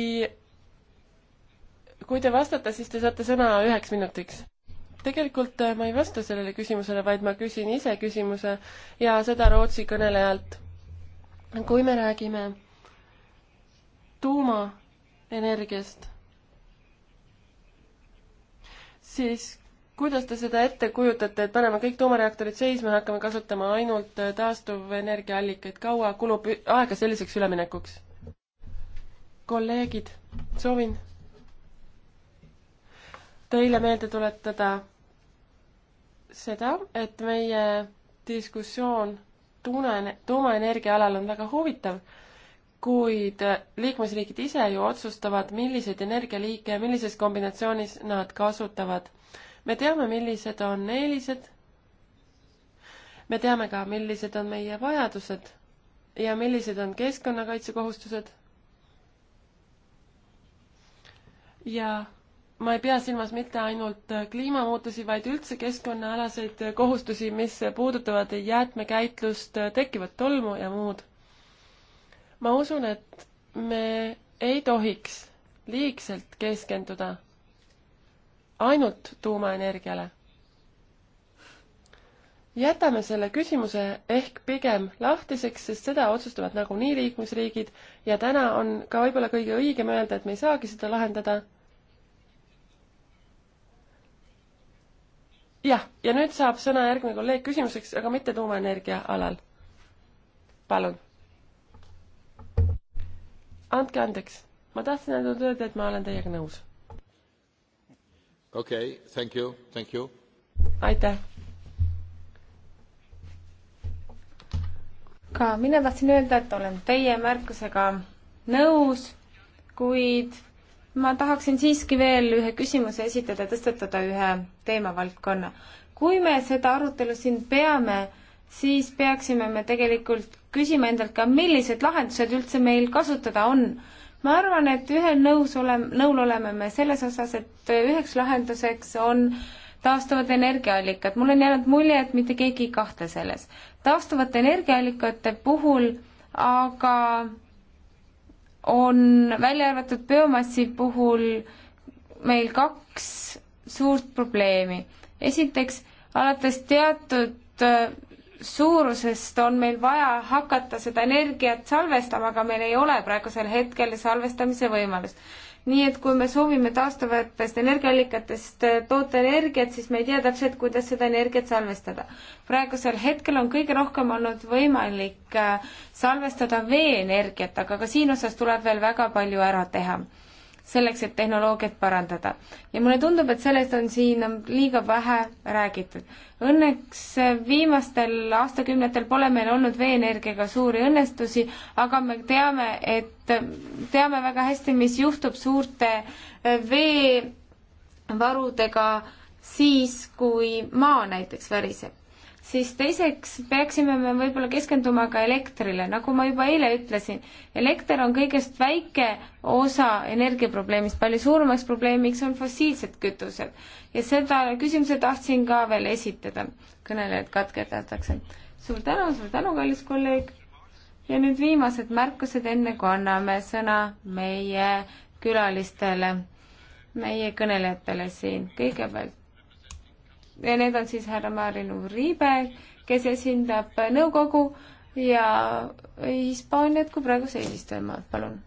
kui te vastate, siis te saate sõna üheks minutiks. tegelikult äh, ma ei vasta sellele küsimusele, vaid ma küsin ise küsimuse ja seda Rootsi kõnelejalt. kui me räägime tuumaenergiast, siis kuidas te seda ette kujutate, et paneme kõik tuumareaktorid seisma ja hakkame kasutama ainult äh, taastuvenergiaallikaid, kaua kulub aega selliseks üleminekuks? kolleegid, soovin teile meelde tuletada seda, et meie diskussioon tuune, tuumaenergia alal on väga huvitav, kuid äh, liikmesriigid ise ju otsustavad, milliseid energialiike ja millises kombinatsioonis nad kasutavad me teame, millised on eelised, me teame ka, millised on meie vajadused ja millised on keskkonnakaitsekohustused. ja ma ei pea silmas mitte ainult kliimamuutusi, vaid üldse keskkonnaalaseid kohustusi, mis puudutavad jäätmekäitlust, tekkivat tolmu ja muud. ma usun, et me ei tohiks liigselt keskenduda ainult tuumaenergiale? jätame selle küsimuse ehk pigem lahtiseks, sest seda otsustavad nagunii liikmesriigid ja täna on ka võib-olla kõige õigem öelda, et me ei saagi seda lahendada. jah, ja nüüd saab sõna järgmine kolleeg küsimuseks, aga mitte tuumaenergia alal. palun. andke andeks, ma tahtsin ainult öelda, et ma olen teiega nõus okei okay,, thank you, thank you. aitäh. ka mina tahtsin öelda, et olen teie märkusega nõus, kuid ma tahaksin siiski veel ühe küsimuse esitada, tõstatada ühe teemavaldkonna. kui me seda arutelu siin peame, siis peaksime me tegelikult küsima endalt ka, millised lahendused üldse meil kasutada on ma arvan, et ühel nõus oleme, nõul oleme me selles osas, et üheks lahenduseks on taastuvad energiaallikad. mul on jäänud mulje, et mitte keegi ei kahtle selles. taastuvate energiaallikate puhul aga on välja arvatud biomassi puhul meil kaks suurt probleemi. esiteks, alates teatud suurusest on meil vaja hakata seda energiat salvestama, aga meil ei ole praegusel hetkel salvestamise võimalust. nii et kui me soovime taastuvatest energiaallikatest äh, toota energiat, siis me ei tea täpselt, kuidas seda energiat salvestada. praegusel hetkel on kõige rohkem olnud võimalik äh, salvestada veeenergiat, aga ka siin osas tuleb veel väga palju ära teha selleks, et tehnoloogiat parandada. ja mulle tundub, et sellest on siin on liiga vähe räägitud. Õnneks viimastel aastakümnetel pole meil olnud veeenergiaga suuri õnnestusi, aga me teame, et teame väga hästi, mis juhtub suurte veevarudega siis, kui maa näiteks väriseb siis teiseks peaksime me võib-olla keskenduma ka elektrile, nagu ma juba eile ütlesin, elekter on kõigest väike osa energiaprobleemist, palju suuremaks probleemiks on fossiilsed kütused. ja seda küsimuse tahtsin ka veel esitada, kõnelejad katketatakse. suur tänu, suur tänu, kallis kolleeg! ja nüüd viimased märkused, enne kui anname sõna meie külalistele, meie kõnelejatele siin. kõigepealt ja need on siis härra Marino Uribe, kes esindab nõukogu ja Hispaaniat kui praeguse eesistujamaad, palun.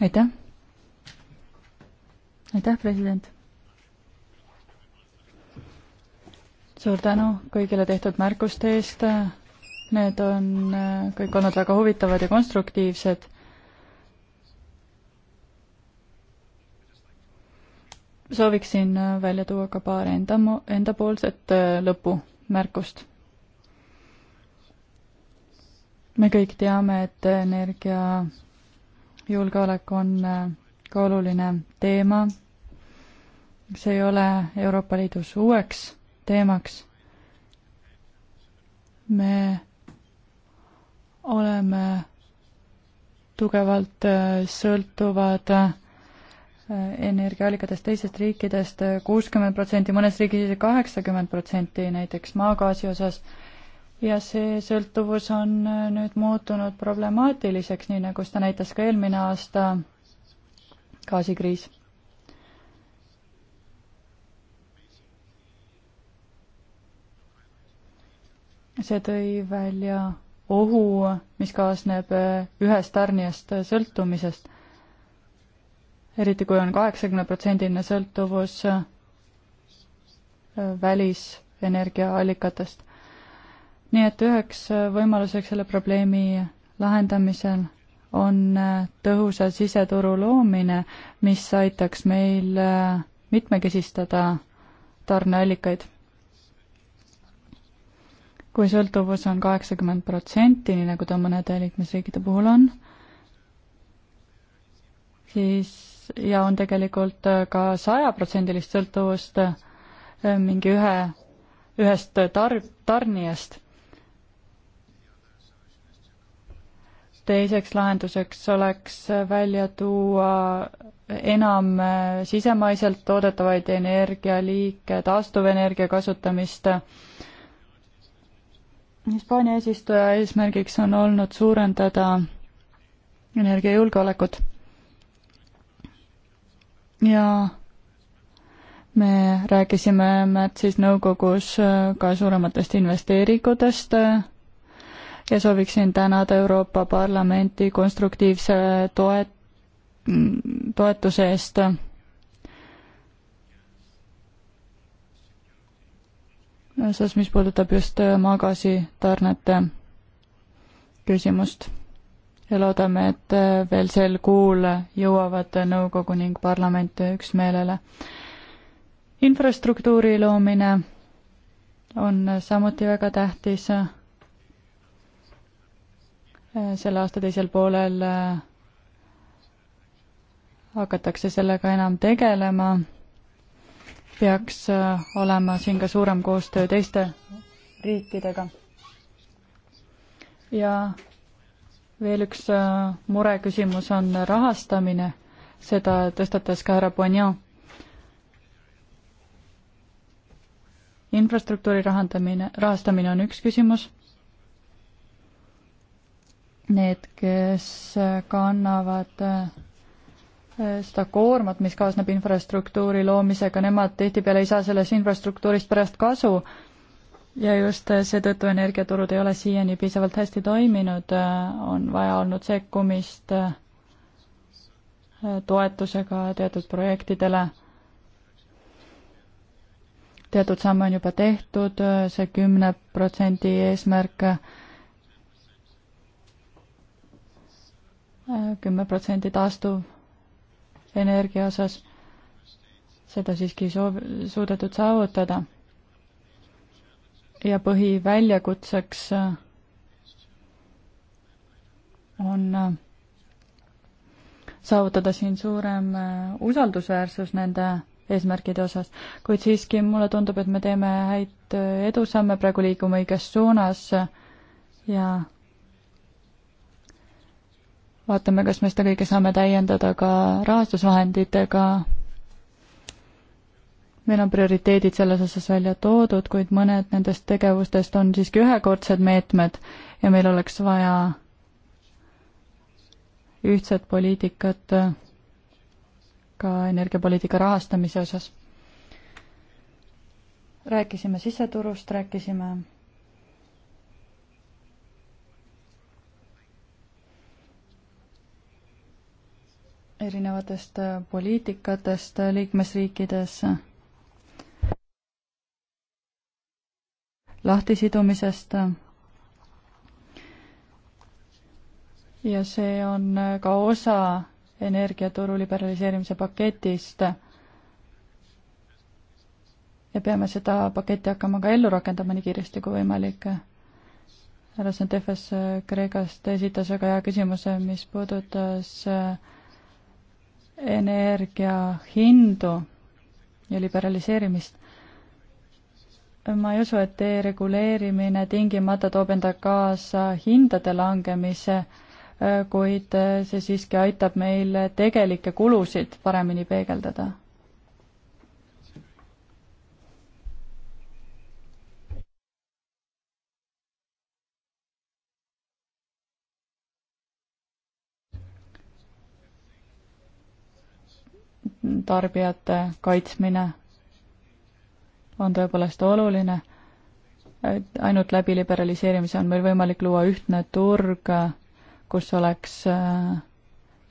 aitäh. aitäh, president. suur tänu kõigile tehtud märkuste eest. Need on kõik olnud väga huvitavad ja konstruktiivsed sooviksin äh, välja tuua ka paar enda, endapoolset äh, lõpumärkust. me kõik teame, et energiajulgeolek on äh, ka oluline teema. see ei ole Euroopa Liidus uueks teemaks. me oleme tugevalt sõltuvad äh, energiaallikatest teistest riikidest kuuskümmend protsenti, mõnes riigis kaheksakümmend protsenti näiteks maagaasi osas. ja see sõltuvus on nüüd muutunud problemaatiliseks, nii nagu seda näitas ka eelmine aasta gaasikriis. see tõi välja ohu, mis kaasneb ühest tarnijast sõltumisest eriti kui on kaheksakümneprotsendine sõltuvus äh, välisenergiaallikatest. nii et üheks äh, võimaluseks selle probleemi lahendamisel on äh, tõhusa siseturu loomine, mis aitaks meil mitmekesistada tarneallikaid. kui sõltuvus on kaheksakümmend protsenti, nii nagu ta mõnede liikmesriikide puhul on, siis ja on tegelikult äh, ka sajaprotsendilist sõltuvust äh, mingi ühe, ühest tar-, tarnijast. teiseks lahenduseks oleks välja tuua enam äh, sisemaiselt toodetavaid energialiike, taastuvenergia kasutamist. Hispaania eesistuja eesmärgiks on olnud suurendada energiajulgeolekut ja me rääkisime märtsis nõukogus äh, ka suurematest investeeringutest ja sooviksin tänada Euroopa Parlamenti konstruktiivse toe, toetuse eest. selles, mis puudutab just äh, maagaasitarnete küsimust ja loodame, et äh, veel sel kuul jõuavad nõukogu ning parlament üksmeelele. infrastruktuuri loomine on samuti väga tähtis. Äh, selle aasta teisel poolel äh, hakatakse sellega enam tegelema. peaks olema siin ka suurem koostöö teiste riikidega. ja veel üks äh, mureküsimus on rahastamine, seda tõstatas ka härra Poignon. infrastruktuuri rahandamine, rahastamine on üks küsimus. Need, kes kannavad äh, seda koormat, mis kaasneb infrastruktuuri loomisega, nemad tihtipeale ei saa sellest infrastruktuurist pärast kasu ja just seetõttu energiaturud ei ole siiani piisavalt hästi toiminud, on vaja olnud sekkumist äh, toetusega teatud projektidele. teatud samme on juba tehtud see, äh, see kümne protsendi eesmärk, äh, kümme protsenti taastuv energia osas, seda siiski ei soov-, suudetud saavutada ja põhiväljakutseks äh, on äh, saavutada siin suurem äh, usaldusväärsus nende eesmärkide osas, kuid siiski mulle tundub, et me teeme häid edusamme, praegu liigume õiges suunas ja vaatame, kas me seda kõike saame täiendada ka rahastusvahenditega meil on prioriteedid selles osas välja toodud, kuid mõned nendest tegevustest on siiski ühekordsed meetmed ja meil oleks vaja ühtset poliitikat ka energiapoliitika rahastamise osas. rääkisime siseturust, rääkisime erinevatest poliitikatest liikmesriikides lahtisidumisest. ja see on ka osa energiaturu liberaliseerimise paketist. ja peame seda paketti hakkama ka ellu rakendama nii kiiresti kui võimalik. härra Santefes Kreekast esitas väga hea küsimuse, mis puudutas energia hindu ja liberaliseerimist ma ei usu, et dereguleerimine tingimata toob enda kaasa hindade langemise, kuid see siiski aitab meil tegelikke kulusid paremini peegeldada. tarbijate kaitsmine on tõepoolest oluline. ainult läbi liberaliseerimise on meil võimalik luua ühtne turg, kus oleks äh,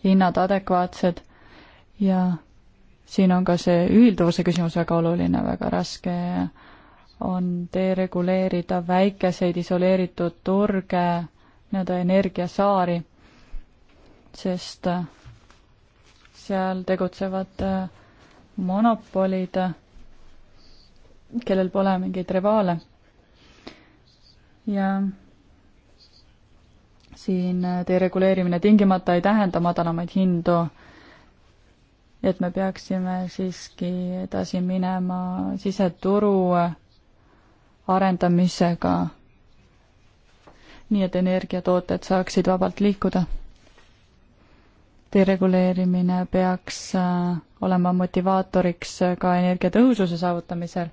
hinnad adekvaatsed ja siin on ka see ühilduvuse küsimus väga oluline, väga raske on dereguleerida väikeseid isoleeritud turge, nii-öelda energiasaari, sest äh, seal tegutsevad äh, monopolid kellel pole mingeid rivaale. ja siin dereguleerimine tingimata ei tähenda madalamaid hindu. et me peaksime siiski edasi minema siseturu arendamisega, nii et energiatooted saaksid vabalt liikuda. dereguleerimine peaks äh, olema motivaatoriks ka energiatõhususe saavutamisel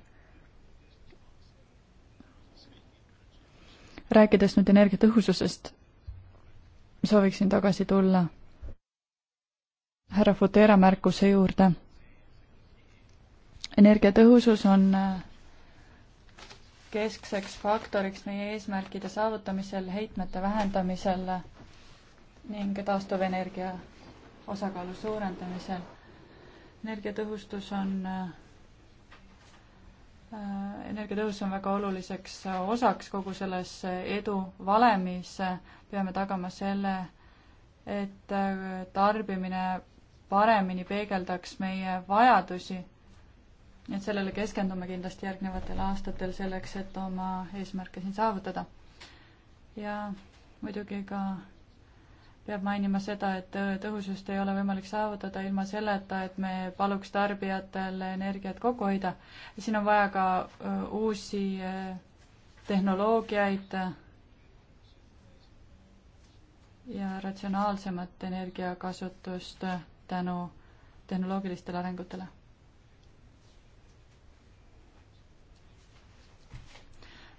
rääkides nüüd energiatõhususest, sooviksin tagasi tulla härra Futera märkuse juurde. energiatõhusus on äh, keskseks faktoriks meie eesmärkide saavutamisel, heitmete vähendamisel ning taastuvenergia osakaalu suurendamisel. energiatõhustus on äh, Äh, energiatõus on väga oluliseks äh, osaks kogu selles äh, edu valemis, peame tagama selle, et tarbimine paremini peegeldaks meie vajadusi. et sellele keskendume kindlasti järgnevatel aastatel selleks, et oma eesmärke siin saavutada. ja muidugi ka peab mainima seda, et tõhusust ei ole võimalik saavutada ilma selleta, et me paluks tarbijatel energiat kokku hoida. siin on vaja ka uusi tehnoloogiaid ja ratsionaalsemat energiakasutust tänu tehnoloogilistele arengutele.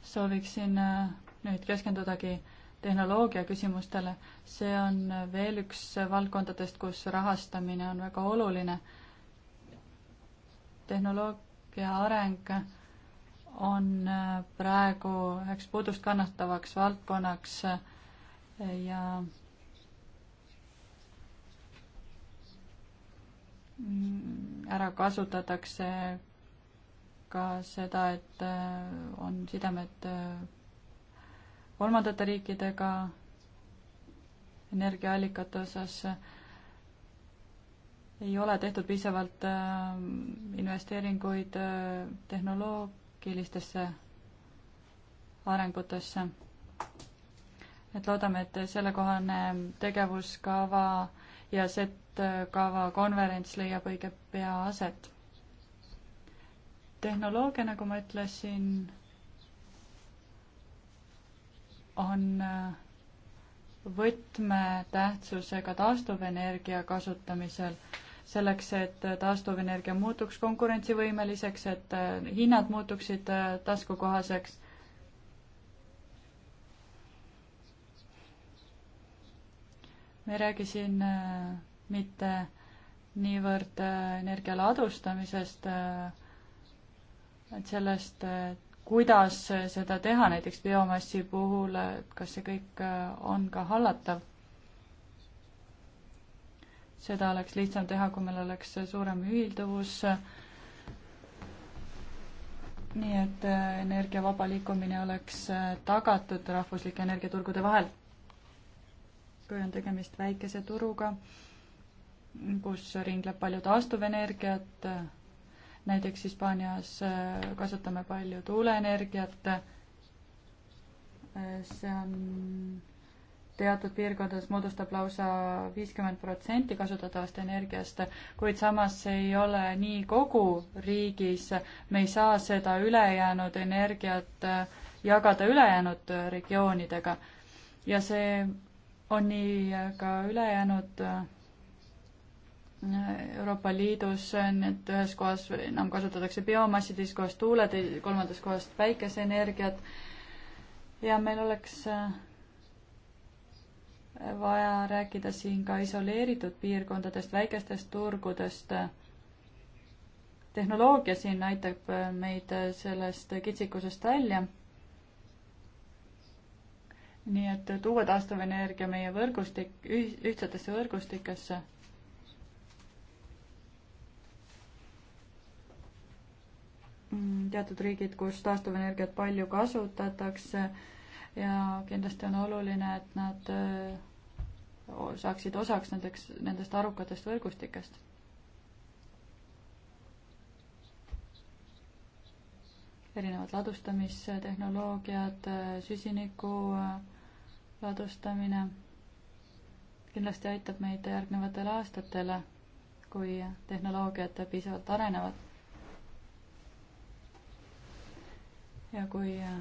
sooviksin nüüd keskendudagi äh, tehnoloogia küsimustele. see on veel üks valdkondadest, kus rahastamine on väga oluline. tehnoloogia areng on praegu üheks puudust kannatavaks valdkonnaks ja ära kasutatakse ka seda, et on sidemed kolmandate riikidega energiaallikate osas äh, ei ole tehtud piisavalt äh, investeeringuid äh, tehnoloogilistesse arengutesse. et loodame, et sellekohane tegevuskava ja Z-kava konverents leiab õige pea aset. tehnoloogia, nagu ma ütlesin, on äh, võtmetähtsusega taastuvenergia kasutamisel selleks, et äh, taastuvenergia muutuks konkurentsivõimeliseks, et äh, hinnad muutuksid taskukohaseks. me ei räägi siin mitte niivõrd energia ladustamisest, et sellest, et kuidas seda teha näiteks biomassi puhul, et kas see kõik äh, on ka hallatav? seda oleks lihtsam teha, kui meil oleks suurem ühilduvus. nii et äh, energia vaba liikumine oleks äh, tagatud rahvuslike energiaturgude vahel. kui on tegemist väikese turuga, kus ringleb palju taastuvenergiat, näiteks Hispaanias äh, kasutame palju tuuleenergiat. Äh, see on teatud piirkondades moodustab lausa viiskümmend protsenti kasutatavast energiast, kuid samas see ei ole nii kogu riigis. me ei saa seda ülejäänud energiat äh, jagada ülejäänud regioonidega. ja see on nii ka ülejäänud Euroopa Liidus, nii et ühes kohas enam kasutatakse biomassi, teises kohas tuule, kolmandas kohas päikeseenergiat. ja meil oleks äh, vaja rääkida siin ka isoleeritud piirkondadest, väikestest turgudest. tehnoloogia siin aitab äh, meid äh, sellest kitsikusest välja. nii et tuua taastuvenergia meie võrgustik, ühtsetesse võrgustikesse Mm, teatud riigid, kus taastuvenergiat palju kasutatakse ja kindlasti on oluline, et nad saaksid osaks nendeks, nendest arukatest võrgustikest. erinevad ladustamistehnoloogiad, süsiniku ladustamine kindlasti aitab meid järgnevatel aastatel, kui tehnoloogiad piisavalt arenevad. ja kui äh,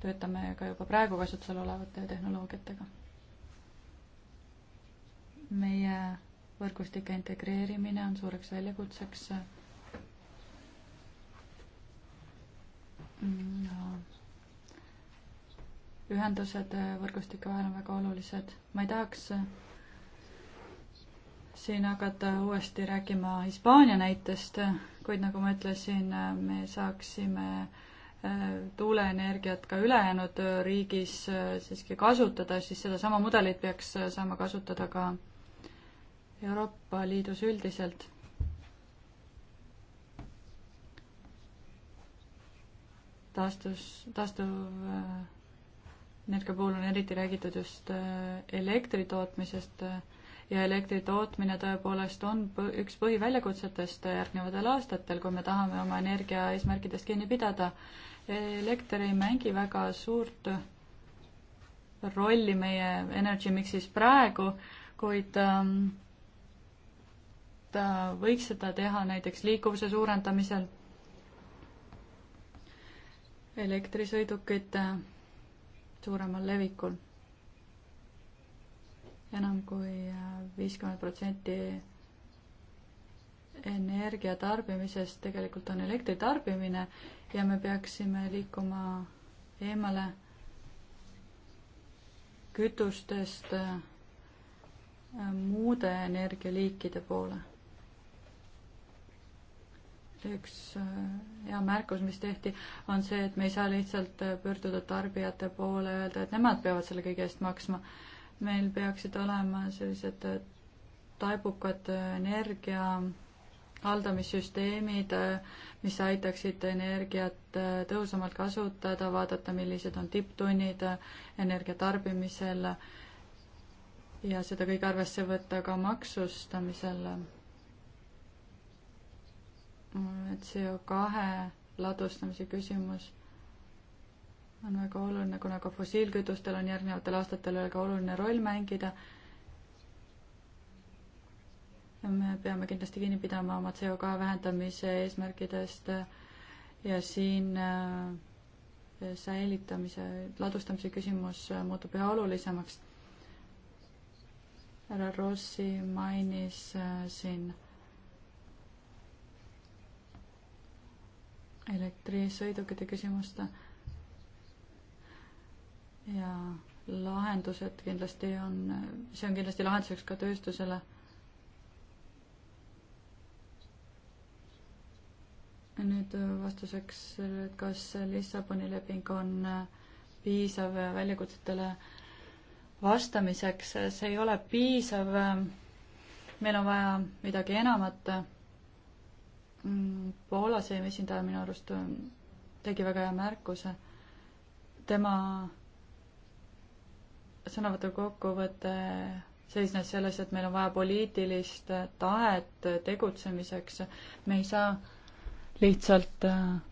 töötame ka juba praegu kasutusel olevate tehnoloogiatega. meie võrgustike integreerimine on suureks väljakutseks. ühendused võrgustike vahel on väga olulised. ma ei tahaks siin hakata uuesti rääkima Hispaania näitest, kuid nagu ma ütlesin, me saaksime äh, tuuleenergiat ka ülejäänud riigis äh, siiski kasutada, siis sedasama mudelit peaks äh, saama kasutada ka Euroopa Liidus üldiselt. taastus, taastuvenergia puhul on eriti räägitud just elektri tootmisest äh, ja elektri tootmine tõepoolest on üks põhiväljakutsetest järgnevatel aastatel, kui me tahame oma energia eesmärkidest kinni pidada. elekter ei mängi väga suurt rolli meie energy mix'is praegu, kuid ähm, ta võiks seda teha näiteks liikuvuse suurendamisel, elektrisõidukite suuremal levikul enam kui äh, viiskümmend protsenti energia tarbimisest tegelikult on elektri tarbimine ja me peaksime liikuma eemale kütustest äh, muude energialiikide poole. üks äh, hea märkus, mis tehti, on see, et me ei saa lihtsalt pöörduda tarbijate poole, öelda, et nemad peavad selle kõige eest maksma meil peaksid olema sellised taibukad energia haldamissüsteemid, mis aitaksid energiat tõhusamalt kasutada, vaadata, millised on tipptunnid energia tarbimisel ja seda kõike arvesse võtta ka maksustamisel. CO kahe ladustamise küsimus on väga oluline, kuna ka fossiilkütustel on järgnevatel aastatel väga oluline roll mängida. me peame kindlasti kinni pidama oma CO2 vähendamise eesmärkidest ja siin äh, säilitamise, ladustamise küsimus muutub üha olulisemaks. härra Rossi mainis äh, siin elektrisõidukite küsimust ja lahendused kindlasti on, see on kindlasti lahenduseks ka tööstusele. nüüd vastuseks, et kas Lissaboni leping on piisav väljakutsetele vastamiseks, see ei ole piisav. meil on vaja midagi enamat. Poola seimi esindaja minu arust tegi väga hea märkuse. tema sõnavõtu kokkuvõte seisnes selles, et meil on vaja poliitilist tahet tegutsemiseks. me ei saa lihtsalt ähm,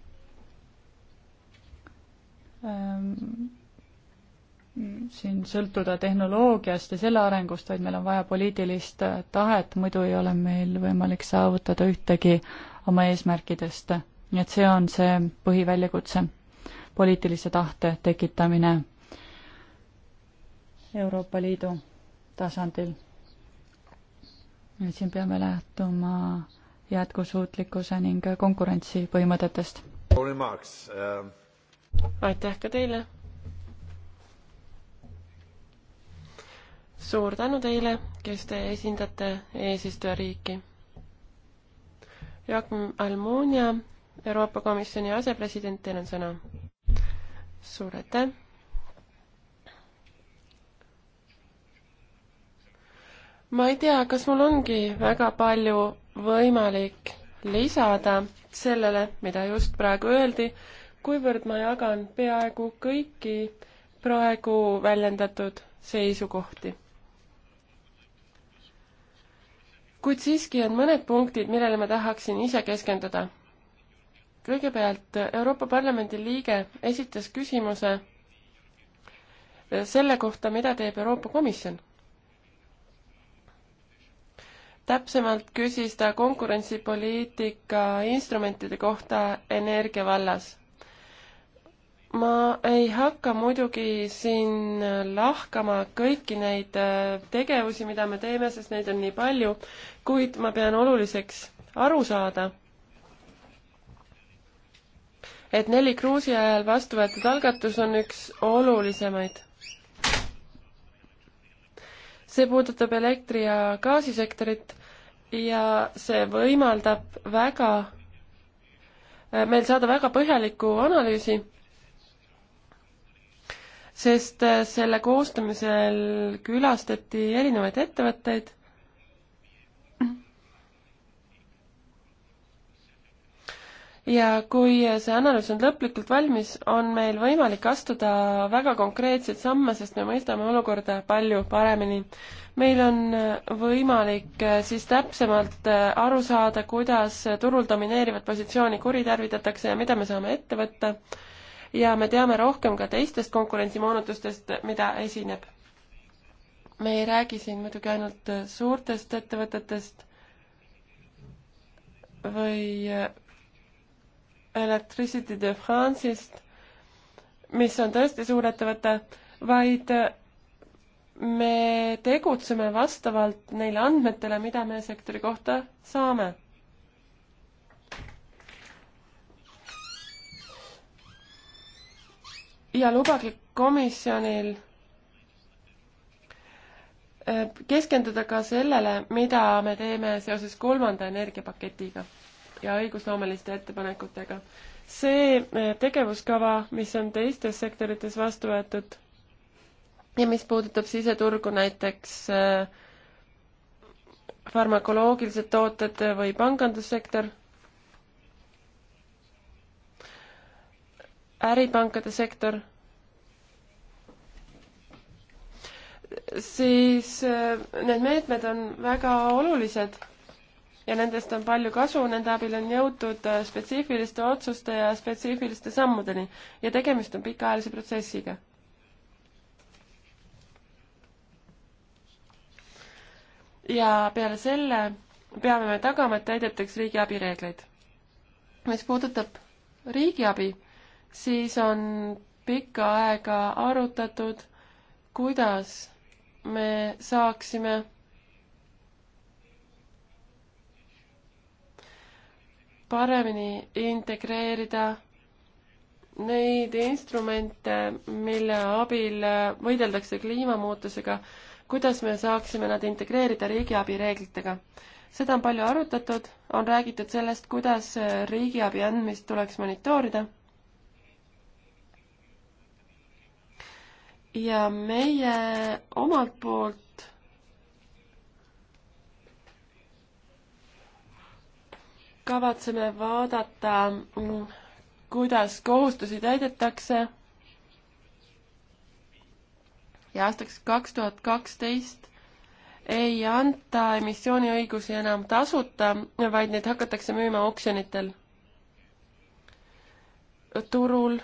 siin sõltuda tehnoloogiast ja selle arengust, vaid meil on vaja poliitilist tahet, muidu ei ole meil võimalik saavutada ühtegi oma eesmärkidest. nii et see on see põhiväljakutse, poliitilise tahte tekitamine Euroopa Liidu tasandil. siin peame lähtuma jätkusuutlikkuse ning konkurentsi põhimõtetest. Ähm. aitäh ka teile. suur tänu teile, kes te esindate eesistujariiki. Joachim Almunia, Euroopa Komisjoni asepresident, teil on sõna. suur aitäh ma ei tea, kas mul ongi väga palju võimalik lisada sellele, mida just praegu öeldi, kuivõrd ma jagan peaaegu kõiki praegu väljendatud seisukohti. kuid siiski on mõned punktid, millele ma tahaksin ise keskenduda. kõigepealt Euroopa Parlamendi liige esitas küsimuse selle kohta, mida teeb Euroopa Komisjon täpsemalt küsis ta konkurentsipoliitika instrumentide kohta energia vallas ma ei hakka muidugi siin lahkama kõiki neid äh, tegevusi, mida me teeme, sest neid on nii palju, kuid ma pean oluliseks aru saada, et Nelli Kruusi ajal vastu võetud algatus on üks olulisemaid. see puudutab elektri- ja gaasisektorit ja see võimaldab väga, meil saada väga põhjalikku analüüsi, sest selle koostamisel külastati erinevaid ettevõtteid ja kui see analüüs on lõplikult valmis, on meil võimalik astuda väga konkreetseid samme, sest me mõistame olukorda palju paremini meil on äh, võimalik äh, siis täpsemalt äh, aru saada, kuidas turul domineerivat positsiooni kuritarvitatakse ja mida me saame ette võtta. ja me teame rohkem ka teistest konkurentsimoonutustest, mida esineb. me ei räägi siin muidugi ainult suurtest ettevõtetest või Electricity de France'ist, mis on tõesti suur ettevõte, vaid me tegutseme vastavalt neile andmetele, mida me sektori kohta saame. ja lubage komisjonil eh, keskenduda ka sellele, mida me teeme seoses kolmanda energiapaketiga ja õigusloomeliste ettepanekutega. see eh, tegevuskava, mis on teistes sektorites vastu võetud ja mis puudutab siseturgu näiteks äh, farmakoloogilised tooted äh, või pangandussektor, äripankade sektor, siis äh, need meetmed on väga olulised ja nendest on palju kasu, nende abil on jõutud spetsiifiliste otsuste ja spetsiifiliste sammudeni ja tegemist on pikaajalise protsessiga ja peale selle peame me tagama, et täidetaks riigiabi reegleid. mis puudutab riigiabi, siis on pikka aega arutatud, kuidas me saaksime paremini integreerida neid instrumente, mille abil võideldakse kliimamuutusega kuidas me saaksime nad integreerida riigiabi reeglitega. seda on palju arutatud, on räägitud sellest, kuidas riigiabi andmist tuleks monitoorida. ja meie omalt poolt kavatseme vaadata, kuidas kohustusi täidetakse ja aastaks kaks tuhat kaksteist ei anta emissiooniõigusi enam tasuta, vaid neid hakatakse müüma oksjonitel. turul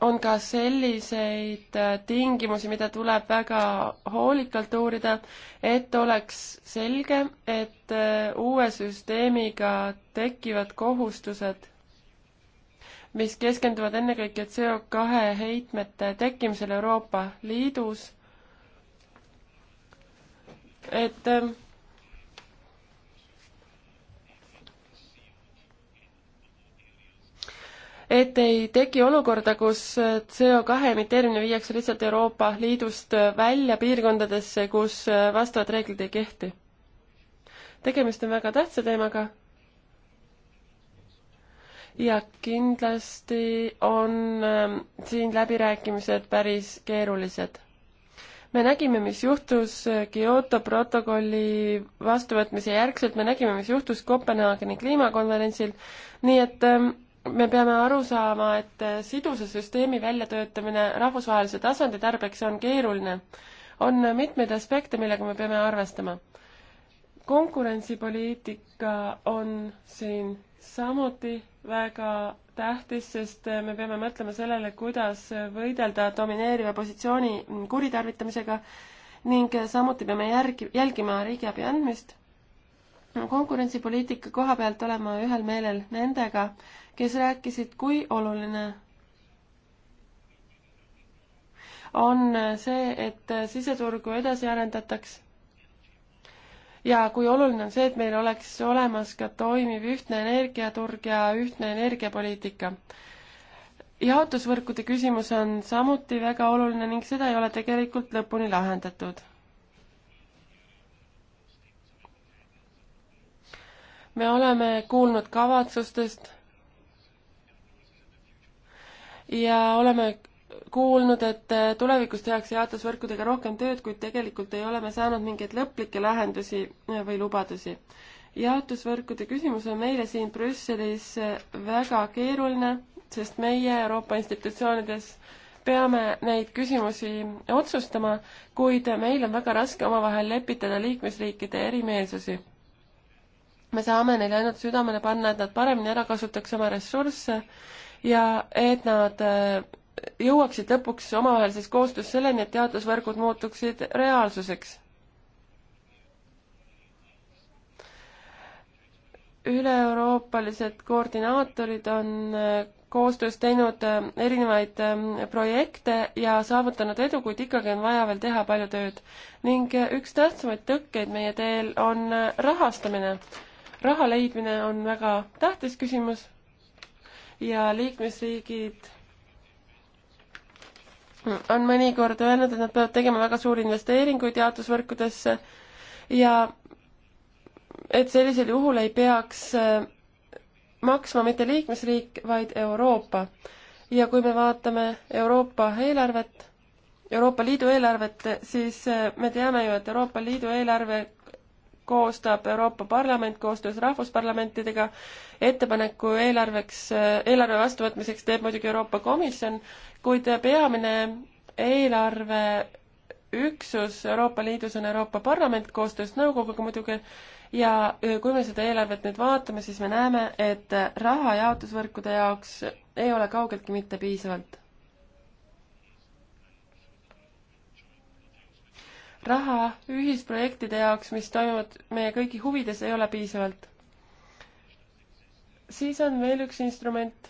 on ka selliseid äh, tingimusi, mida tuleb väga hoolikalt uurida, et oleks selge, et äh, uue süsteemiga tekivad kohustused mis keskenduvad ennekõike CO2 heitmete tekkimisele Euroopa Liidus. et ähm, et ei teki olukorda, kus CO2 emiteerimine viiakse lihtsalt Euroopa Liidust välja piirkondadesse, kus vastavad reeglid ei kehti. tegemist on väga tähtsa teemaga ja kindlasti on ähm, siin läbirääkimised päris keerulised. me nägime, mis juhtus äh, Kyoto protokolli vastuvõtmise järgselt, me nägime, mis juhtus Kopenhaageni kliimakonverentsil, nii et ähm, me peame aru saama, et äh, sidusa süsteemi väljatöötamine rahvusvahelise tasandi tarbeks on keeruline. on äh, mitmeid aspekte, millega me peame arvestama. konkurentsipoliitika on siin samuti väga tähtis, sest me peame mõtlema sellele, kuidas võidelda domineeriva positsiooni kuritarvitamisega ning samuti peame järgi, jälgima riigiabi andmist. konkurentsipoliitika koha pealt olen ma ühel meelel nendega, kes rääkisid, kui oluline on see, et siseturgu edasi arendataks ja kui oluline on see, et meil oleks olemas ka toimiv ühtne energiaturg ja ühtne energiapoliitika. jaotusvõrkude küsimus on samuti väga oluline ning seda ei ole tegelikult lõpuni lahendatud. me oleme kuulnud kavatsustest ja oleme kuulnud, et äh, tulevikus tehakse jaotusvõrkudega rohkem tööd, kuid tegelikult ei ole me saanud mingeid lõplikke lahendusi äh, või lubadusi. jaotusvõrkude küsimus on meile siin Brüsselis äh, väga keeruline, sest meie Euroopa institutsioonides peame neid küsimusi otsustama, kuid meil on väga raske omavahel lepitada liikmesriikide erimeelsusi. me saame neile ainult südamele panna, et nad paremini ära kasutaks oma ressursse ja et nad jõuaksid lõpuks omavahelises koostöös selleni, et teadusvõrgud muutuksid reaalsuseks. üle-euroopalised koordinaatorid on äh, koostöös teinud äh, erinevaid ähm, projekte ja saavutanud edu, kuid ikkagi on vaja veel teha palju tööd. ning äh, üks tähtsamaid tõkkeid meie teel on rahastamine. raha leidmine on väga tähtis küsimus ja liikmesriigid on mõnikord öelnud, et nad peavad tegema väga suuri investeeringuid jaotusvõrkudesse ja et sellisel juhul ei peaks äh, maksma mitte liikmesriik, vaid Euroopa. ja kui me vaatame Euroopa eelarvet, Euroopa Liidu eelarvet, siis äh, me teame ju, et Euroopa Liidu eelarve koostab Euroopa Parlament koostöös rahvusparlamentidega. ettepaneku eelarveks, eelarve vastuvõtmiseks teeb muidugi Euroopa Komisjon, kuid peamine eelarve üksus Euroopa Liidus on Euroopa Parlament koostöös nõukoguga muidugi ja kui me seda eelarvet nüüd vaatame, siis me näeme, et raha jaotusvõrkude jaoks ei ole kaugeltki mitte piisavalt raha ühisprojektide jaoks, mis toimuvad meie kõigi huvides, ei ole piisavalt. siis on veel üks instrument,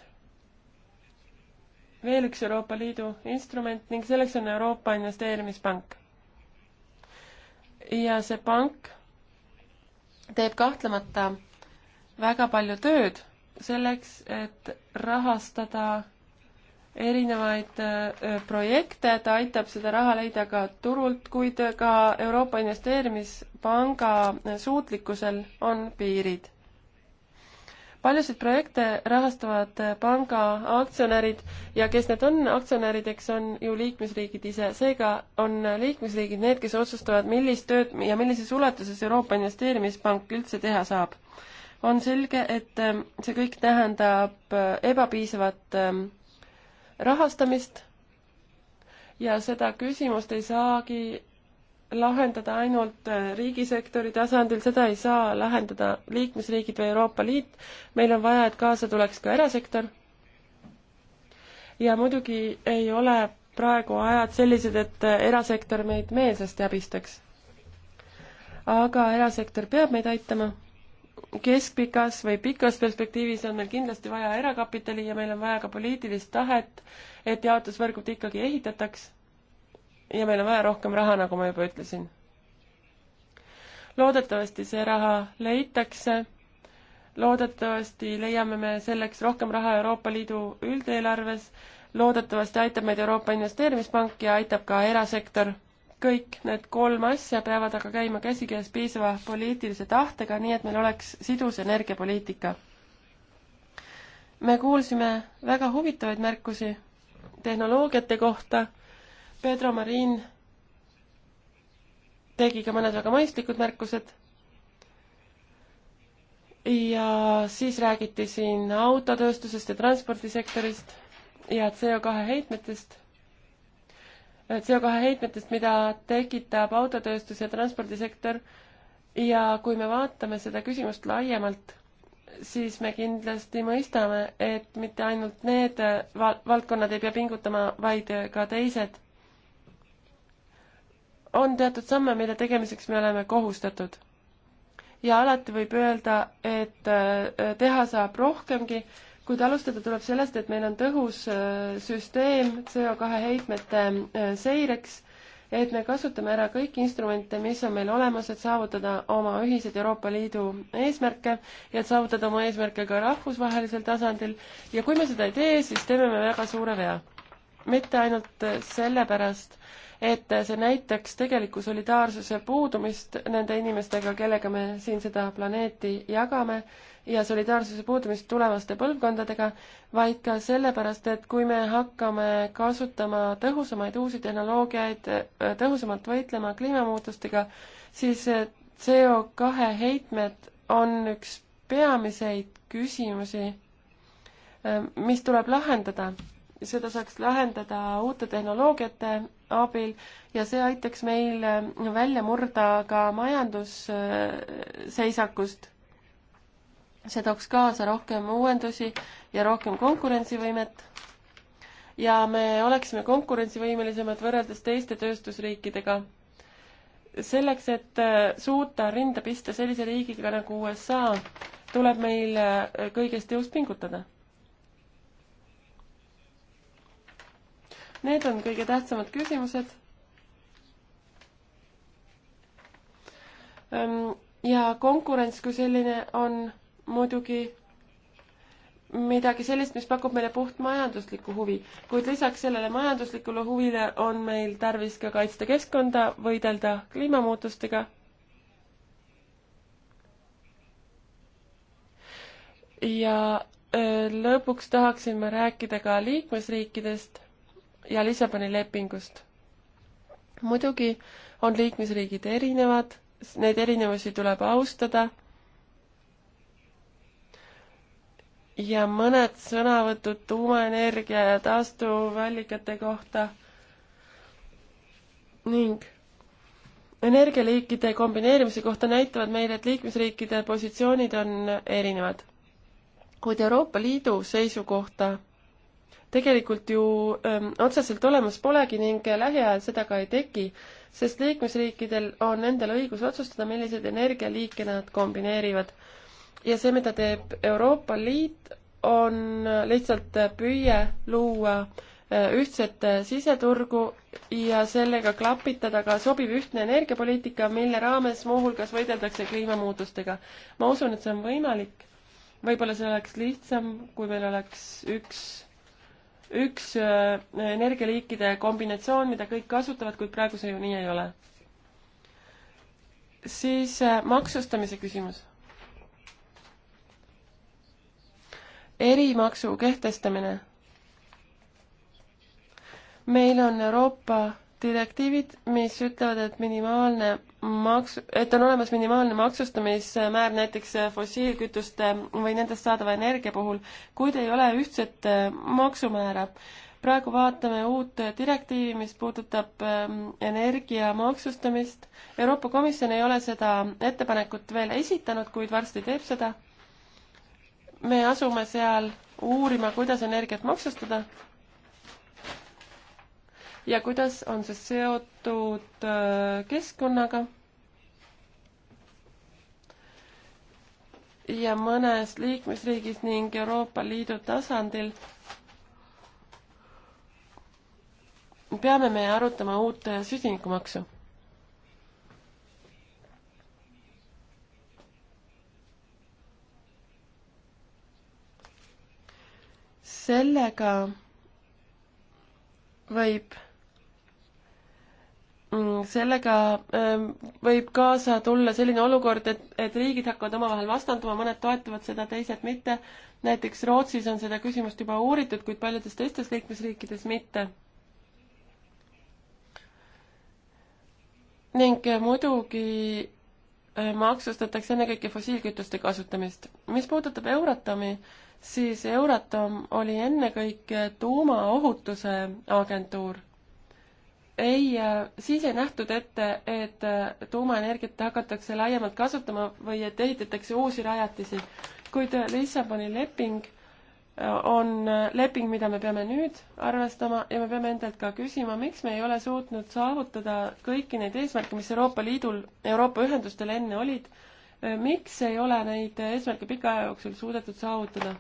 veel üks Euroopa Liidu instrument ning selleks on Euroopa Investeerimispank. ja see pank teeb kahtlemata väga palju tööd selleks, et rahastada erinevaid äh, projekte, ta aitab seda raha leida ka turult, kuid ka Euroopa Investeerimispanga äh, suutlikkusel on piirid. paljusid projekte rahastavad äh, panga aktsionärid ja kes need on aktsionärideks, on ju liikmesriigid ise, seega on liikmesriigid need, kes otsustavad, millist tööd ja millises ulatuses Euroopa Investeerimispank üldse teha saab. on selge, et see kõik tähendab ebapiisavat rahastamist ja seda küsimust ei saagi lahendada ainult äh, riigisektori tasandil, seda ei saa lahendada liikmesriigid või Euroopa Liit, meil on vaja, et kaasa tuleks ka erasektor. ja muidugi ei ole praegu ajad sellised, et äh, erasektor meid meelsasti abistaks. aga erasektor peab meid aitama keskpikas või pikas perspektiivis on meil kindlasti vaja erakapitali ja meil on vaja ka poliitilist tahet, et jaotusvõrgud ikkagi ehitataks. ja meil on vaja rohkem raha, nagu ma juba ütlesin. loodetavasti see raha leitakse. loodetavasti leiame me selleks rohkem raha Euroopa Liidu üldeelarves. loodetavasti aitab meid Euroopa Investeerimispank ja aitab ka erasektor kõik need kolm asja peavad aga käima käsikäes piisava poliitilise tahtega, nii et meil oleks sidus energiapoliitika. me kuulsime väga huvitavaid märkusi tehnoloogiate kohta. Pedro Marin tegi ka mõned väga mõistlikud märkused. ja siis räägiti siin autotööstusest ja transpordisektorist ja CO2 heitmetest CO2 heitmetest, mida tekitab autotööstus ja transpordisektor. ja kui me vaatame seda küsimust laiemalt, siis me kindlasti mõistame, et mitte ainult need val valdkonnad ei pea pingutama, vaid ka teised. on teatud samme, mille tegemiseks me oleme kohustatud ja alati võib öelda, et äh, teha saab rohkemgi kuid alustada tuleb sellest, et meil on tõhus äh, süsteem CO2 heitmete äh, seireks, et me kasutame ära kõiki instrumente, mis on meil olemas, et saavutada oma ühiseid Euroopa Liidu eesmärke ja et saavutada oma eesmärke ka rahvusvahelisel tasandil ja kui me seda ei tee, siis teeme me väga suure vea mitte ainult sellepärast, et see näitaks tegeliku solidaarsuse puudumist nende inimestega, kellega me siin seda planeeti jagame, ja solidaarsuse puudumist tulevaste põlvkondadega, vaid ka sellepärast, et kui me hakkame kasutama tõhusamaid uusi tehnoloogiaid, tõhusamalt võitlema kliimamuutustega, siis CO2 heitmed on üks peamiseid küsimusi, mis tuleb lahendada seda saaks lahendada uute tehnoloogiate abil ja see aitaks meil välja murda ka majandusseisakust. see tooks kaasa rohkem uuendusi ja rohkem konkurentsivõimet ja me oleksime konkurentsivõimelisemad võrreldes teiste tööstusriikidega. selleks, et suuta rinda pista sellise riigiga nagu USA, tuleb meil kõigest jõust pingutada Need on kõige tähtsamad küsimused. Ehm, ja konkurents kui selline on muidugi midagi sellist, mis pakub meile puht majanduslikku huvi, kuid lisaks sellele majanduslikule huvile on meil tarvis ka kaitsta keskkonda, võidelda kliimamuutustega. ja lõpuks tahaksime rääkida ka liikmesriikidest ja Lissaboni lepingust. muidugi on liikmesriigid erinevad, neid erinevusi tuleb austada. ja mõned sõnavõtud tuumaenergia ja taastuvallikate kohta ning energialiikide kombineerimise kohta näitavad meile, et liikmesriikide positsioonid on erinevad. kuid Euroopa Liidu seisukohta tegelikult ju öö, ähm, otseselt olemas polegi ning lähiajal seda ka ei teki, sest liikmesriikidel on endal õigus otsustada, milliseid energialiike nad kombineerivad. ja see, mida teeb Euroopa Liit, on lihtsalt püüe luua äh, ühtset äh, siseturgu ja sellega klapitada ka sobiv ühtne energiapoliitika, mille raames muuhulgas võideldakse kliimamuutustega. ma usun, et see on võimalik. võib-olla see oleks lihtsam, kui meil oleks üks üks äh, energialiikide kombinatsioon, mida kõik kasutavad, kuid praegu see ju nii ei ole. siis äh, maksustamise küsimus. erimaksu kehtestamine. meil on Euroopa direktiivid, mis ütlevad, et minimaalne maks, et on olemas minimaalne maksustamismäär näiteks fossiilkütuste või nendest saadava energia puhul, kuid ei ole ühtset äh, maksumäära. praegu vaatame uut direktiivi, mis puudutab ähm, energia maksustamist. Euroopa Komisjon ei ole seda ettepanekut veel esitanud, kuid varsti teeb seda. me asume seal uurima, kuidas energiat maksustada ja kuidas on see seotud äh, keskkonnaga. ja mõnes liikmesriigis ning Euroopa Liidu tasandil peame me arutama uut äh, süsinikumaksu sellega võib Mm, sellega ähm, võib kaasa tulla selline olukord, et, et riigid hakkavad omavahel vastanduma, mõned toetavad seda, teised mitte. näiteks Rootsis on seda küsimust juba uuritud, kuid paljudes teistes liikmesriikides mitte. ning äh, muidugi äh, maksustatakse ennekõike fossiilkütuste kasutamist. mis puudutab Euratomi, siis Euratom oli ennekõike tuumaohutuse agentuur ei, äh, siis ei nähtud ette, et äh, tuumaenergiat hakatakse laiemalt kasutama või et ehitatakse uusi rajatisi, kuid äh, Lissaboni leping on leping, mida me peame nüüd arvestama ja me peame endalt ka küsima, miks me ei ole suutnud saavutada kõiki neid eesmärke, mis Euroopa Liidul, Euroopa ühendustel enne olid. miks ei ole neid eesmärke pika aja jooksul suudetud saavutada?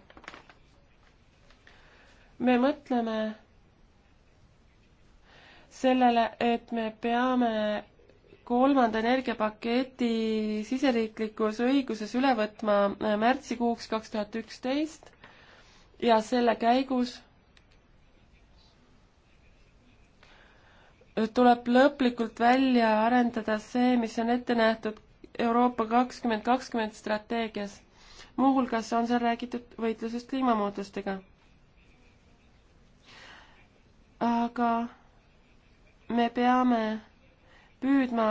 me mõtleme sellele, et me peame kolmanda energiapaketi siseriiklikus õiguses üle võtma äh, märtsikuuks kaks tuhat üksteist ja selle käigus tuleb lõplikult välja arendada see, mis on ette nähtud Euroopa kakskümmend kakskümmend strateegias. muuhulgas on seal räägitud võitlusest kliimamuutustega. aga me peame püüdma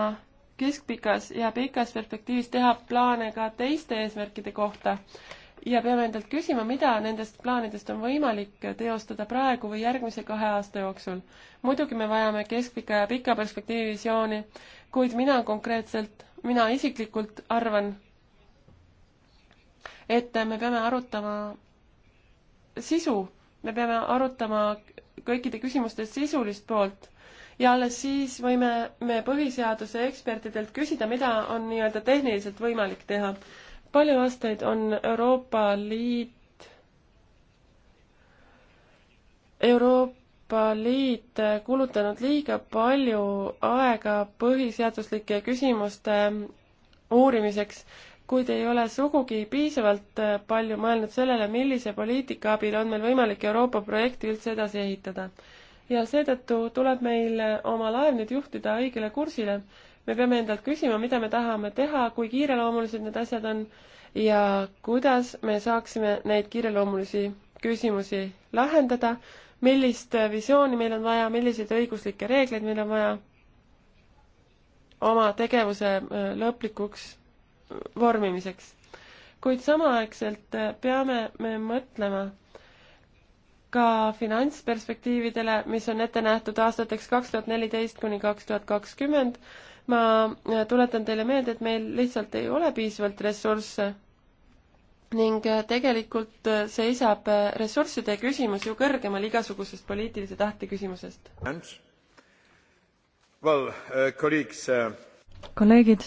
keskpikas ja pikas perspektiivis teha plaane ka teiste eesmärkide kohta ja peame endalt küsima, mida nendest plaanidest on võimalik teostada praegu või järgmise kahe aasta jooksul. muidugi me vajame keskpika ja pika perspektiivi visiooni, kuid mina konkreetselt, mina isiklikult arvan, et me peame arutama sisu, me peame arutama kõikide küsimuste sisulist poolt ja alles siis võime me põhiseaduse ekspertidelt küsida, mida on nii-öelda tehniliselt võimalik teha. palju aastaid on Euroopa Liit, Euroopa Liit kulutanud liiga palju aega põhiseaduslike küsimuste uurimiseks, kuid ei ole sugugi piisavalt palju mõelnud sellele, millise poliitika abil on meil võimalik Euroopa projekti üldse edasi ehitada ja seetõttu tuleb meil oma laev nüüd juhtida õigele kursile. me peame endalt küsima, mida me tahame teha, kui kiireloomulised need asjad on ja kuidas me saaksime neid kiireloomulisi küsimusi lahendada, millist visiooni meil on vaja, milliseid õiguslikke reegleid meil on vaja oma tegevuse äh, lõplikuks äh, vormimiseks. kuid samaaegselt äh, peame me mõtlema ka finantsperspektiividele, mis on ette nähtud aastateks kaks tuhat neliteist kuni kaks tuhat kakskümmend. ma tuletan teile meelde, et meil lihtsalt ei ole piisavalt ressursse ning tegelikult seisab ressursside küsimus ju kõrgemal igasugusest poliitilise tahte küsimusest. Well, uh, colleagues uh... kolleegid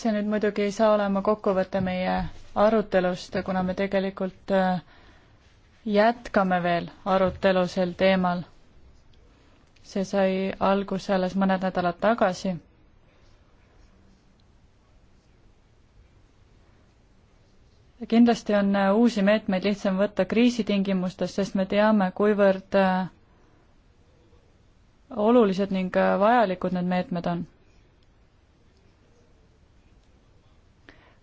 see nüüd muidugi ei saa olema kokkuvõte meie arutelust, kuna me tegelikult äh, jätkame veel arutelu sel teemal. see sai alguse alles mõned nädalad tagasi. kindlasti on äh, uusi meetmeid lihtsam võtta kriisitingimustes, sest me teame, kuivõrd äh, olulised ning vajalikud need meetmed on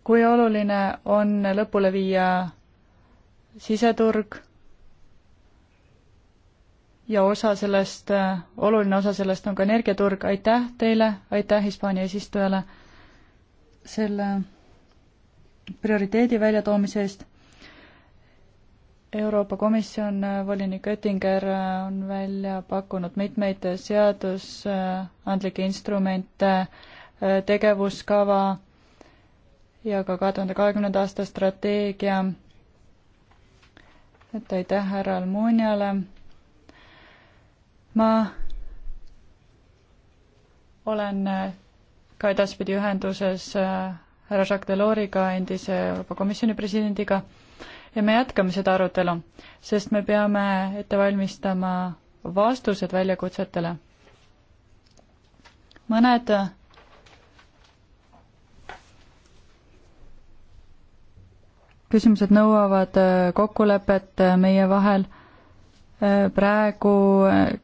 kui oluline on lõpule viia siseturg ja osa sellest, oluline osa sellest on ka energiaturg, aitäh teile, aitäh Hispaania eesistujale selle prioriteedi väljatoomise eest. Euroopa Komisjon, volinik Oettinger on välja pakkunud mitmeid seadusandlikke instrumente, tegevuskava, ja ka kahe tuhande kahekümnenda aasta strateegia. et aitäh härra Almuniale. ma olen äh, ka edaspidi ühenduses äh, härra Jacques Deloriga, endise Euroopa Komisjoni presidendiga ja me jätkame seda arutelu, sest me peame ette valmistama vastused väljakutsetele. mõned küsimused nõuavad äh, kokkulepet äh, meie vahel. Äh, praegu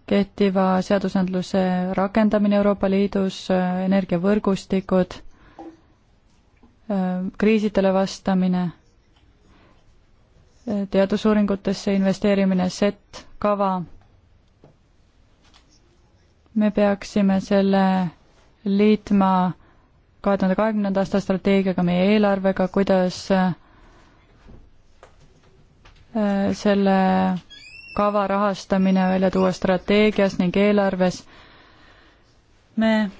kehtiva seadusandluse rakendamine Euroopa Liidus, energiavõrgustikud, kriisidele vastamine, teadusuuringutesse investeerimine, set, kava. me peaksime selle liitma kahe tuhande kahekümnenda aasta strateegiaga, meie eelarvega, kuidas äh, Äh, selle kava rahastamine välja tuua strateegias ning eelarves. me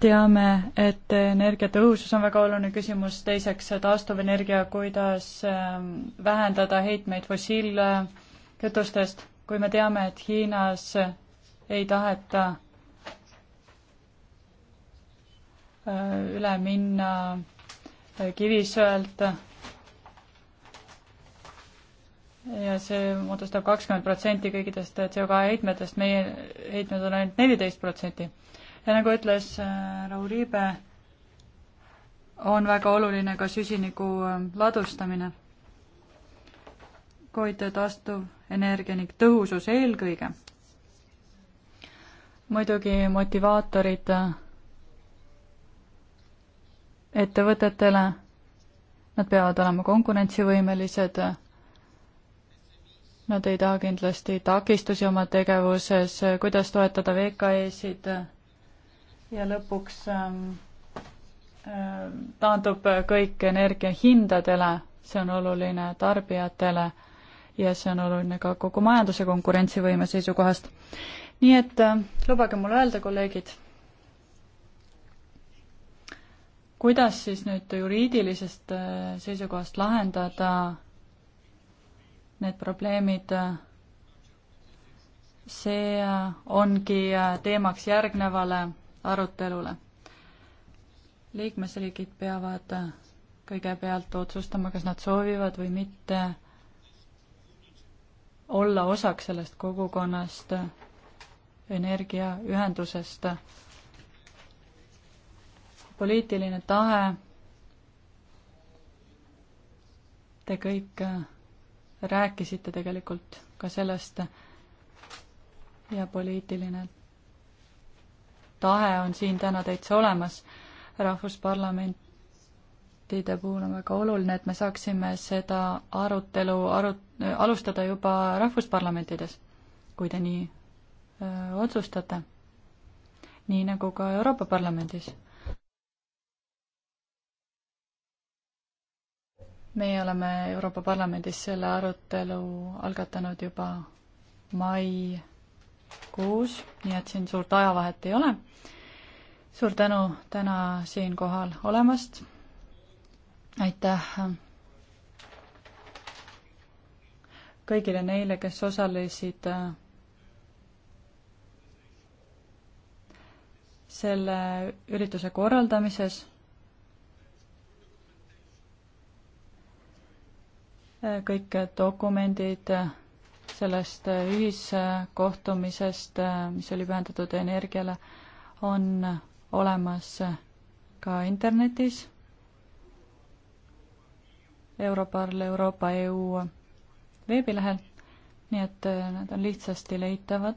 teame, et energiatõhusus on väga oluline küsimus, teiseks taastuvenergia, kuidas ähm, vähendada heitmeid fossiilkütustest, kui me teame, et Hiinas ei taheta äh, üle minna kivisöelt ja see moodustab kakskümmend protsenti kõikidest äh, CO2 heitmetest, meie heitmed on ainult neliteist protsenti. ja nagu ütles äh, Raul Riibe, on väga oluline ka süsiniku äh, ladustamine, kuid taastuvenergia ning tõhusus eelkõige. muidugi motivaatorid ettevõtetele, nad peavad olema konkurentsivõimelised Nad ei taha kindlasti takistusi oma tegevuses, kuidas toetada VKE-sid ja lõpuks ähm, ähm, taandub kõik energia hindadele, see on oluline tarbijatele ja see on oluline ka kogu majanduse konkurentsivõime seisukohast. nii et äh, lubage mul öelda, kolleegid, kuidas siis nüüd juriidilisest äh, seisukohast lahendada need probleemid. see ongi teemaks järgnevale arutelule. liikmesriigid peavad kõigepealt otsustama, kas nad soovivad või mitte olla osaks sellest kogukonnast, energiaühendusest. poliitiline tahe, te kõik rääkisite tegelikult ka sellest ja poliitiline tahe on siin täna täitsa olemas. rahvusparlamentide puhul on väga oluline, et me saaksime seda arutelu aru-, alustada juba rahvusparlamentides, kui te nii öö, otsustate. nii nagu ka Euroopa Parlamendis meie oleme Euroopa Parlamendis selle arutelu algatanud juba maikuus, nii et siin suurt ajavahet ei ole. suur tänu täna siinkohal olemast. aitäh kõigile neile, kes osalesid äh, selle ürituse korraldamises kõik dokumendid sellest ühiskohtumisest, mis oli pühendatud energiale, on olemas ka internetis. Europarl Euroopa EU veebilehel, nii et äh, nad on lihtsasti leitavad.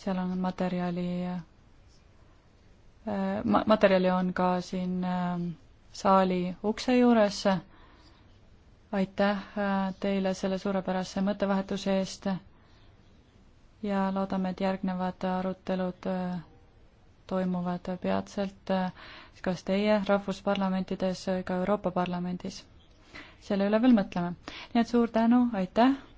seal on materjali, äh, ma-, materjali on ka siin äh, saali ukse juures aitäh äh, teile selle suurepärase mõttevahetuse eest ja loodame, et järgnevad arutelud äh, toimuvad peatselt äh, kas teie rahvusparlamentides või ka Euroopa Parlamendis. selle üle veel mõtleme. nii et suur tänu, aitäh!